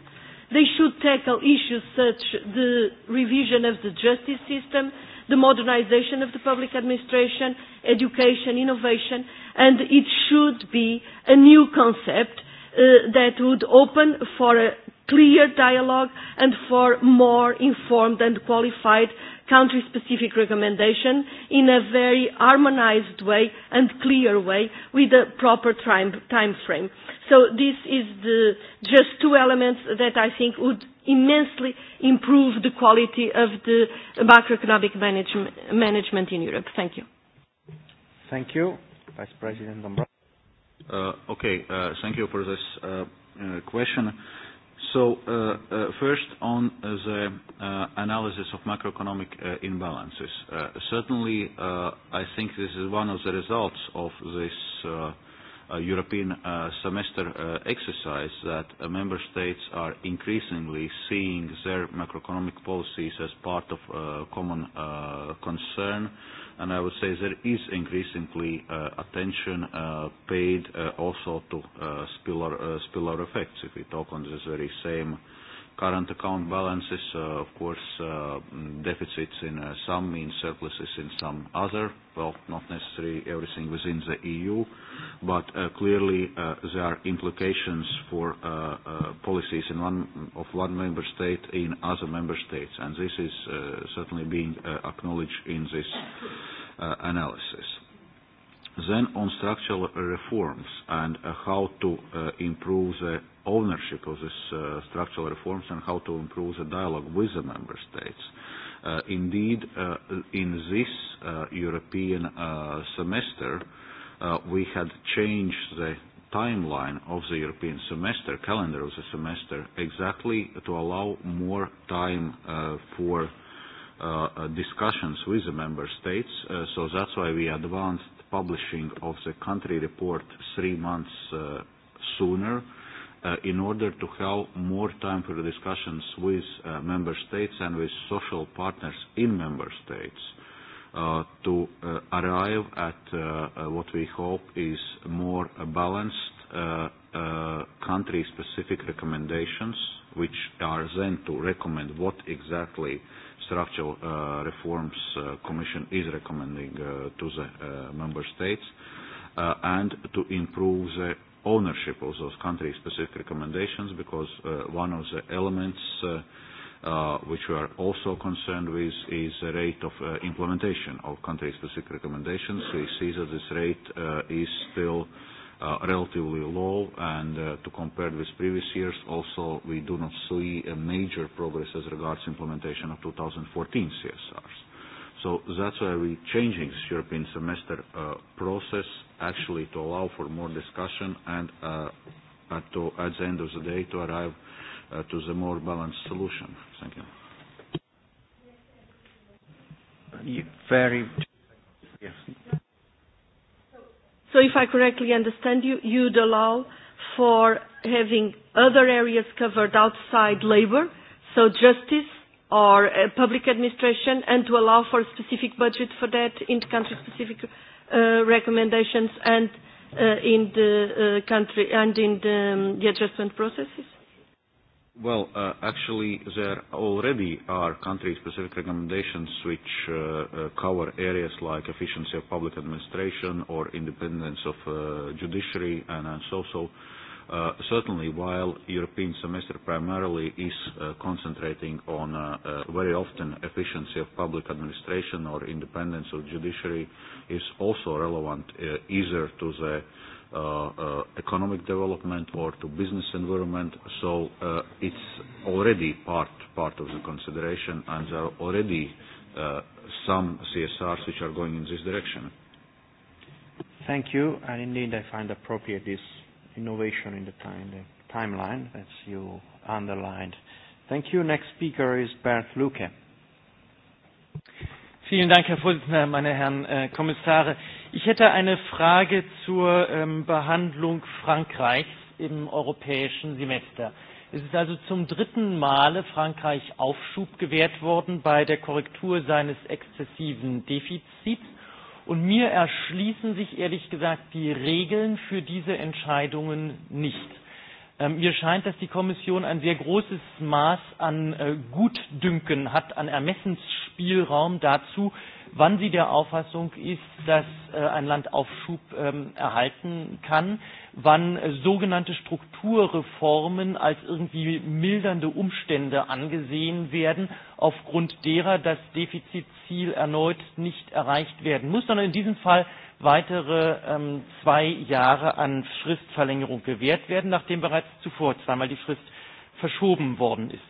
Speaker 10: They should tackle issues such as the revision of the justice system, the modernization of the public administration, education, innovation, and it should be a new concept uh, that would open for a clear dialogue and for more informed and qualified country-specific recommendation in a very harmonized way and clear way with a proper time, time frame. So this is the just two elements that I think would immensely improve the quality of the macroeconomic manage management in Europe. Thank you.
Speaker 14: Thank you. Vice President Dombrovskis. Uh, okay, uh, thank you for this uh, uh, question. Uh, So, uh, uh, first on uh, the uh, analysis of macroeconomic uh, imbalances. Uh, certainly, I think this is one of the results of this European semester exercise, that member states are increasingly seeing their macroeconomic policies as part of common concern and I would say there is increasingly uh, attention uh, paid uh, also to uh, spiller, uh, spiller effects. If we talk on this very same uh, current account balances, uh, of course, uh, mm, deficits in uh, some means surpluses in some other. Well, not necessarily everything within the EU, but uh, clearly uh, there are implications for uh, uh, policies in one, of one member state in other member states, and this is uh, certainly being uh, acknowledged in this uh, analysis. Then on structural reforms and uh, how to uh, improve the ownership of these uh, structural reforms and how to improve the dialogue with the member states. Uh, indeed, uh, in this uh, European uh, semester, uh, we had changed the timeline of the European semester, calendar of the semester, exactly to allow more time uh, for uh, uh discussions with the member states. Uh, so that's why we advanced publishing of the country report three months uh, sooner uh, in order to have more time for the discussions with uh, member states and with social partners in member states uh, to uh, arrive at uh, uh, what we hope is more balanced uh, uh, country-specific recommendations, which are then to recommend what exactly structural uh, reforms uh, commission is recommending uh, to the uh, member states uh, and to improve the ownership of those country-specific recommendations because uh, one of the elements uh, uh, which we are also concerned with is the rate of uh, implementation of country-specific recommendations. We see that this rate uh, is still uh, relatively low, and uh, to compare with previous years, also we do not see a major progress as regards implementation of 2014 CSRs. So that's why we're changing this European semester uh, process actually to allow for more discussion and uh, at, to, at the end of the day to arrive uh, to the more balanced solution. Thank you. you very. Yes.
Speaker 10: So if I correctly understand you, you'd allow for having other areas covered outside labor, so justice, or uh, public administration and to allow for a specific budget for that in the country specific uh, recommendations and uh, in the uh, country and in the, um, the adjustment processes?
Speaker 14: Well, uh, actually, there already are country-specific recommendations which uh, uh, cover areas like efficiency of public administration or independence of uh, judiciary and, and so on. so. Uh, certainly, while European semester primarily is uh, concentrating on uh, uh, very often efficiency of public administration or independence of judiciary is also relevant uh, either to the uh, uh, economic development or to business environment. So uh, it's already part part of the consideration, and there are already uh, some CSRs which are going in this direction.
Speaker 2: Thank you, and indeed I find appropriate this innovation in the, time, the timeline, that you underlined. Thank you. Next speaker is Bert Lucke.
Speaker 17: Vielen Dank, Herr Vorsitzender, meine Herren äh, Kommissare. Ich hätte eine Frage zur ähm, Behandlung Frankreichs im europäischen Semester. Es ist also zum dritten Male Frankreich Aufschub gewährt worden bei der Korrektur seines exzessiven Defizits. Und mir erschließen sich ehrlich gesagt die Regeln für diese Entscheidungen nicht. Ähm, mir scheint, dass die Kommission ein sehr großes Maß an äh, Gutdünken hat, an Ermessensspielraum dazu, wann sie der Auffassung ist, dass äh, ein Land Aufschub ähm, erhalten kann, wann äh, sogenannte Strukturreformen als irgendwie mildernde Umstände angesehen werden, aufgrund derer das Defizitziel erneut nicht erreicht werden muss, sondern in diesem Fall weitere ähm, zwei Jahre an Fristverlängerung gewährt werden, nachdem bereits zuvor zweimal die Frist verschoben worden ist.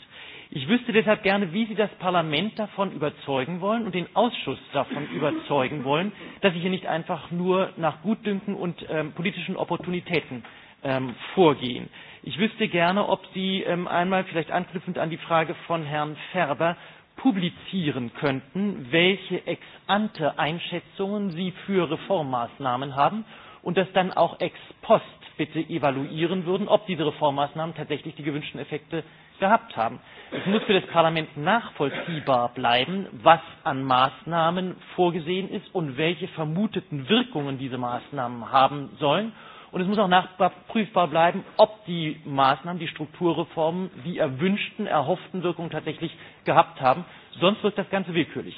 Speaker 17: Ich wüsste deshalb gerne, wie Sie das Parlament davon überzeugen wollen und den Ausschuss davon überzeugen wollen, dass Sie hier nicht einfach nur nach Gutdünken und ähm, politischen Opportunitäten ähm, vorgehen. Ich wüsste gerne, ob Sie ähm, einmal vielleicht anknüpfend an die Frage von Herrn Ferber publizieren könnten, welche ex ante Einschätzungen Sie für Reformmaßnahmen haben und das dann auch ex post bitte evaluieren würden, ob diese Reformmaßnahmen tatsächlich die gewünschten Effekte gehabt haben. Es muss für das Parlament nachvollziehbar bleiben, was an Maßnahmen vorgesehen ist und welche vermuteten Wirkungen diese Maßnahmen haben sollen. Und es muss auch nachprüfbar bleiben, ob die Maßnahmen, die Strukturreformen, die erwünschten, erhofften Wirkungen tatsächlich gehabt haben. Sonst wirkt das Ganze willkürlich.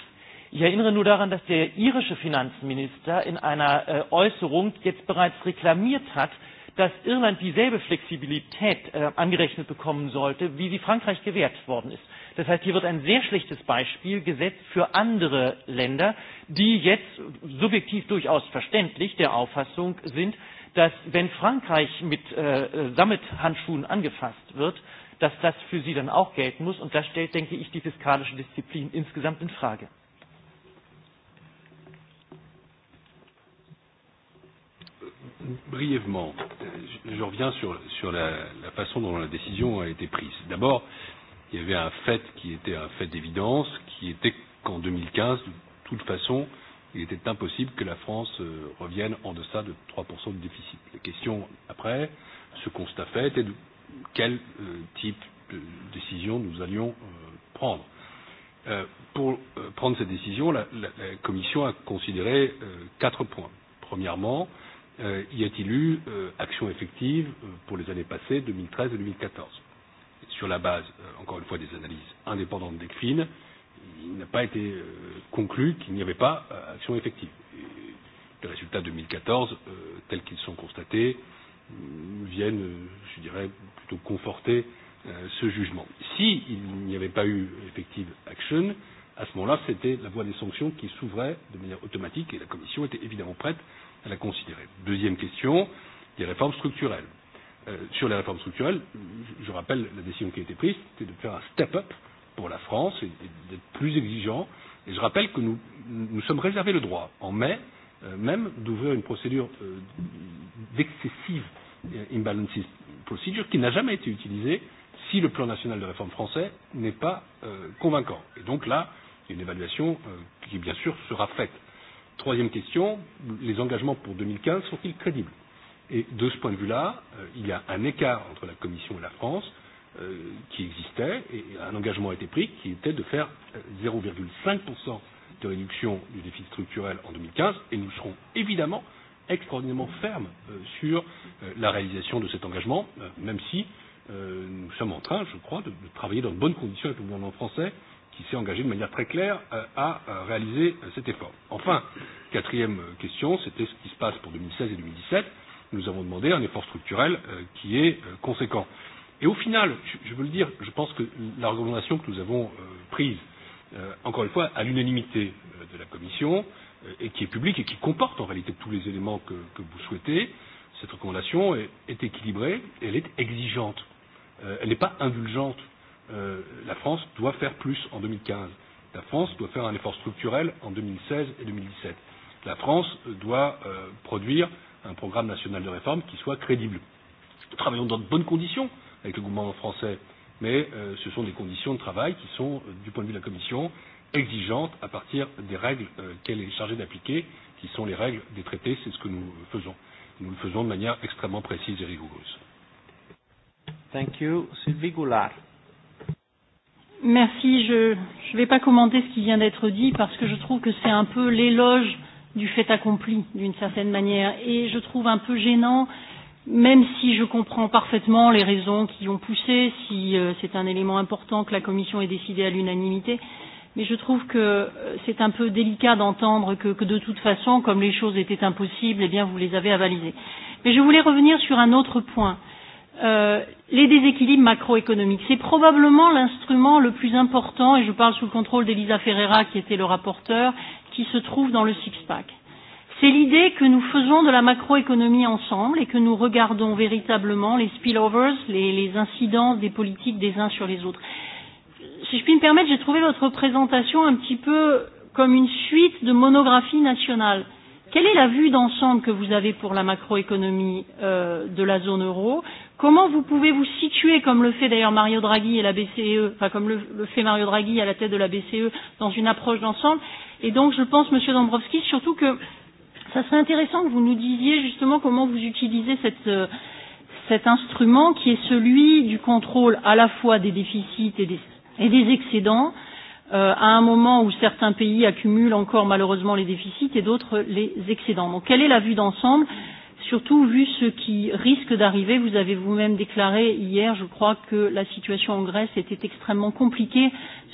Speaker 17: Ich erinnere nur daran, dass der irische Finanzminister in einer äh, Äußerung jetzt bereits reklamiert hat, dass Irland dieselbe Flexibilität äh, angerechnet bekommen sollte, wie sie Frankreich gewährt worden ist. Das heißt, hier wird ein sehr schlechtes Beispiel gesetzt für andere Länder, die jetzt subjektiv durchaus verständlich der Auffassung sind, dass wenn Frankreich mit äh, Sammethandschuhen angefasst wird, dass das für sie dann auch gelten muss. Und das stellt, denke ich, die fiskalische Disziplin insgesamt in Frage.
Speaker 15: brièvement, je reviens sur, sur la, la façon dont la décision a été prise. D'abord, il y avait un fait qui était un fait d'évidence, qui était qu'en 2015, de toute façon, il était impossible que la France euh, revienne en deçà de 3% de déficit. La question après, ce constat fait, était de quel euh, type de décision nous allions euh, prendre. Euh, pour euh, prendre cette décision, la, la, la Commission a considéré euh, quatre points. Premièrement, euh, euh, y a-t-il eu euh, action effective euh, pour les années passées, 2013 et 2014. Sur la base, euh, encore une fois, des analyses indépendantes d'ECFIN, il n'a pas été euh, conclu qu'il n'y avait pas euh, action effective. Et les résultats 2014, euh, tels qu'ils sont constatés, mm, viennent, euh, je dirais, plutôt conforter euh, ce jugement. S'il si n'y avait pas eu effective action, à ce moment-là, c'était la voie des sanctions qui s'ouvrait de manière automatique et la Commission était évidemment prête à la considérer. Deuxième question, les réformes structurelles. Euh, sur les réformes structurelles, je, rappelle la décision qui a été prise, c'était de faire un step-up pour la France et, et d'être plus exigeant. Et je rappelle que nous nous sommes réservés le droit, en mai euh, même, d'ouvrir une procédure euh, d'excessive euh, imbalances procedure qui n'a jamais été utilisée si le plan national de réforme français n'est pas euh, convaincant. Et donc là, il y a une évaluation euh, qui, bien sûr, sera faite Troisième question, les engagements pour 2015 sont-ils crédibles Et de ce point de vue-là, euh, il y a un écart entre la Commission et la France euh, qui existait, et un engagement a été pris qui était de faire 0,5% euh, de réduction du déficit structurel en 2015, et nous serons évidemment extraordinairement fermes euh, sur euh, la réalisation de cet engagement, euh, même si euh, nous sommes en train, je crois, de, de travailler dans de bonnes conditions avec le gouvernement français euh, qui s'est engagé de manière très claire euh, à euh, réaliser euh, cet effort. Enfin, quatrième question, c'était ce qui se passe pour 2016 et 2017. Nous avons demandé un effort structurel qui est conséquent. Et au final, je, veux le dire, je pense que la recommandation que nous avons prise, encore une fois, à l'unanimité de la Commission, et qui est publique et qui comporte en réalité tous les éléments que, que vous souhaitez, cette recommandation est, est équilibrée, elle est exigeante, elle n'est pas indulgente Euh, la France doit faire plus en 2015. La France doit faire un effort structurel en 2016 et 2017. La France doit euh, produire un programme national de réforme qui soit crédible. Nous Travaillons dans de bonnes conditions avec le gouvernement français, mais euh, ce sont des conditions de travail qui sont, euh, du point de vue de la Commission, exigeantes à partir des règles euh, qu'elle est chargée d'appliquer, qui sont les règles des traités. C'est ce que nous euh, faisons. Nous le faisons de manière extrêmement précise et rigoureuse. Thank you. Sylvie Goulard.
Speaker 4: Merci. Je ne vais pas commenter ce qui vient d'être dit parce que je trouve que c'est un peu l'éloge du fait accompli d'une certaine manière et je trouve un peu gênant même si je comprends parfaitement les raisons qui ont poussé, si euh, c'est un élément important que la Commission ait décidé à l'unanimité, mais je trouve que euh, c'est un peu délicat d'entendre que, que de toute façon, comme les choses étaient impossibles, eh bien vous les avez avalisées. Mais je voulais revenir sur un autre point. Euh, Euh, les déséquilibres macroéconomiques. C'est probablement l'instrument le plus important, et je parle sous le contrôle d'Elisa Ferreira, qui était le rapporteur, qui se trouve dans le six-pack. C'est l'idée que nous faisons de la macroéconomie ensemble et que nous regardons véritablement les spillovers, les, les incidences des politiques des uns sur les autres. Si je puis me permettre, j'ai trouvé votre présentation un petit peu comme une suite de monographies nationales. Quelle est la vue d'ensemble que vous avez pour la macroéconomie euh, de la zone euro Comment vous pouvez vous situer, comme le fait d'ailleurs Mario Draghi et la BCE, enfin comme le, le fait Mario Draghi à la tête de la BCE, dans une approche d'ensemble Et donc, je pense, Monsieur Dombrovski, surtout que ça serait intéressant que vous nous disiez justement comment vous utilisez cette, euh, cet instrument qui est celui du contrôle à la fois des déficits et des, et des excédents, euh, euh, à un moment où certains pays accumulent encore malheureusement les déficits et d'autres les excédents. Donc quelle est la vue d'ensemble Surtout vu ce qui risque d'arriver, vous avez vous-même déclaré hier, je crois, que la situation en Grèce était extrêmement compliquée,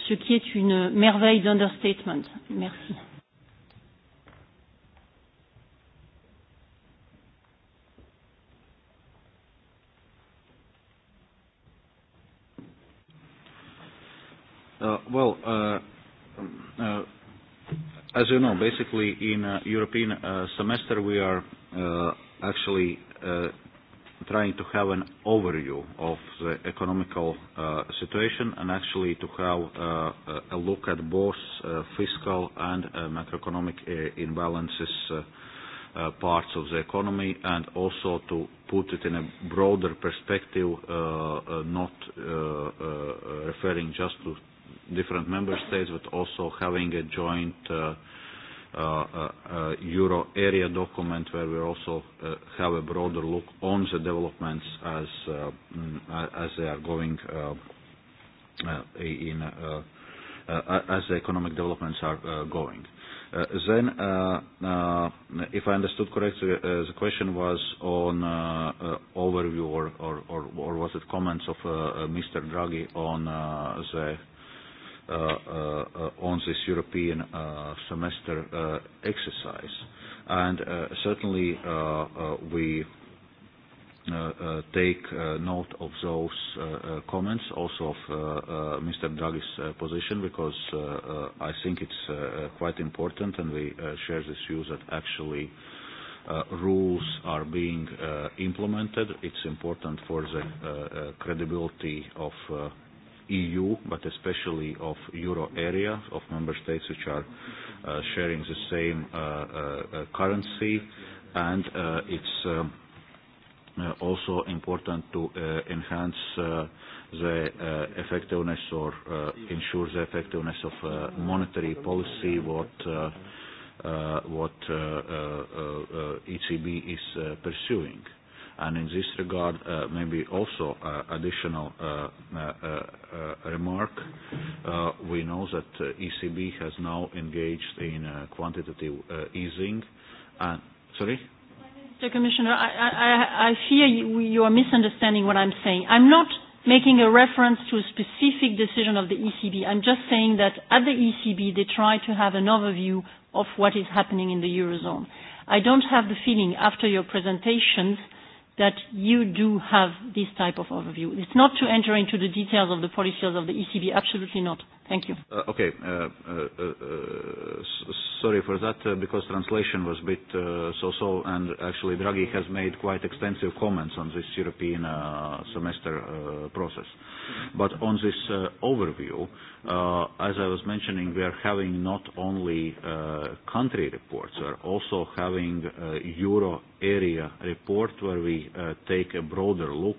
Speaker 4: ce qui est une merveille d'understatement. Merci.
Speaker 14: Uh, well, uh, uh, as you know, basically in uh, European uh, semester we are uh, actually uh, trying to have an overview of the economical uh, situation and actually to have uh, a look at both uh, fiscal and uh, macroeconomic uh, imbalances uh, uh, parts of the economy and also to put it in a broader perspective, uh, uh, not uh, uh, referring just to different member states, but also having a joint uh, uh, uh, uh, euro area document where we also uh, have a broader look on the developments as uh, mm, as they are going uh, uh, in uh, uh, as the economic developments are uh, going. Uh, then, uh, uh, if I understood correctly, uh, the question was on uh, uh, overview or, or, or, or was it comments of uh, uh Mr. Draghi on uh, the uh, uh, uh on this European uh, semester uh, exercise. And uh, certainly uh, uh, we uh, uh, take uh, note of those uh, uh, comments, also of uh, uh, Mr. Draghi's uh, position, because uh, uh, I think it's uh, uh, quite important and we uh, share this view that actually uh, rules are being uh, implemented. It's important for the uh, uh, credibility of uh, EU, but especially of euro area, of member states which are uh, sharing the same uh, uh, uh, currency. And uh, it's um, uh, also important to uh, enhance uh, the uh, effectiveness or uh, ensure the effectiveness of uh, monetary policy, what uh, uh, what uh, uh, uh, ECB is uh, pursuing. And in this regard, uh, maybe also uh, additional uh, uh, uh remark, uh, we know that uh, ECB has now engaged in uh, quantitative uh, easing. And, sorry?
Speaker 7: Mr.
Speaker 4: Commissioner, I, I, I fear you, you are misunderstanding what I'm saying. I'm not making a reference to a specific decision of the ECB. I'm just saying that at the ECB they try to have an overview of what is happening in the Eurozone. I don't have the feeling after your presentations that you do have this type of overview. It's not to enter into the details of the policies of the ECB, absolutely not. Thank you.
Speaker 14: Uh, okay. Uh, uh, uh, sorry for that, uh, because translation was a bit uh, so-so, uh, and actually Draghi has made quite extensive comments on this European uh, semester uh, process. But on this uh, overview, uh, as I was mentioning, we are having not only uh, country reports, we are also having a uh, euro area report where we uh, take a broader look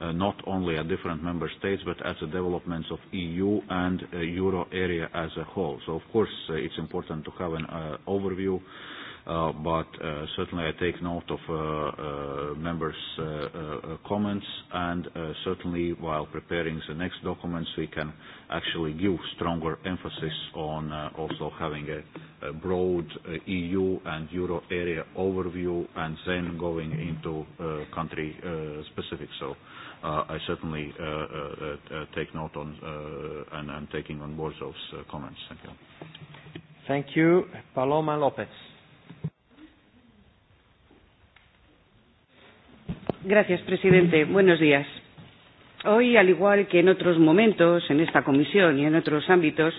Speaker 14: uh, not only at different member states but at the developments of EU and uh, euro area as a whole. So of course uh, it's important to have an uh, overview uh, Uh, but uh, certainly I take note of uh, uh, members' uh, uh, comments, and uh, certainly while preparing the next documents, we can actually give stronger emphasis on uh, also having a, a broad uh, EU and euro area overview, and then going into uh, country uh, specific. So uh, I certainly uh, uh, uh, take note on uh, and, and taking on board those uh, comments. Thank you.
Speaker 18: Thank you, Paloma Lopez. Gracias, presidente. Buenos días. Hoy, al igual que en otros momentos, en esta comisión y en otros ámbitos,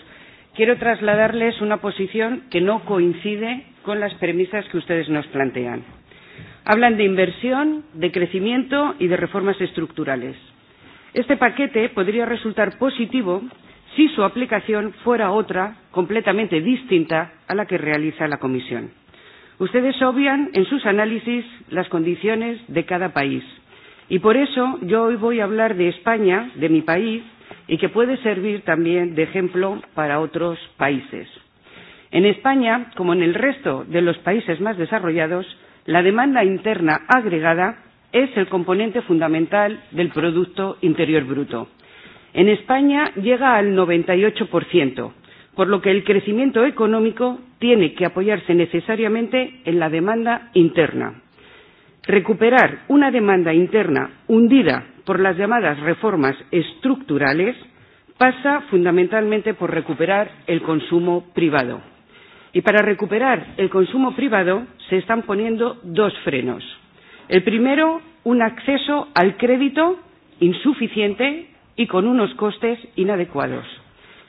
Speaker 18: quiero trasladarles una posición que no coincide con las premisas que ustedes nos plantean. Hablan de inversión, de crecimiento y de reformas estructurales. Este paquete podría resultar positivo si su aplicación fuera otra, completamente distinta a la que realiza la Comisión. Ustedes obvian en sus análisis las condiciones de cada país. Y por eso yo hoy voy a hablar de España, de mi país, y que puede servir también de ejemplo para otros países. En España, como en el resto de los países más desarrollados, la demanda interna agregada es el componente fundamental del Producto Interior Bruto. En España llega al 98%, por lo que el crecimiento económico tiene que apoyarse necesariamente en la demanda interna. Recuperar una demanda interna hundida por las llamadas reformas estructurales pasa fundamentalmente por recuperar el consumo privado. Y para recuperar el consumo privado se están poniendo dos frenos. El primero, un acceso al crédito insuficiente y con unos costes inadecuados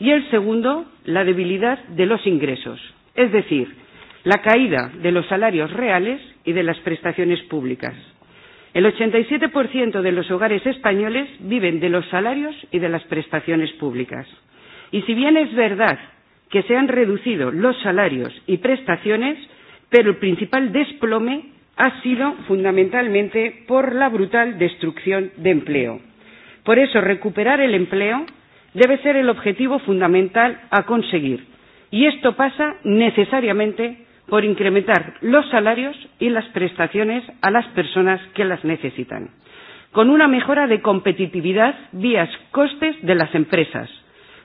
Speaker 18: y el segundo, la debilidad de los ingresos, es decir, la caída de los salarios reales y de las prestaciones públicas. El 87% de los hogares españoles viven de los salarios y de las prestaciones públicas. Y si bien es verdad que se han reducido los salarios y prestaciones, pero el principal desplome ha sido fundamentalmente por la brutal destrucción de empleo. Por eso, recuperar el empleo debe ser el objetivo fundamental a conseguir y esto pasa necesariamente por incrementar los salarios y las prestaciones a las personas que las necesitan, con una mejora de competitividad vía costes de las empresas,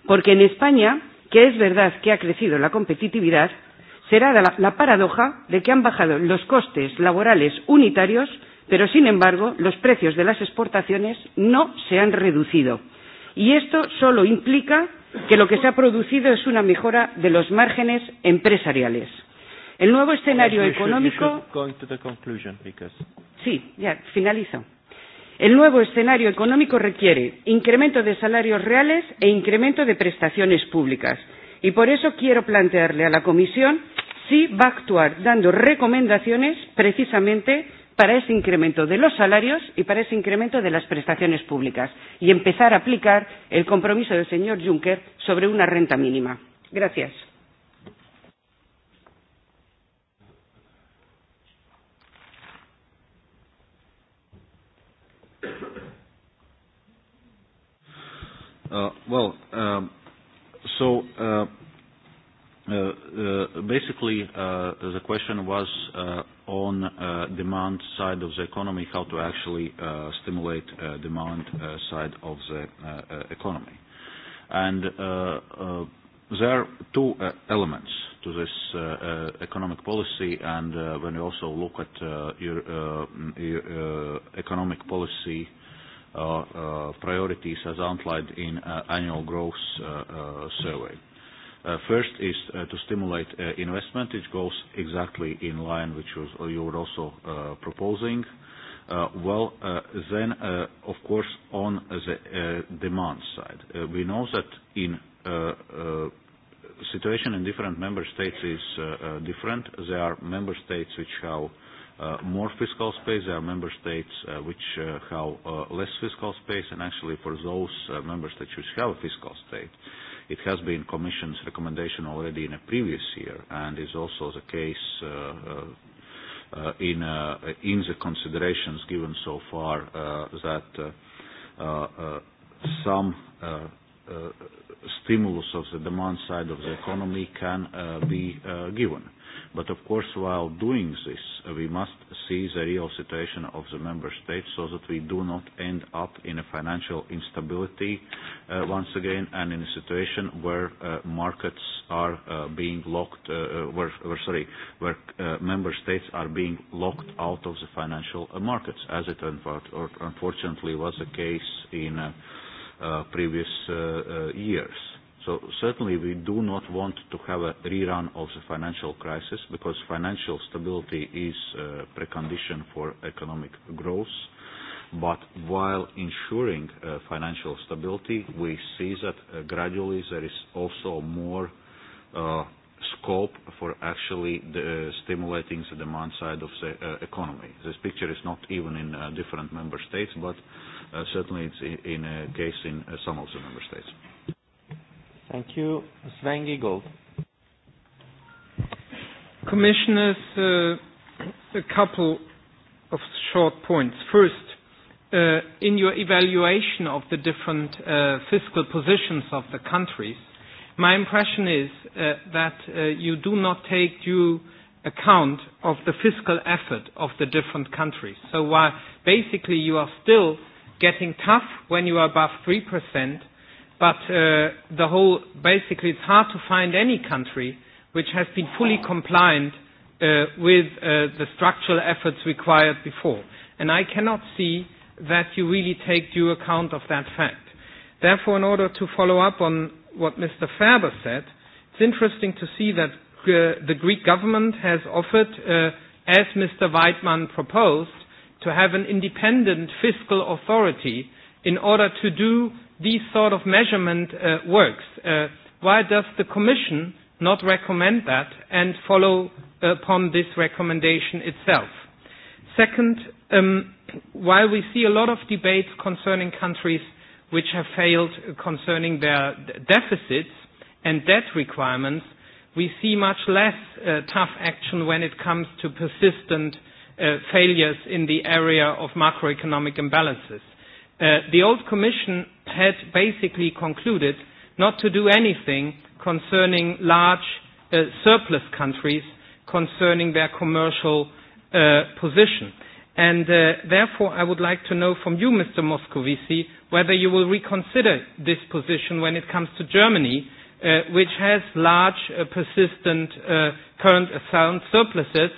Speaker 18: porque en España, que es verdad que ha crecido la competitividad, será la, la paradoja de que han bajado los costes laborales unitarios, pero sin embargo los precios de las exportaciones no se han reducido y esto solo implica que lo que se ha producido es una mejora de los márgenes empresariales. El nuevo escenario yes, económico.
Speaker 2: Should, should Because...
Speaker 18: Sí, ya, finalizo. El nuevo escenario económico requiere incremento de salarios reales e incremento de prestaciones públicas. Y por eso quiero plantearle a la Comisión si va a actuar dando recomendaciones precisamente para ese incremento de los salarios y para ese incremento de las prestaciones públicas y empezar a aplicar el compromiso del señor Juncker sobre una renta mínima. Gracias.
Speaker 14: Uh, well, um, so uh, Uh, uh, basically, uh, the question was uh, on uh, demand side of the economy, how to actually uh, stimulate uh, demand uh, side of the uh, uh economy. And uh, uh, there are two uh, elements to this uh, uh, economic policy, and uh, when you also look at uh, your, uh, your uh, economic policy uh, uh, priorities as outlined in uh, annual growth uh, uh, survey. Uh, first is uh, to stimulate uh, investment, which goes exactly in line which was, uh, you were also uh, proposing. Uh, well, uh, then, uh, of course, on the uh, demand side, uh, we know that in uh, uh, situation in different member states is uh, uh, different. There are member states which have uh, more fiscal space. There are member states uh, which uh, have uh, less fiscal space. And actually, for those uh, member states which have a fiscal state, uh, It has been Commission's recommendation already in a previous year and is also the case uh, uh, in, uh, in the considerations given so far uh, that uh, uh, uh some uh, uh, stimulus of the demand side of the economy can uh, be uh, given. But of course, while doing this, we must see the real situation of the member states so that we do not end up in a financial instability uh, once again and in a situation where uh, markets are uh, being locked, uh, uh where, where, sorry, where uh, member states are being locked out of the financial uh, markets, as it unfortunately was the case in uh, uh, previous uh, uh, years. So certainly we do not want to have a rerun of the financial crisis because financial stability is a precondition for economic growth. But while ensuring uh, financial stability, we see that uh, gradually there is also more uh, scope for actually the, uh, stimulating the demand side of the uh, economy. This picture is not even in uh, different member states, but uh, certainly it's in, in a case in uh, some of the member states. Thank you. Sven Giegold.
Speaker 1: Commissioners, uh, a couple of short points. First, uh, in your evaluation of the different uh, fiscal positions of the countries, my impression is uh, that uh, you do not take due account of the fiscal effort of the different countries. So while basically you are still getting tough when you are above 3%, But uh, the whole, basically, it's hard to find any country which has been fully compliant uh, with uh, the structural efforts required before. And I cannot see that you really take due account of that fact. Therefore, in order to follow up on what Mr. Ferber said, it's interesting to see that uh, the Greek government has offered, uh, as Mr. Weidmann proposed, to have an independent fiscal authority in order to do these sort of measurement uh, works. Uh, why does the Commission not recommend that and follow upon this recommendation itself? Second, um, while we see a lot of debates concerning countries which have failed concerning their deficits and debt requirements, we see much less uh, tough action when it comes to persistent uh, failures in the area of macroeconomic imbalances. Uh, the old Commission had basically concluded not to do anything concerning large uh, surplus countries concerning their commercial uh, position. And uh, therefore, I would like to know from you, Mr. Moscovici, whether you will reconsider this position when it comes to Germany, uh, which has large, uh, persistent uh, current account surpluses,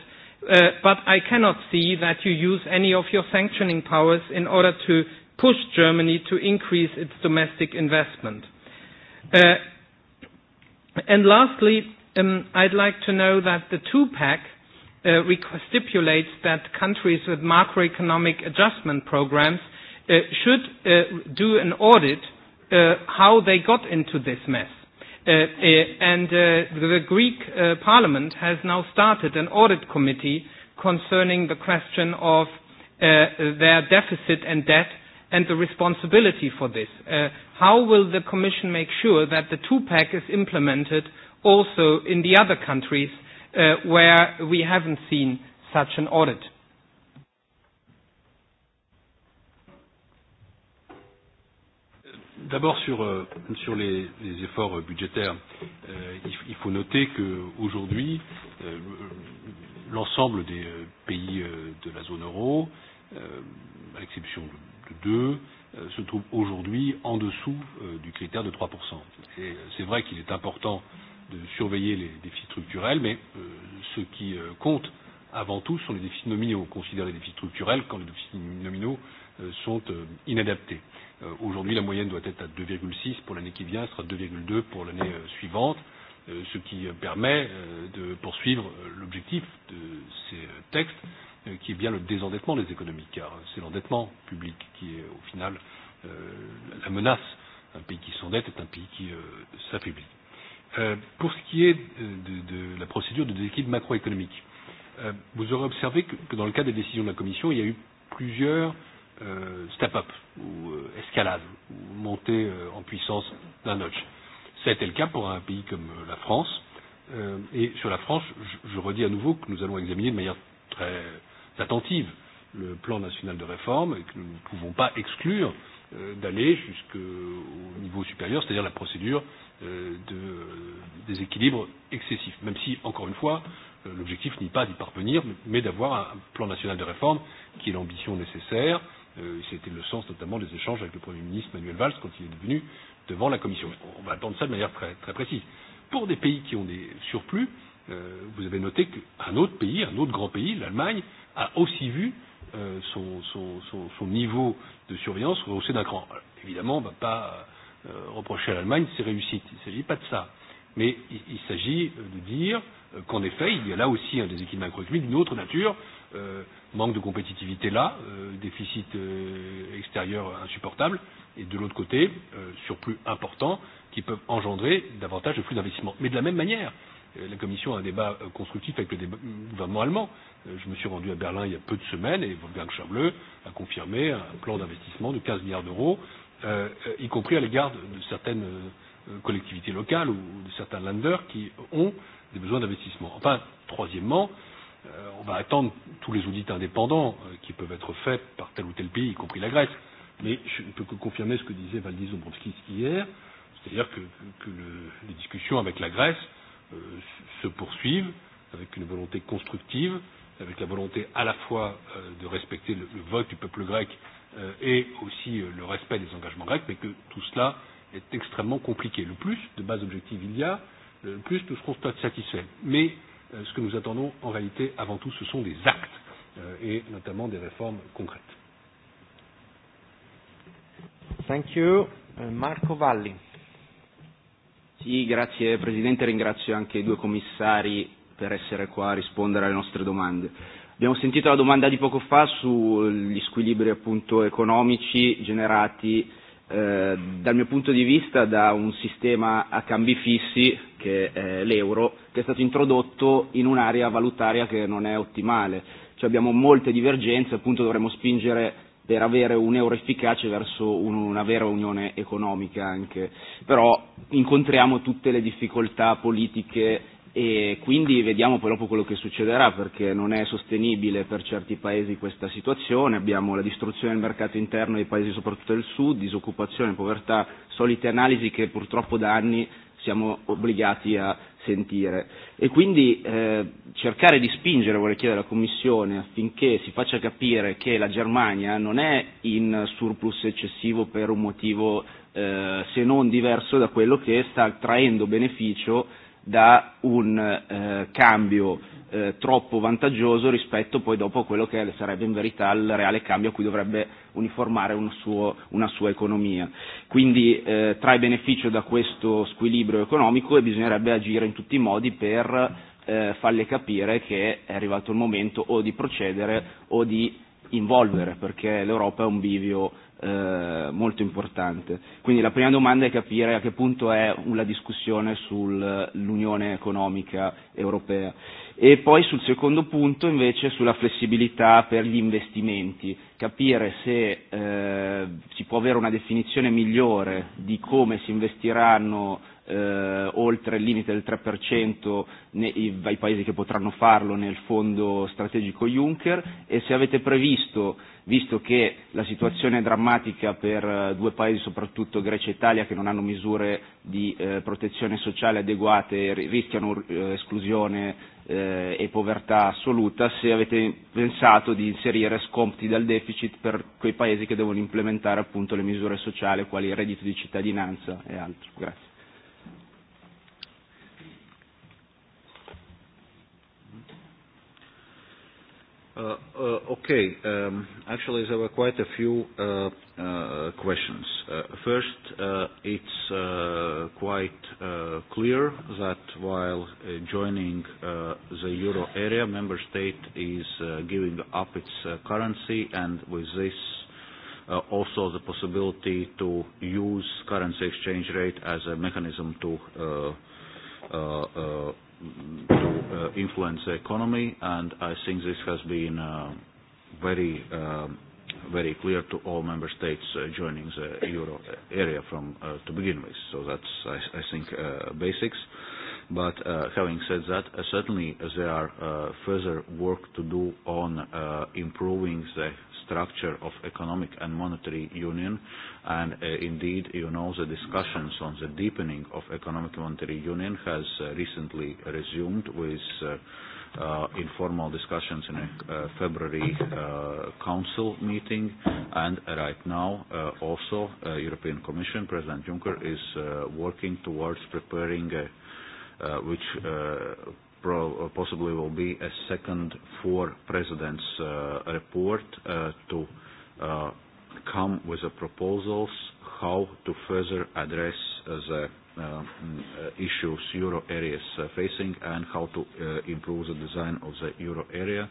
Speaker 1: uh, but I cannot see that you use any of your sanctioning powers in order to Push Germany to increase its domestic investment. Uh, and lastly, um, I'd like to know that the two-pack uh, stipulates that countries with macroeconomic adjustment programs uh, should uh, do an audit uh, how they got into this mess. Uh, uh, and uh, the Greek uh, parliament has now started an audit committee concerning the question of uh, their deficit and debt and the responsibility for this. Uh, how will the Commission make sure that the two-pack is implemented also in the other countries uh, where we haven't seen such an audit?
Speaker 15: D'abord sur, euh, sur les, les efforts euh, budgétaires, euh, il, il faut noter qu'aujourd'hui, euh, l'ensemble des euh, pays euh, de la zone euro, euh, à l'exception 2 euh, se trouve aujourd'hui en dessous euh, du critère de 3%. Et euh, c'est vrai qu'il est important de surveiller les défis structurels, mais ce qui compte avant tout sont les défis nominaux. On considère les défis structurels quand les défis nominaux sont inadaptés. Aujourd'hui, la moyenne doit être à 2,6 pour l'année qui vient, elle sera 2,2 pour l'année suivante, ce qui permet de poursuivre l'objectif de ces textes Euh, qui est bien le désendettement des économies, car c'est l'endettement public qui est au final euh, la menace. Un pays qui s'endette est un pays qui euh, s'affaiblit. Euh, pour ce qui est euh, de, de la procédure de déséquilibre macroéconomique, euh, vous aurez observé que, que dans le cas des décisions de la Commission, il y a eu plusieurs euh, step-up ou euh, escalades ou montées euh, en puissance d'un notch. Ça a été le cas pour un pays comme la France. Euh, et sur la France, je, je redis à nouveau que nous allons examiner de manière très euh, très attentive le plan national de réforme et que nous ne pouvons pas exclure euh, d'aller jusqu'au niveau supérieur, c'est-à-dire la procédure euh, de euh, déséquilibre excessif, même si, encore une fois, l'objectif n'est pas d'y parvenir, mais d'avoir un plan national de réforme qui est l'ambition nécessaire. C'était le sens notamment des échanges avec le Premier ministre Manuel Valls quand il est venu devant la Commission. On va attendre ça de manière très, très précise. Pour des pays qui ont des surplus, vous avez noté qu'un autre pays, un autre grand pays, l'Allemagne, a aussi vu euh, son, son, son, son niveau de surveillance rehaussé d'un cran. Alors, évidemment, on ne va pas euh, reprocher à l'Allemagne ses réussites. Il ne s'agit pas de ça. Mais il, il s'agit euh, de dire euh, qu'en effet, il y a là aussi un déséquilibre macroéconomique d'une autre nature, euh, manque de compétitivité là, euh, déficit euh, extérieur insupportable, et de l'autre côté, euh, surplus important, qui peuvent engendrer davantage de flux d'investissement. Mais de la même manière, euh, Euh, la Commission a un débat euh, constructif avec le euh, gouvernement allemand. Je me suis rendu à Berlin il y a peu de semaines et Wolfgang Schäuble a confirmé un plan d'investissement de 15 milliards d'euros, euh, y compris à l'égard de, de certaines collectivités locales ou de certains landers qui ont des besoins d'investissement. Enfin, troisièmement, euh, on va attendre tous les audits indépendants euh, qui peuvent être faits par tel ou tel pays, y compris la Grèce. Mais je ne peux que confirmer ce que disait Valdis Dombrovskis hier, c'est-à-dire que, que le, les discussions avec la Grèce Euh, se poursuivent avec une volonté constructive, avec la volonté à la fois euh, de respecter le, vote du peuple grec euh, et aussi le respect des engagements grecs, mais que tout cela est extrêmement compliqué. Le plus de bases objectives il y a, le plus nous serons satisfaits. Mais ce que nous attendons en réalité avant tout, ce sont des actes et notamment des réformes concrètes. Thank you. Marco
Speaker 9: Valli. Sì, grazie Presidente, ringrazio anche i due commissari per essere qua a rispondere alle nostre domande. Abbiamo sentito la domanda di poco fa sugli squilibri appunto economici generati eh, dal mio punto di vista da un sistema a cambi fissi, che è l'euro, che è stato introdotto in un'area valutaria che non è ottimale. Cioè abbiamo molte divergenze, appunto dovremmo spingere per avere un euro efficace verso un, una vera unione economica anche. Però incontriamo tutte le difficoltà politiche e quindi vediamo poi dopo quello che succederà perché non è sostenibile per certi paesi questa situazione, abbiamo la distruzione del mercato interno dei paesi soprattutto del sud, disoccupazione, povertà, solite analisi che purtroppo da anni siamo obbligati a sentire. E quindi eh, cercare di spingere, vorrei chiedere alla Commissione, affinché si faccia capire che la Germania non è in surplus eccessivo per un motivo eh, se non diverso da quello che sta traendo beneficio da un eh, cambio eh, troppo vantaggioso rispetto poi dopo a quello che sarebbe in verità il reale cambio a cui dovrebbe uniformare un suo, una sua economia. Quindi eh, trae beneficio da questo squilibrio economico e bisognerebbe agire in tutti i modi per eh, farle capire che è arrivato il momento o di procedere o di involvere, perché l'Europa è un bivio eh, molto importante. Quindi la prima domanda è capire a che punto è la discussione sull'unione economica europea. E poi sul secondo punto invece sulla flessibilità per gli investimenti, capire se eh, si può avere una definizione migliore di come si investiranno eh, oltre il limite del 3% nei, ai paesi che potranno farlo nel fondo strategico Juncker e se avete previsto, visto che la situazione è drammatica per eh, due paesi, soprattutto Grecia e Italia, che non hanno misure di eh, protezione sociale adeguate e rischiano eh, esclusione eh, e povertà assoluta, se avete pensato di inserire scompti dal deficit per quei paesi che devono implementare appunto le misure sociali, quali il reddito di cittadinanza e altro. Grazie.
Speaker 14: Uh, uh, okay. Um, actually, there were quite a few uh, uh, questions. Uh, first, uh, it's uh, quite uh, clear that while uh, joining uh, the euro area, member state is uh, giving up its uh, currency, and with this, uh, also the possibility to use currency exchange rate as a mechanism to uh, uh, uh, to uh, influence the economy, and I think this has been uh, very uh, very clear to all member states uh, joining the euro area from uh, to begin with. So that's I, I think uh, basics. But uh, having said that, uh, certainly there are uh, further work to do on uh, improving the structure of economic and monetary union. And uh, indeed, you know, the discussions on the deepening of economic and monetary union has uh, recently resumed with uh, uh, informal discussions in a uh, February uh, Council meeting, and right now uh, also uh, European Commission President Juncker is uh, working towards preparing a, uh, uh, which uh, pro uh, possibly will be a second four president's uh, report uh, to uh, come with the proposals how to further address uh, the uh, mm, issues euro areas uh, facing and how to uh, improve the design of the euro area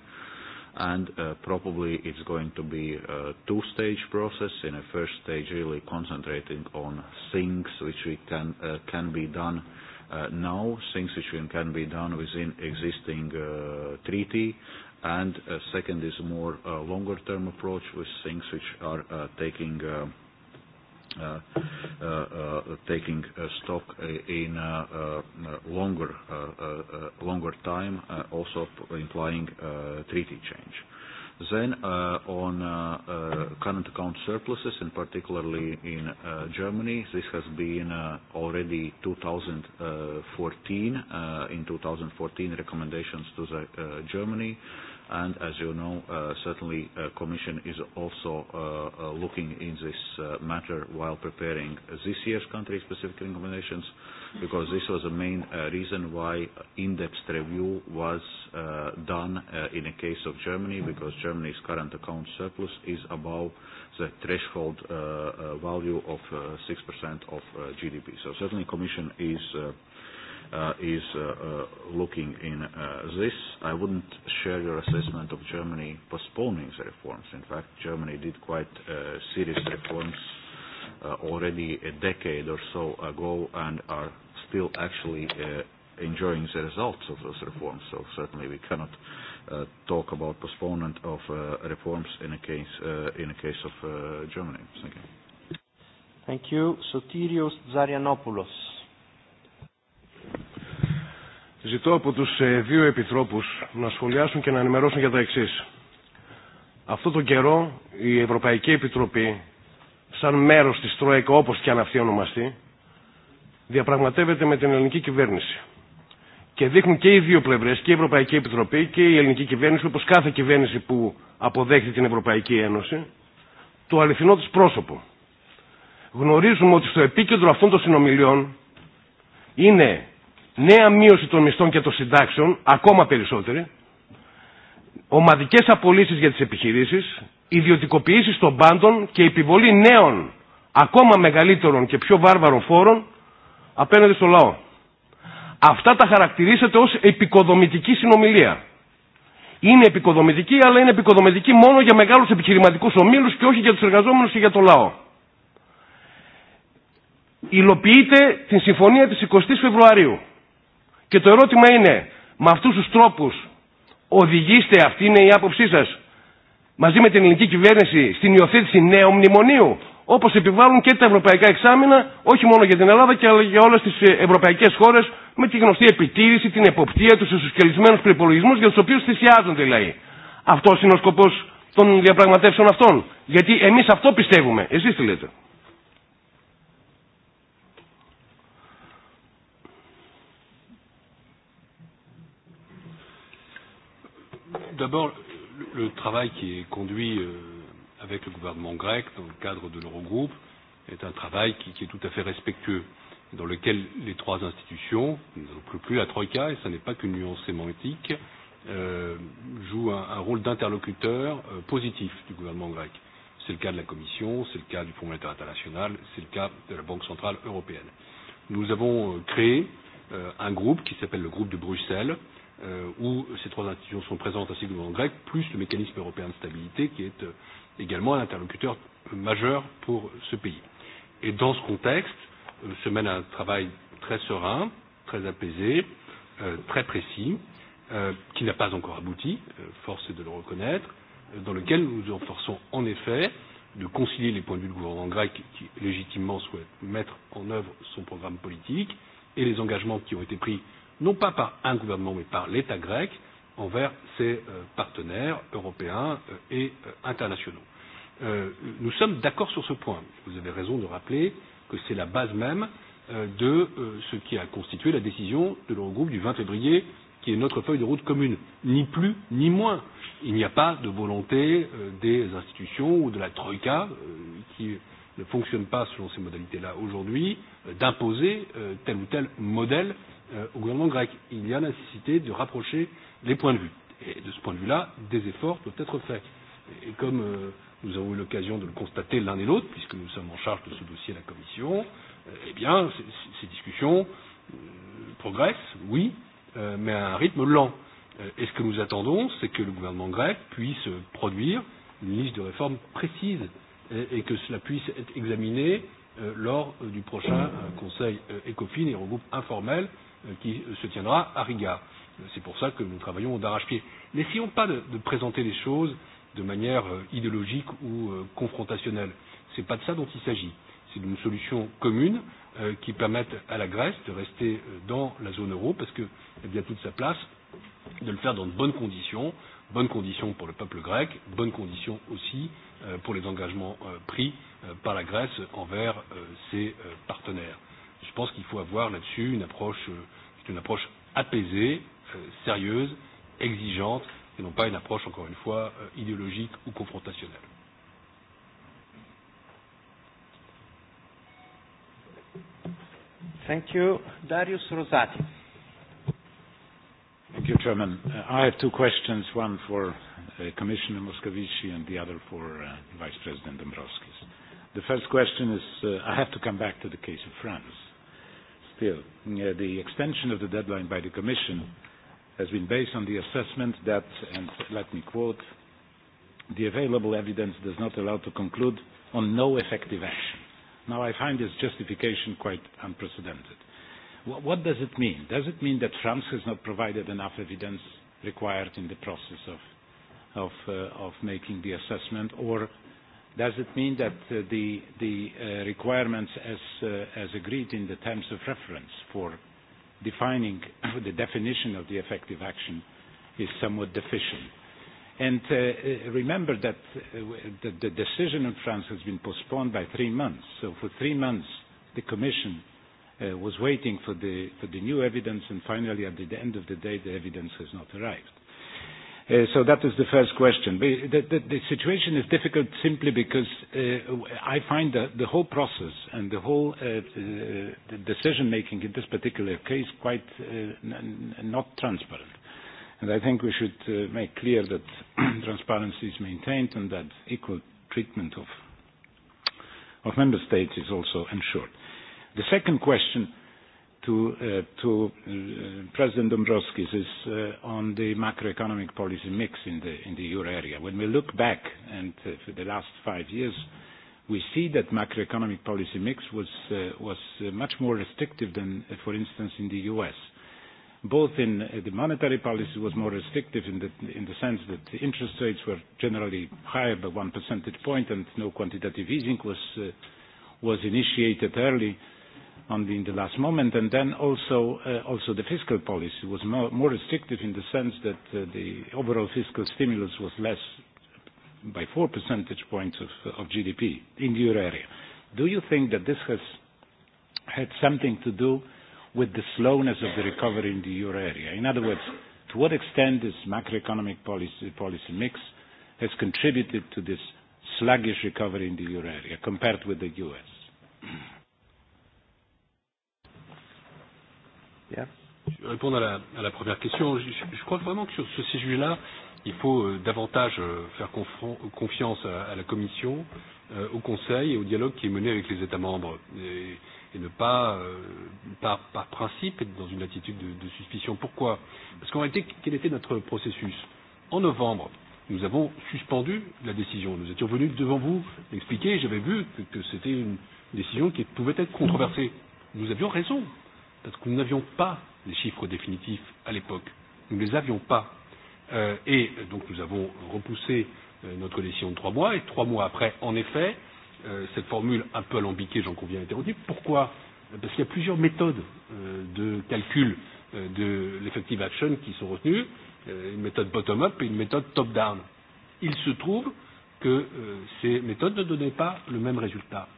Speaker 14: and uh, probably it's going to be a two-stage process. In a first stage, really concentrating on things which we can uh, can be done Uh, now, things which can be done within existing uh, treaty, and uh, second is more a longer-term approach with things which are taking uh, Uh, uh, uh, taking stock in longer longer time, also implying treaty change. Then uh, on uh, uh, current account surpluses, and particularly in Germany, this has been already 2014, in 2014 recommendations to the Germany. And as you know, uh, certainly uh, Commission is also uh, uh, looking in this matter while preparing this year's country-specific recommendations, because this was the main reason why in-depth review was done in the case of Germany, because Germany's current account surplus is above the threshold value of 6% of GDP. So certainly Commission is uh, is uh, uh, looking in uh, this. I wouldn't share your assessment of Germany postponing the reforms. In fact, Germany did quite uh, serious reforms uh, already a decade or so ago and are still actually uh, enjoying the results of those reforms. So certainly we cannot uh, talk about postponement of uh, reforms in a case uh, in a case of uh, Germany. Thank you.
Speaker 2: Thank you. Sotirios Zarianopoulos.
Speaker 19: Ζητώ από τους δύο επιτρόπους να σχολιάσουν και να ενημερώσουν για τα εξής. Αυτό τον καιρό η Ευρωπαϊκή Επιτροπή, σαν μέρος της Τρόικα όπως και αν αυτή ονομαστεί, διαπραγματεύεται με την ελληνική κυβέρνηση. Και δείχνουν και οι δύο πλευρές, και η Ευρωπαϊκή Επιτροπή και η ελληνική κυβέρνηση, όπως κάθε κυβέρνηση που αποδέχεται την Ευρωπαϊκή Ένωση, το αληθινό της πρόσωπο. Γνωρίζουμε ότι στο επίκεντρο αυτών των συνομιλιών είναι νέα μείωση των μισθών και των συντάξεων, ακόμα περισσότερη, ομαδικές απολύσεις για τις επιχειρήσεις, ιδιωτικοποιήσεις των πάντων και επιβολή νέων, ακόμα μεγαλύτερων και πιο βάρβαρων φόρων απέναντι στο λαό. Αυτά τα χαρακτηρίσατε ως επικοδομητική συνομιλία. Είναι επικοδομητική, αλλά είναι επικοδομητική μόνο για μεγάλους επιχειρηματικούς ομίλους και όχι για τους εργαζόμενους και για το λαό. Υλοποιείται την συμφωνία της 20 Φεβρουαρίου Και το ερώτημα είναι, με αυτού του τρόπου οδηγήστε, αυτή είναι η άποψή σα, μαζί με την ελληνική κυβέρνηση στην υιοθέτηση νέου μνημονίου, όπω επιβάλλουν και τα ευρωπαϊκά εξάμεινα, όχι μόνο για την Ελλάδα και αλλά για όλε τι ευρωπαϊκέ χώρε, με τη γνωστή επιτήρηση, την εποπτεία, του, του εσωσκελισμένους προπολογισμού για του οποίου θυσιάζονται οι λαοί. Αυτός είναι ο σκοπό των διαπραγματεύσεων αυτών. Γιατί εμεί αυτό πιστεύουμε. Εσεί τι λέτε.
Speaker 15: D'abord, le travail qui est conduit euh, avec le gouvernement grec dans le cadre de l'Eurogroupe est un travail qui, qui est tout à fait respectueux, dans lequel les trois institutions, non plus la Troïka, et ce n'est pas qu'une nuance sémantique, euh, jouent un, un rôle d'interlocuteur euh, positif du gouvernement grec. C'est le cas de la Commission, c'est le cas du Fonds monétaire international, c'est le cas de la Banque centrale européenne. Nous avons euh, créé euh, un groupe qui s'appelle le groupe de Bruxelles, euh, euh, où ces trois institutions sont présentes ainsi que le gouvernement grec, plus le mécanisme européen de stabilité qui est euh, également un interlocuteur majeur pour ce pays. Et dans ce contexte, euh, se mène un travail très serein, très apaisé, euh, très précis, euh, qui n'a pas encore abouti, euh, force est de le reconnaître, euh, dans lequel nous nous efforçons en effet de concilier les points de vue du gouvernement grec qui légitimement souhaite mettre en œuvre son programme politique et les engagements qui ont été pris euh, non pas par un gouvernement, mais par l'État grec envers ses euh, partenaires européens euh, et euh, internationaux. Nous sommes d'accord sur ce point. Vous avez raison de rappeler que c'est la base même de ce qui a constitué la décision de l'Eurogroupe du 20 février, qui est notre feuille de route commune. Ni plus, ni moins. Il n'y a pas de volonté des institutions ou de la Troïka, qui ne fonctionne pas selon ces modalités-là aujourd'hui, d'imposer tel ou tel modèle euh, euh, au gouvernement grec. Il y a la nécessité de rapprocher les points de vue. Et de ce point de vue-là, des efforts doivent être faits. Et, comme euh, nous avons eu l'occasion de le constater l'un et l'autre, puisque nous sommes en charge de ce dossier à la Commission, euh, eh bien, ces, discussions euh, progressent, oui, euh, mais à un rythme lent. Euh, et ce que nous attendons, c'est que le gouvernement grec puisse produire une liste de réformes précise et, et que cela puisse être examiné euh, lors du prochain euh, Conseil euh, ECOFIN et regroupe informel euh, qui se tiendra à Riga. C'est pour ça que nous travaillons d'arrache-pied. N'essayons pas de, de présenter les choses de manière euh, idéologique ou euh, confrontationnelle. Ce n'est pas de ça dont il s'agit. C'est d'une solution commune euh, qui permette à la Grèce de rester euh, dans la zone euro parce qu'elle eh vient toute sa place de le faire dans de bonnes conditions, bonnes conditions pour le peuple grec, bonnes conditions aussi euh, pour les engagements euh, pris euh, par la Grèce envers euh, ses euh, partenaires. Je pense qu'il faut avoir là-dessus une approche euh, c'est une approche apaisée, euh, sérieuse, exigeante, et non pas une approche, encore une fois, euh, idéologique ou confrontationnelle.
Speaker 2: Thank you. Darius Rosati.
Speaker 20: Thank you, Chairman. Uh, I have two questions, one for uh, Commissioner Moscovici and the other for uh, Vice President Dombrovskis. The first question is, uh, I have to come back to the case of France still, uh, the extension of the deadline by the Commission has been based on the assessment that, and let me quote, the available evidence does not allow to conclude on no effective action. Now, I find this justification quite unprecedented. What does it mean? Does it mean that France has not provided enough evidence required in the process of, of, uh, of making the assessment, or Does it mean that uh, the, the uh, requirements as, uh, as agreed in the terms of reference for defining the definition of the effective action is somewhat deficient? And uh, uh remember that uh, the, the decision in France has been postponed by three months. So for three months, the Commission uh, was waiting for the, for the new evidence, and finally, at the end of the day, the evidence has not arrived. Uh, so that is the first question. The, the, the situation is difficult simply because uh, I find that the whole process and the whole uh, uh, decision-making in this particular case quite uh, n- not transparent. And I think we should uh, make clear that transparency is maintained and that equal treatment of, of member states is also ensured. The second question, to, uh, to uh, President Dombrovskis is uh, on the macroeconomic policy mix in the, in the euro area. When we look back and uh, for the last five years, we see that macroeconomic policy mix was, uh, was uh, much more restrictive than, uh, for instance, in the U.S. Both in uh, the monetary policy was more restrictive in the, in the sense that the interest rates were generally higher by one percentage point and no quantitative easing was, uh, was initiated early only in the last moment. And then also, uh, also the fiscal policy was more, more restrictive in the sense that uh, the overall fiscal stimulus was less by four percentage points of, of GDP in the euro area. Do you think that this has had something to do with the slowness of the recovery in the euro area? In other words, to what extent this macroeconomic policy, policy mix has contributed to this sluggish recovery in the euro area compared with the US?
Speaker 15: Je vais répondre à la, à la première question. Je, je crois vraiment que sur ce sujet-là, il faut euh, davantage euh, faire confiance à, à la Commission, euh, au Conseil et au dialogue qui est mené avec les États membres. Et, et ne pas, euh, par, par principe, être dans une attitude de, de suspicion. Pourquoi Parce qu'en réalité, quel était notre processus En novembre, nous avons suspendu la décision. Nous étions venus devant vous l'expliquer. J'avais vu que, que c'était une décision qui pouvait être controversée. Nous avions raison parce que nous n'avions pas les chiffres définitifs à l'époque. Nous ne les avions pas. Euh, et euh, donc nous avons repoussé euh, notre décision de trois mois, et trois mois après, en effet, euh, cette formule un peu alambiquée, j'en conviens, a été retenue. Pourquoi Parce qu'il y a plusieurs méthodes euh, de calcul euh, de l'effective action qui sont retenues, euh, une méthode bottom-up et une méthode top-down. Il se trouve que euh, ces méthodes ne donnaient pas le même résultat.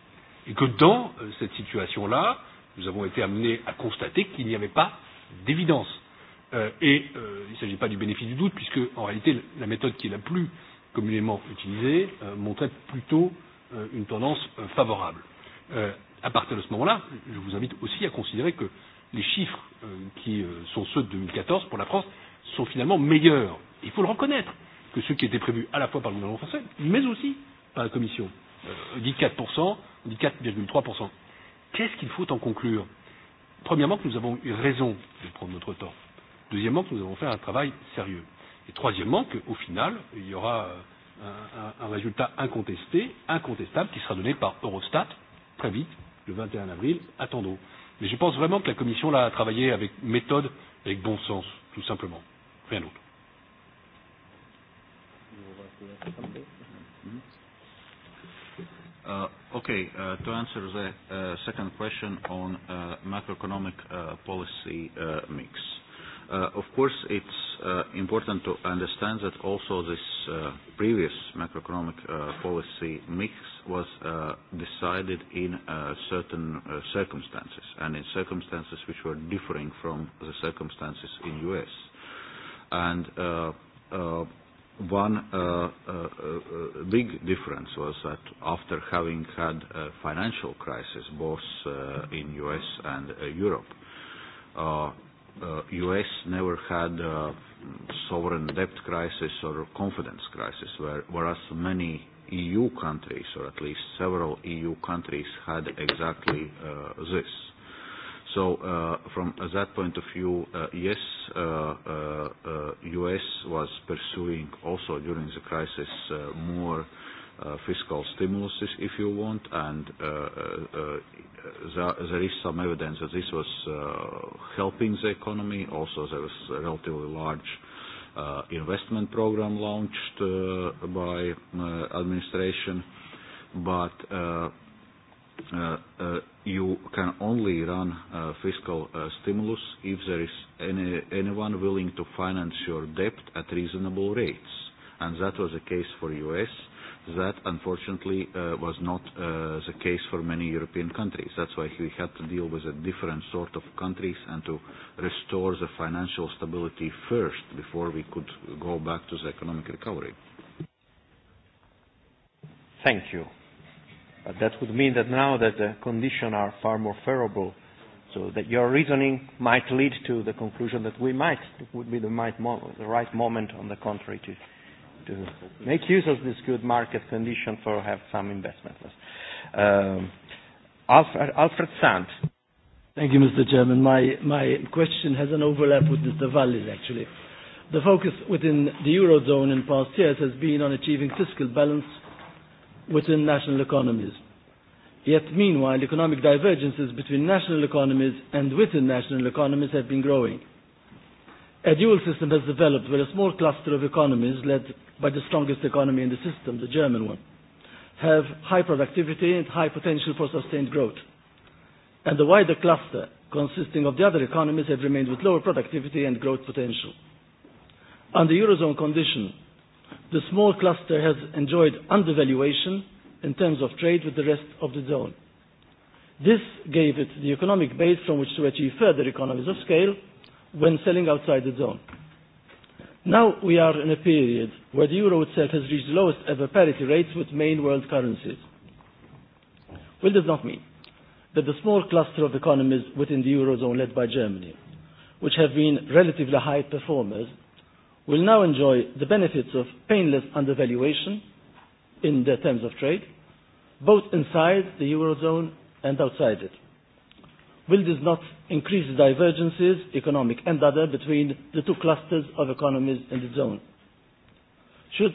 Speaker 15: Et que dans euh, cette situation-là, euh, nous avons été amenés à constater qu'il n'y avait pas d'évidence. Euh, et euh, il ne s'agit pas du bénéfice du doute, puisque en réalité, la méthode qui est la plus communément utilisée euh, montrait plutôt euh, une tendance euh, favorable. Euh, à partir de ce moment-là, je vous invite aussi à considérer que les chiffres euh, qui euh, sont ceux de 2014 pour la France sont finalement meilleurs. Il faut le reconnaître que ceux qui étaient prévus à la fois par le gouvernement français, mais aussi par la Commission. Euh, on dit 4%, on dit 4,3%. Qu'est-ce qu'il faut en conclure Premièrement, que nous avons eu raison de prendre notre temps. Deuxièmement, que nous avons fait un travail sérieux. Et troisièmement, qu'au final, il y aura un, euh, un, un résultat incontesté, incontestable, qui sera donné par Eurostat très vite, le 21 avril, attendons. Mais je pense vraiment que la Commission l'a travaillé avec méthode, avec bon sens, tout simplement. Rien d'autre.
Speaker 7: Thank you.
Speaker 14: Uh, okay, uh, to answer the uh, second question on uh, macroeconomic uh, policy uh, mix. Uh, of course, it's uh, important to understand that also this uh, previous macroeconomic uh, policy mix was uh, decided in uh, certain uh, circumstances, and in circumstances which were differing from the circumstances in U.S. And uh, uh one uh, uh, uh, big difference was that after having had a financial crisis both uh, in US and uh, Europe, uh, uh, US never had a sovereign debt crisis or confidence crisis, whereas many EU countries, or at least several EU countries, had exactly uh, this. So uh, from that point of view, uh, yes, the uh, U.S. was pursuing also during the crisis more fiscal stimulus, if you want, and there, is some evidence that this was helping the economy. Also, there was a relatively large investment program launched by administration, but Uh, uh, you can only run uh, fiscal uh, stimulus if there is any, anyone willing to finance your debt at reasonable rates. And that was the case for US. That, unfortunately, uh, was not uh, the case for many European countries. That's why we had to deal with a different sort of countries and to restore the financial stability first before we could go back to the economic recovery.
Speaker 2: Thank you. But that would mean that now that the conditions are far more favorable, so that your reasoning might lead to the conclusion that we might, it would be the, might mo- the right moment, on the contrary, to, to make use of this good market condition
Speaker 21: for have some investment. Um, Alfred, Alfred Sand. Thank you, Mr. Chairman. My, my question has an overlap with Mr. Valli's, actually. The focus within the Eurozone in past years has been on achieving fiscal balance within national economies. Yet meanwhile, economic divergences between national economies and within national economies have been growing. A dual system has developed where a small cluster of economies, led by the strongest economy in the system, the German one, have high productivity and high potential for sustained growth. And the wider cluster, consisting of the other economies, have remained with lower productivity and growth potential. Under Eurozone condition, the small cluster has enjoyed undervaluation in terms of trade with the rest of the zone. This gave it the economic base from which to achieve further economies of scale when selling outside the zone. Now we are in a period where the euro itself has reached the lowest ever parity rates with main world currencies. Will this not mean that the small cluster of economies within the eurozone led by Germany, which have been relatively high performers will now enjoy the benefits of painless undervaluation in the terms of trade, both inside the Eurozone and outside it. Will this not increase the divergences, economic and other, between the two clusters of economies in the zone? Should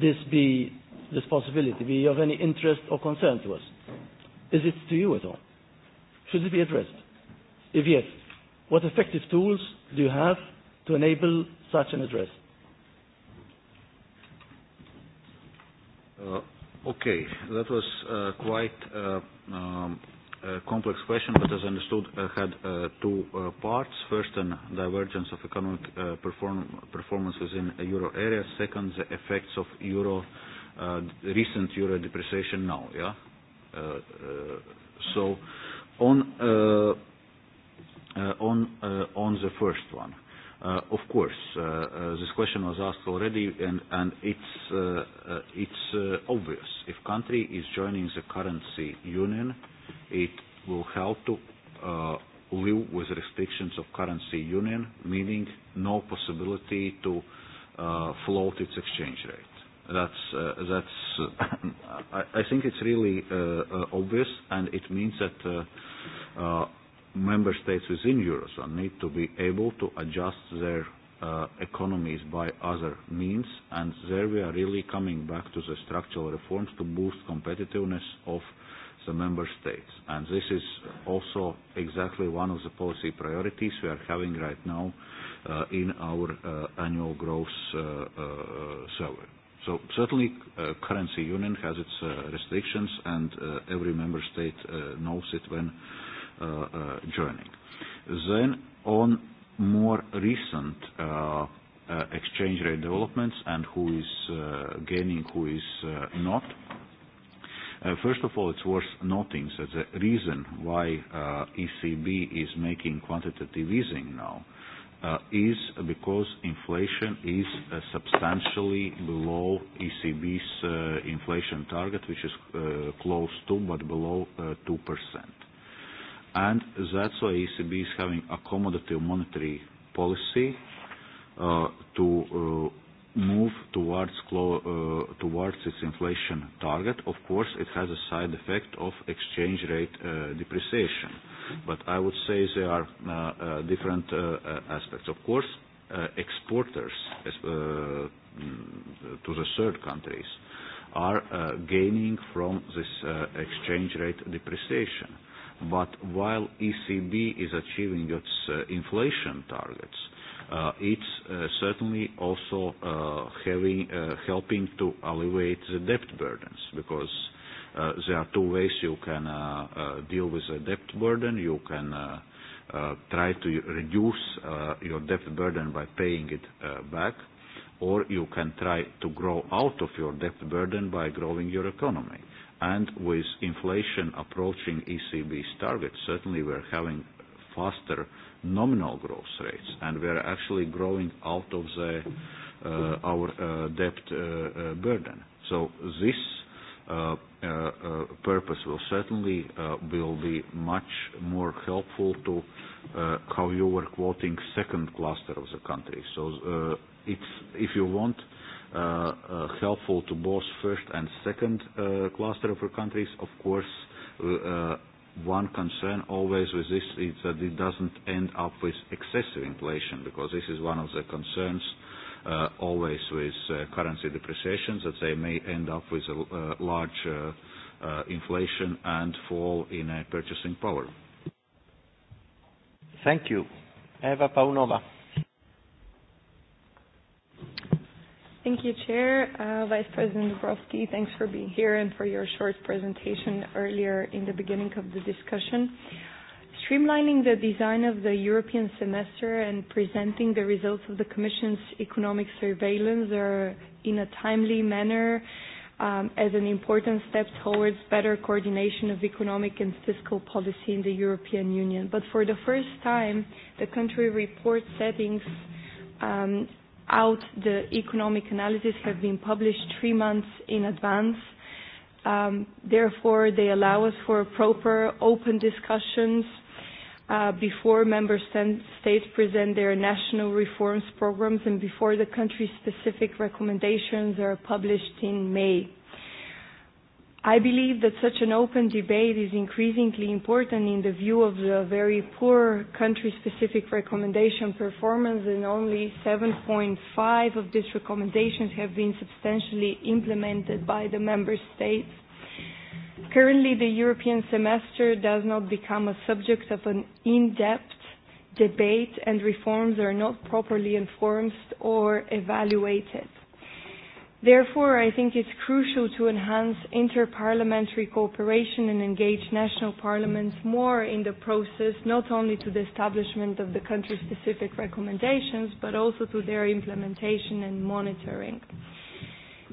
Speaker 21: this be this possibility be of any interest or concern to us? Is it to you at all? Should it be addressed? If yes, what effective tools do you have to enable such an address.
Speaker 14: Uh, okay, that was uh, quite uh, um, a complex question, but as I understood, uh, had uh, two uh, parts. First, an divergence of economic uh, perform performance within a euro area. Second, the effects of euro uh, recent euro depreciation now. Yeah. Uh, uh, so, on uh, uh, on uh, on the first one. Uh, of course, uh, uh, this question was asked already, and, and it's, uh, uh, it's uh, obvious. If country is joining the currency union, it will help to uh, live with restrictions of currency union, meaning no possibility to uh, float its exchange rate. That's, uh, that's uh, I, I think it's really uh, uh, obvious, and it means that uh, uh, member states within Eurozone need to be able to adjust their uh, economies by other means, and there we are really coming back to the structural reforms to boost competitiveness of the member states. And this is also exactly one of the policy priorities we are having right now uh, in our uh, annual growth uh, uh, survey. So certainly uh, currency union has its uh, restrictions and uh, every member state uh, knows it when uh, uh, uh, joining. Then on more recent uh, uh, exchange rate developments and who is uh, gaining, who is uh, not. Uh, first of all, it's worth noting that the reason why uh, ECB is making quantitative easing now uh, is because inflation is uh, substantially below ECB's uh, inflation target, which is uh, close to but below uh, 2% and that's why ECB is having accommodative monetary policy uh, to uh, move towards clo- uh, towards its inflation target. Of course, it has a side effect of exchange rate uh, depreciation, but I would say there are uh, uh, different uh, uh aspects. Of course, uh, exporters uh, to the third countries are uh, gaining from this uh, exchange rate depreciation But while ECB is achieving its uh, inflation targets, uh, it's uh, certainly also uh, having, uh, helping to alleviate the debt burdens because uh, there are two ways you can uh, uh, deal with the debt burden. You can uh, uh, try to reduce uh, your debt burden by paying it uh, back, or you can try to grow out of your debt burden by growing your economy. Uh, and with inflation approaching ECB's target, certainly we're having faster nominal growth rates, and we're actually growing out of the, uh, our uh, debt uh, burden. So this purpose will certainly will be much more helpful to how you were quoting second cluster of the country. So it's, if you want, uh, helpful to both first and second uh, cluster of countries. Of course, uh, uh one concern always with this is that it doesn't end up with excessive inflation, because this is one of the concerns uh, always with uh, currency depreciations, that they may end up with a uh, large uh, uh, inflation and fall in uh, purchasing power. Thank you. Eva Paunova.
Speaker 22: Thank you, Chair. Uh, Vice President Dubrovsky, thanks for being here and for your short presentation earlier in the beginning of the discussion. Streamlining the design of the European semester and presenting the results of the Commission's economic surveillance are in a timely manner um, as an important step towards better coordination of economic and fiscal policy in the European Union. But for the first time, the country report settings um, out the economic analysis have been published three months in advance. Um, therefore, they allow us for proper open discussions uh, before member states present their national reforms programs and before the country-specific recommendations are published in May. I believe that such an open debate is increasingly important in the view of the very poor country-specific recommendation performance and only 7.5 of these recommendations have been substantially implemented by the member states. Currently, the European semester does not become a subject of an in-depth debate and reforms are not properly enforced or evaluated. Therefore, I think it's crucial to enhance interparliamentary cooperation and engage national parliaments more in the process, not only to the establishment of the country-specific recommendations, but also to their implementation and monitoring.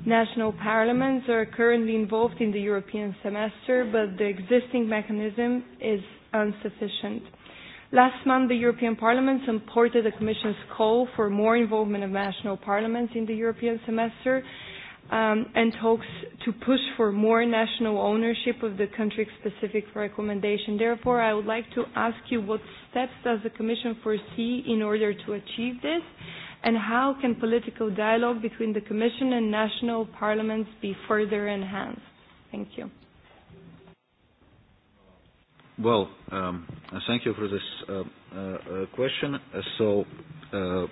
Speaker 22: National parliaments are currently involved in the European semester, but the existing mechanism is insufficient. Last month, the European Parliament supported the Commission's call for more involvement of national parliaments in the European semester um, and talks to push for more national ownership of the country-specific recommendation. Therefore, I would like to ask you what steps does the Commission foresee in order to achieve this, and how can political dialogue between the Commission and national parliaments be further enhanced? Thank you.
Speaker 14: Well, um, thank you for this uh, uh, uh question. Uh, so, uh, uh,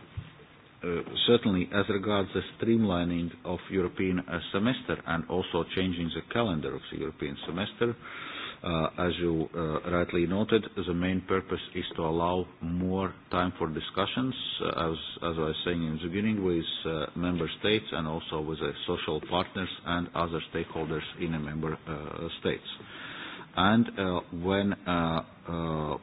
Speaker 14: certainly as regards the streamlining of European uh, semester and also changing the calendar of the European semester, uh, as you uh, rightly noted, the main purpose is to allow more time for discussions, uh, as, as I was saying in the beginning, with uh, member states and also with the social partners and other stakeholders in the member uh, states. And uh, when uh, uh,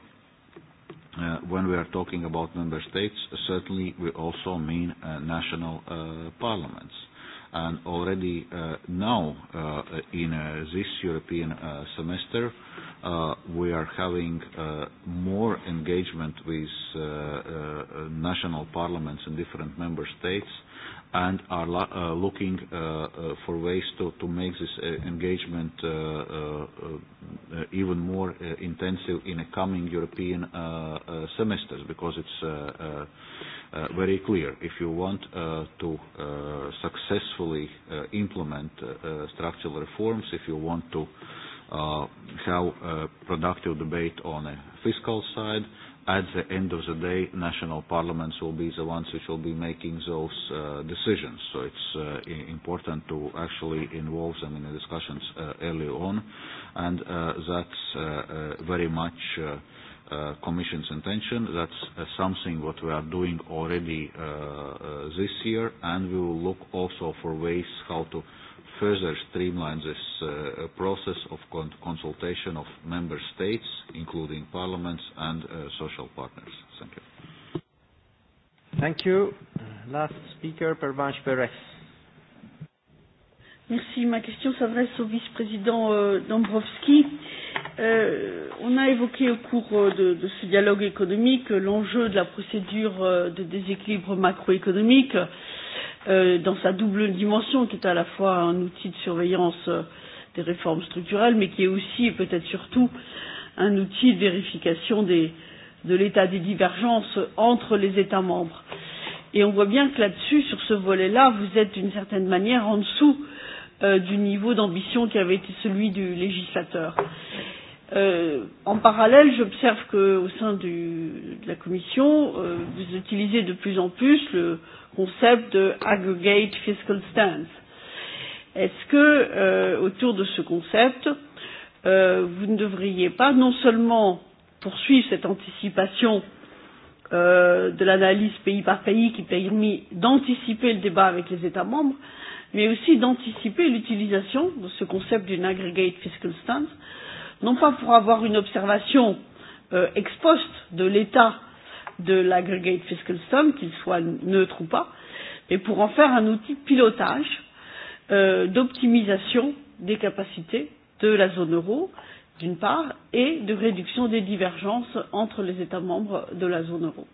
Speaker 14: uh, when we are talking about member states, certainly we also mean uh, national uh, parliaments. And already uh, now, uh, in uh, this European uh, semester, uh, we are having uh, more engagement with uh, uh, national parliaments in different member states and are uh, looking uh, uh, for ways to, to make this uh, engagement uh, uh, uh, even more uh, intensive in the coming European uh, uh, semesters because it's uh, uh, uh, very clear if you want uh, to uh, successfully uh, implement uh, uh, structural reforms, if you want to uh, have a productive debate on a fiscal side, at the end of the day, national parliaments will be the ones which will be making those uh, decisions. So it's uh, important to actually involve them in the discussions uh, early on, and uh, that's uh, uh, very much. Uh, uh, Commission's intention. That's uh, something what we are doing already uh, uh, this year, and we will look also for ways how to further streamline this uh, process of con consultation of member states, including parliaments and uh, social partners. Thank you.
Speaker 13: Thank you. Last
Speaker 2: speaker, Pervanj Perez.
Speaker 23: Merci. Ma question s'adresse au vice-président euh, Dombrovski. Euh, on a évoqué au cours euh, de, de ce dialogue économique euh, l'enjeu de la procédure euh, de déséquilibre macroéconomique. Euh, euh, dans sa double dimension, qui est à la fois un outil de surveillance euh, des réformes structurelles, mais qui est aussi et peut-être surtout un outil de vérification des, de l'état des divergences entre les États membres. Et on voit bien que là-dessus, sur ce volet-là, vous êtes d'une certaine manière en dessous euh, du niveau d'ambition qui avait été celui du législateur. Euh, en parallèle, j'observe qu'au sein du, de la Commission, euh, vous utilisez de plus en plus le concept de aggregate fiscal stance. Est-ce que, euh, autour de ce concept, euh, vous ne devriez pas non seulement poursuivre cette anticipation euh, de l'analyse pays par pays qui permet d'anticiper le débat avec les États membres, mais aussi d'anticiper l'utilisation de ce concept d'une aggregate fiscal stance euh, non pas pour avoir une observation euh, ex post de l'état de l'aggregate fiscal sum, qu'il soit neutre ou pas, mais pour en faire un outil de pilotage, euh, d'optimisation des capacités de la zone euro, d'une part, et de réduction des divergences entre les États membres de la zone euro.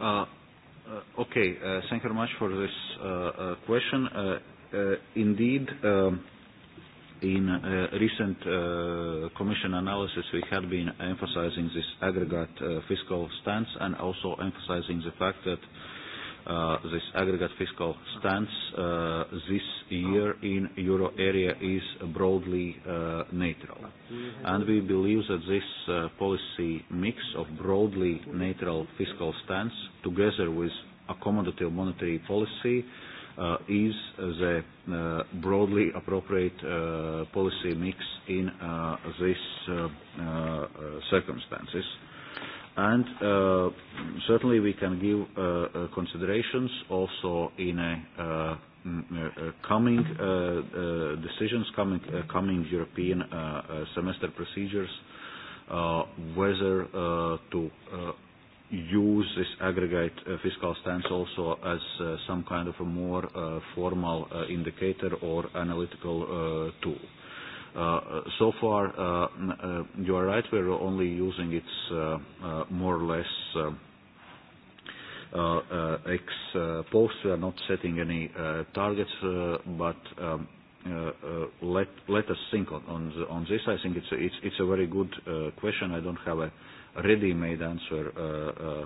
Speaker 14: Uh, uh, okay, uh, thank you very much for this uh, uh, question. Uh, uh, indeed, um, in uh, recent uh, commission analysis, we had been emphasizing this aggregate uh, fiscal stance and also emphasizing the fact that uh, this aggregate fiscal stance uh, this year in euro area is broadly uh, neutral. And we believe that this uh, policy mix of broadly neutral fiscal stance together with accommodative monetary policy uh, uh, is the uh, broadly appropriate uh, policy mix in uh, these uh, uh, circumstances. And uh, certainly we can give uh, uh, considerations also in a, uh, mm, uh, uh, coming uh, uh, decisions, coming, uh, coming European uh, uh, semester procedures, uh, whether uh, to uh, use this aggregate uh, fiscal stance also as uh, some kind of a more uh, formal uh, indicator or analytical uh, tool. Uh, uh so far, uh, uh, you are right, we're only using it uh, uh, more or less uh, uh, uh, ex uh, post. We are not setting any uh, targets, uh, but um, Uh, uh, let let us think on on, the, on this. I think it's a, it's it's a very good uh, question. I don't have a ready-made answer uh, uh,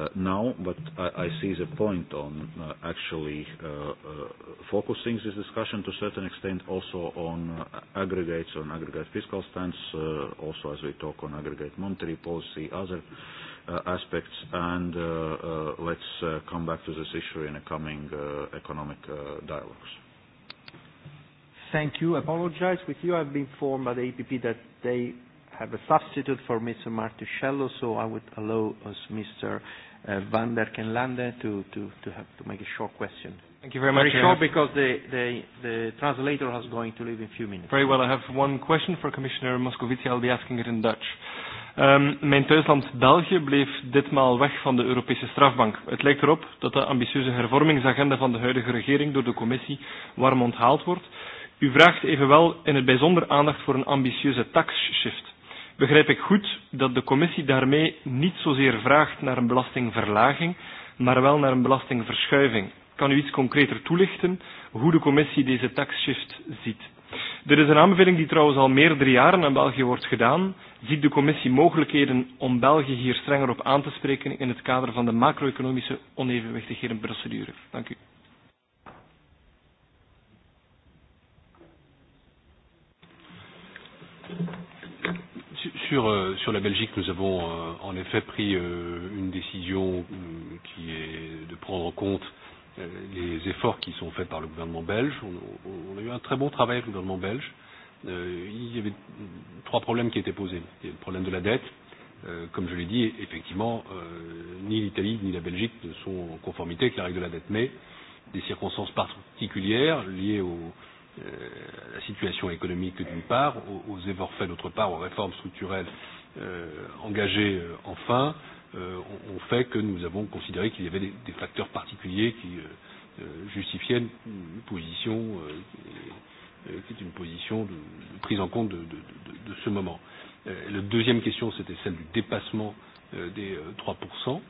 Speaker 14: uh, now, but I, I see the point on uh, actually uh, uh, focusing this discussion to a certain extent also on uh, aggregates, on aggregate fiscal stance, uh, also as we talk on aggregate monetary policy, other uh, aspects, and uh, uh, let's uh, come back to this issue in the coming uh, economic uh, dialogues.
Speaker 2: Thank you. I apologize with you. I've been informed by the EPP that they have a substitute for Mr. Martuscello, so I would allow us Mr. Uh, Van der Kenlande to, to, to, have, to make a short question.
Speaker 11: Thank you very much. Very short
Speaker 2: because the, the, the translator is going to leave in a few minutes. Very well. I
Speaker 11: have one question for Commissioner Moscovici. I'll be asking it in Dutch. Um, mijn thuisland België bleef ditmaal weg van de Europese strafbank. Het lijkt erop dat de ambitieuze hervormingsagenda van de huidige regering door de commissie warm onthaald wordt. U vraagt evenwel in het bijzonder aandacht voor een ambitieuze tax shift begrijp ik goed dat de commissie daarmee niet zozeer vraagt naar een belastingverlaging, maar wel naar een belastingverschuiving. Kan u iets concreter toelichten hoe de commissie deze tax shift ziet? Dit er is een aanbeveling die trouwens al meerdere jaren aan België wordt gedaan. Ziet de commissie mogelijkheden om België hier strenger op aan te spreken in het kader van de macro-economische onevenwichtigheden-procedure? Dank u.
Speaker 15: Thank you sur, euh, sur la Belgique, nous avons euh, en effet pris euh, une décision euh, qui est de prendre en compte euh, les efforts qui sont faits par le gouvernement belge. On, on a eu un très bon travail avec le gouvernement belge. Euh, il y avait trois problèmes qui étaient posés. Il y a le problème de la dette. Euh, comme je l'ai dit, effectivement, euh, ni l'Italie ni la Belgique ne sont en conformité avec la règle de la dette. Mais des circonstances particulières liées aux Euh, la situation économique d'une part, aux, aux efforts faits d'autre part, aux réformes structurelles euh, engagées euh, enfin, euh, ont, fait que nous avons considéré qu'il y avait des, des facteurs particuliers qui euh, euh justifiaient une, une position euh, qui, euh, qui est une position de, de prise en compte de, de, de, de ce moment. Euh, la deuxième question, c'était celle du dépassement euh, des euh, 3%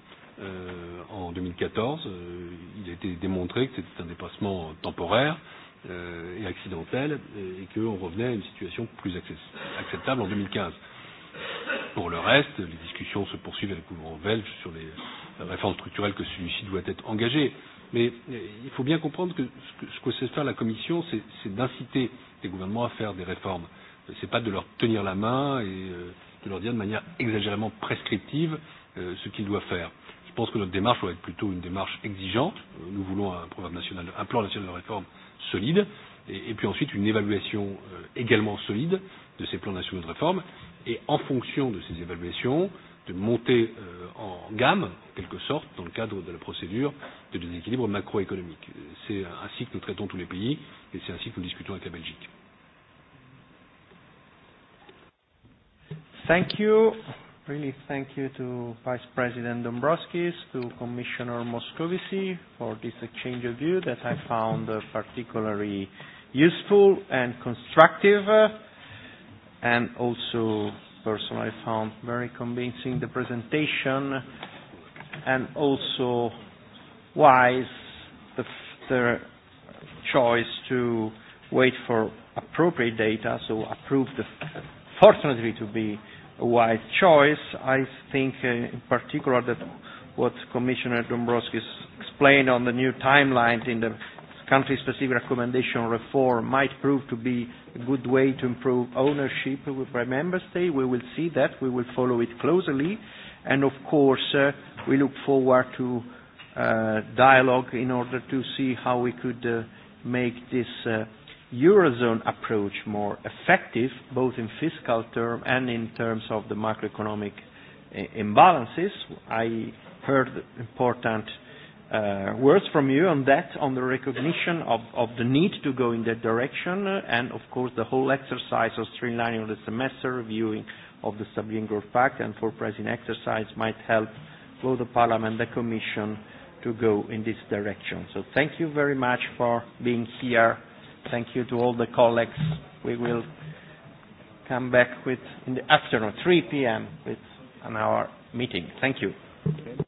Speaker 15: euh, en 2014. Euh, il a été démontré que c'était un dépassement temporaire euh, euh, et accidentelle euh, et, et qu'on revenait à une situation plus acceptable en 2015. Pour le reste, les discussions se poursuivent avec le gouvernement belge sur les réformes structurelles que celui-ci doit être engagé. Mais euh, il faut bien comprendre que ce que sait faire la Commission, c'est d'inciter les gouvernements à faire des réformes. Ce n'est pas de leur tenir la main et euh, de leur dire de manière exagérément prescriptive ce qu'ils doivent faire. Je pense que notre démarche doit être plutôt une démarche exigeante. Nous voulons un programme national, un plan national de réforme euh, solide, et, et puis ensuite une évaluation euh, également solide de ces plans nationaux de réforme, et en fonction de ces évaluations, de monter euh, en gamme, en quelque sorte, dans le cadre de la procédure de déséquilibre macroéconomique. C'est ainsi que nous traitons tous les pays, et c'est ainsi que nous discutons avec la Belgique.
Speaker 2: Thank you really thank you to Vice President Dombrovskis, to Commissioner Moscovici for this exchange of view that I found uh, particularly useful and constructive uh, and also personally found very convincing the presentation and also wise the, the choice to wait for appropriate data, so approve the fortunately to be wise choice. I think, uh, in particular, that what Commissioner Dombrovskis explained on the new timelines in the country-specific recommendation reform might prove to be a good way to improve ownership by member state. We will see that. We will follow it closely. And of course, uh, we look forward to uh, dialogue in order to see how we could uh, make this uh, Eurozone approach more effective, both in fiscal term and in terms of the macroeconomic eh, imbalances. I heard important uh, words from you on that, on the recognition of, of the need to go in that direction, eh, and of course the whole exercise of streamlining of the semester, reviewing of the Stability and Growth Pact, and for pricing exercise might help both the Parliament and the Commission to go in this direction. So thank you very much for being here Thank you to all the colleagues. We will come back with in the afternoon, 3 p.m. with an hour meeting. Thank you. Okay.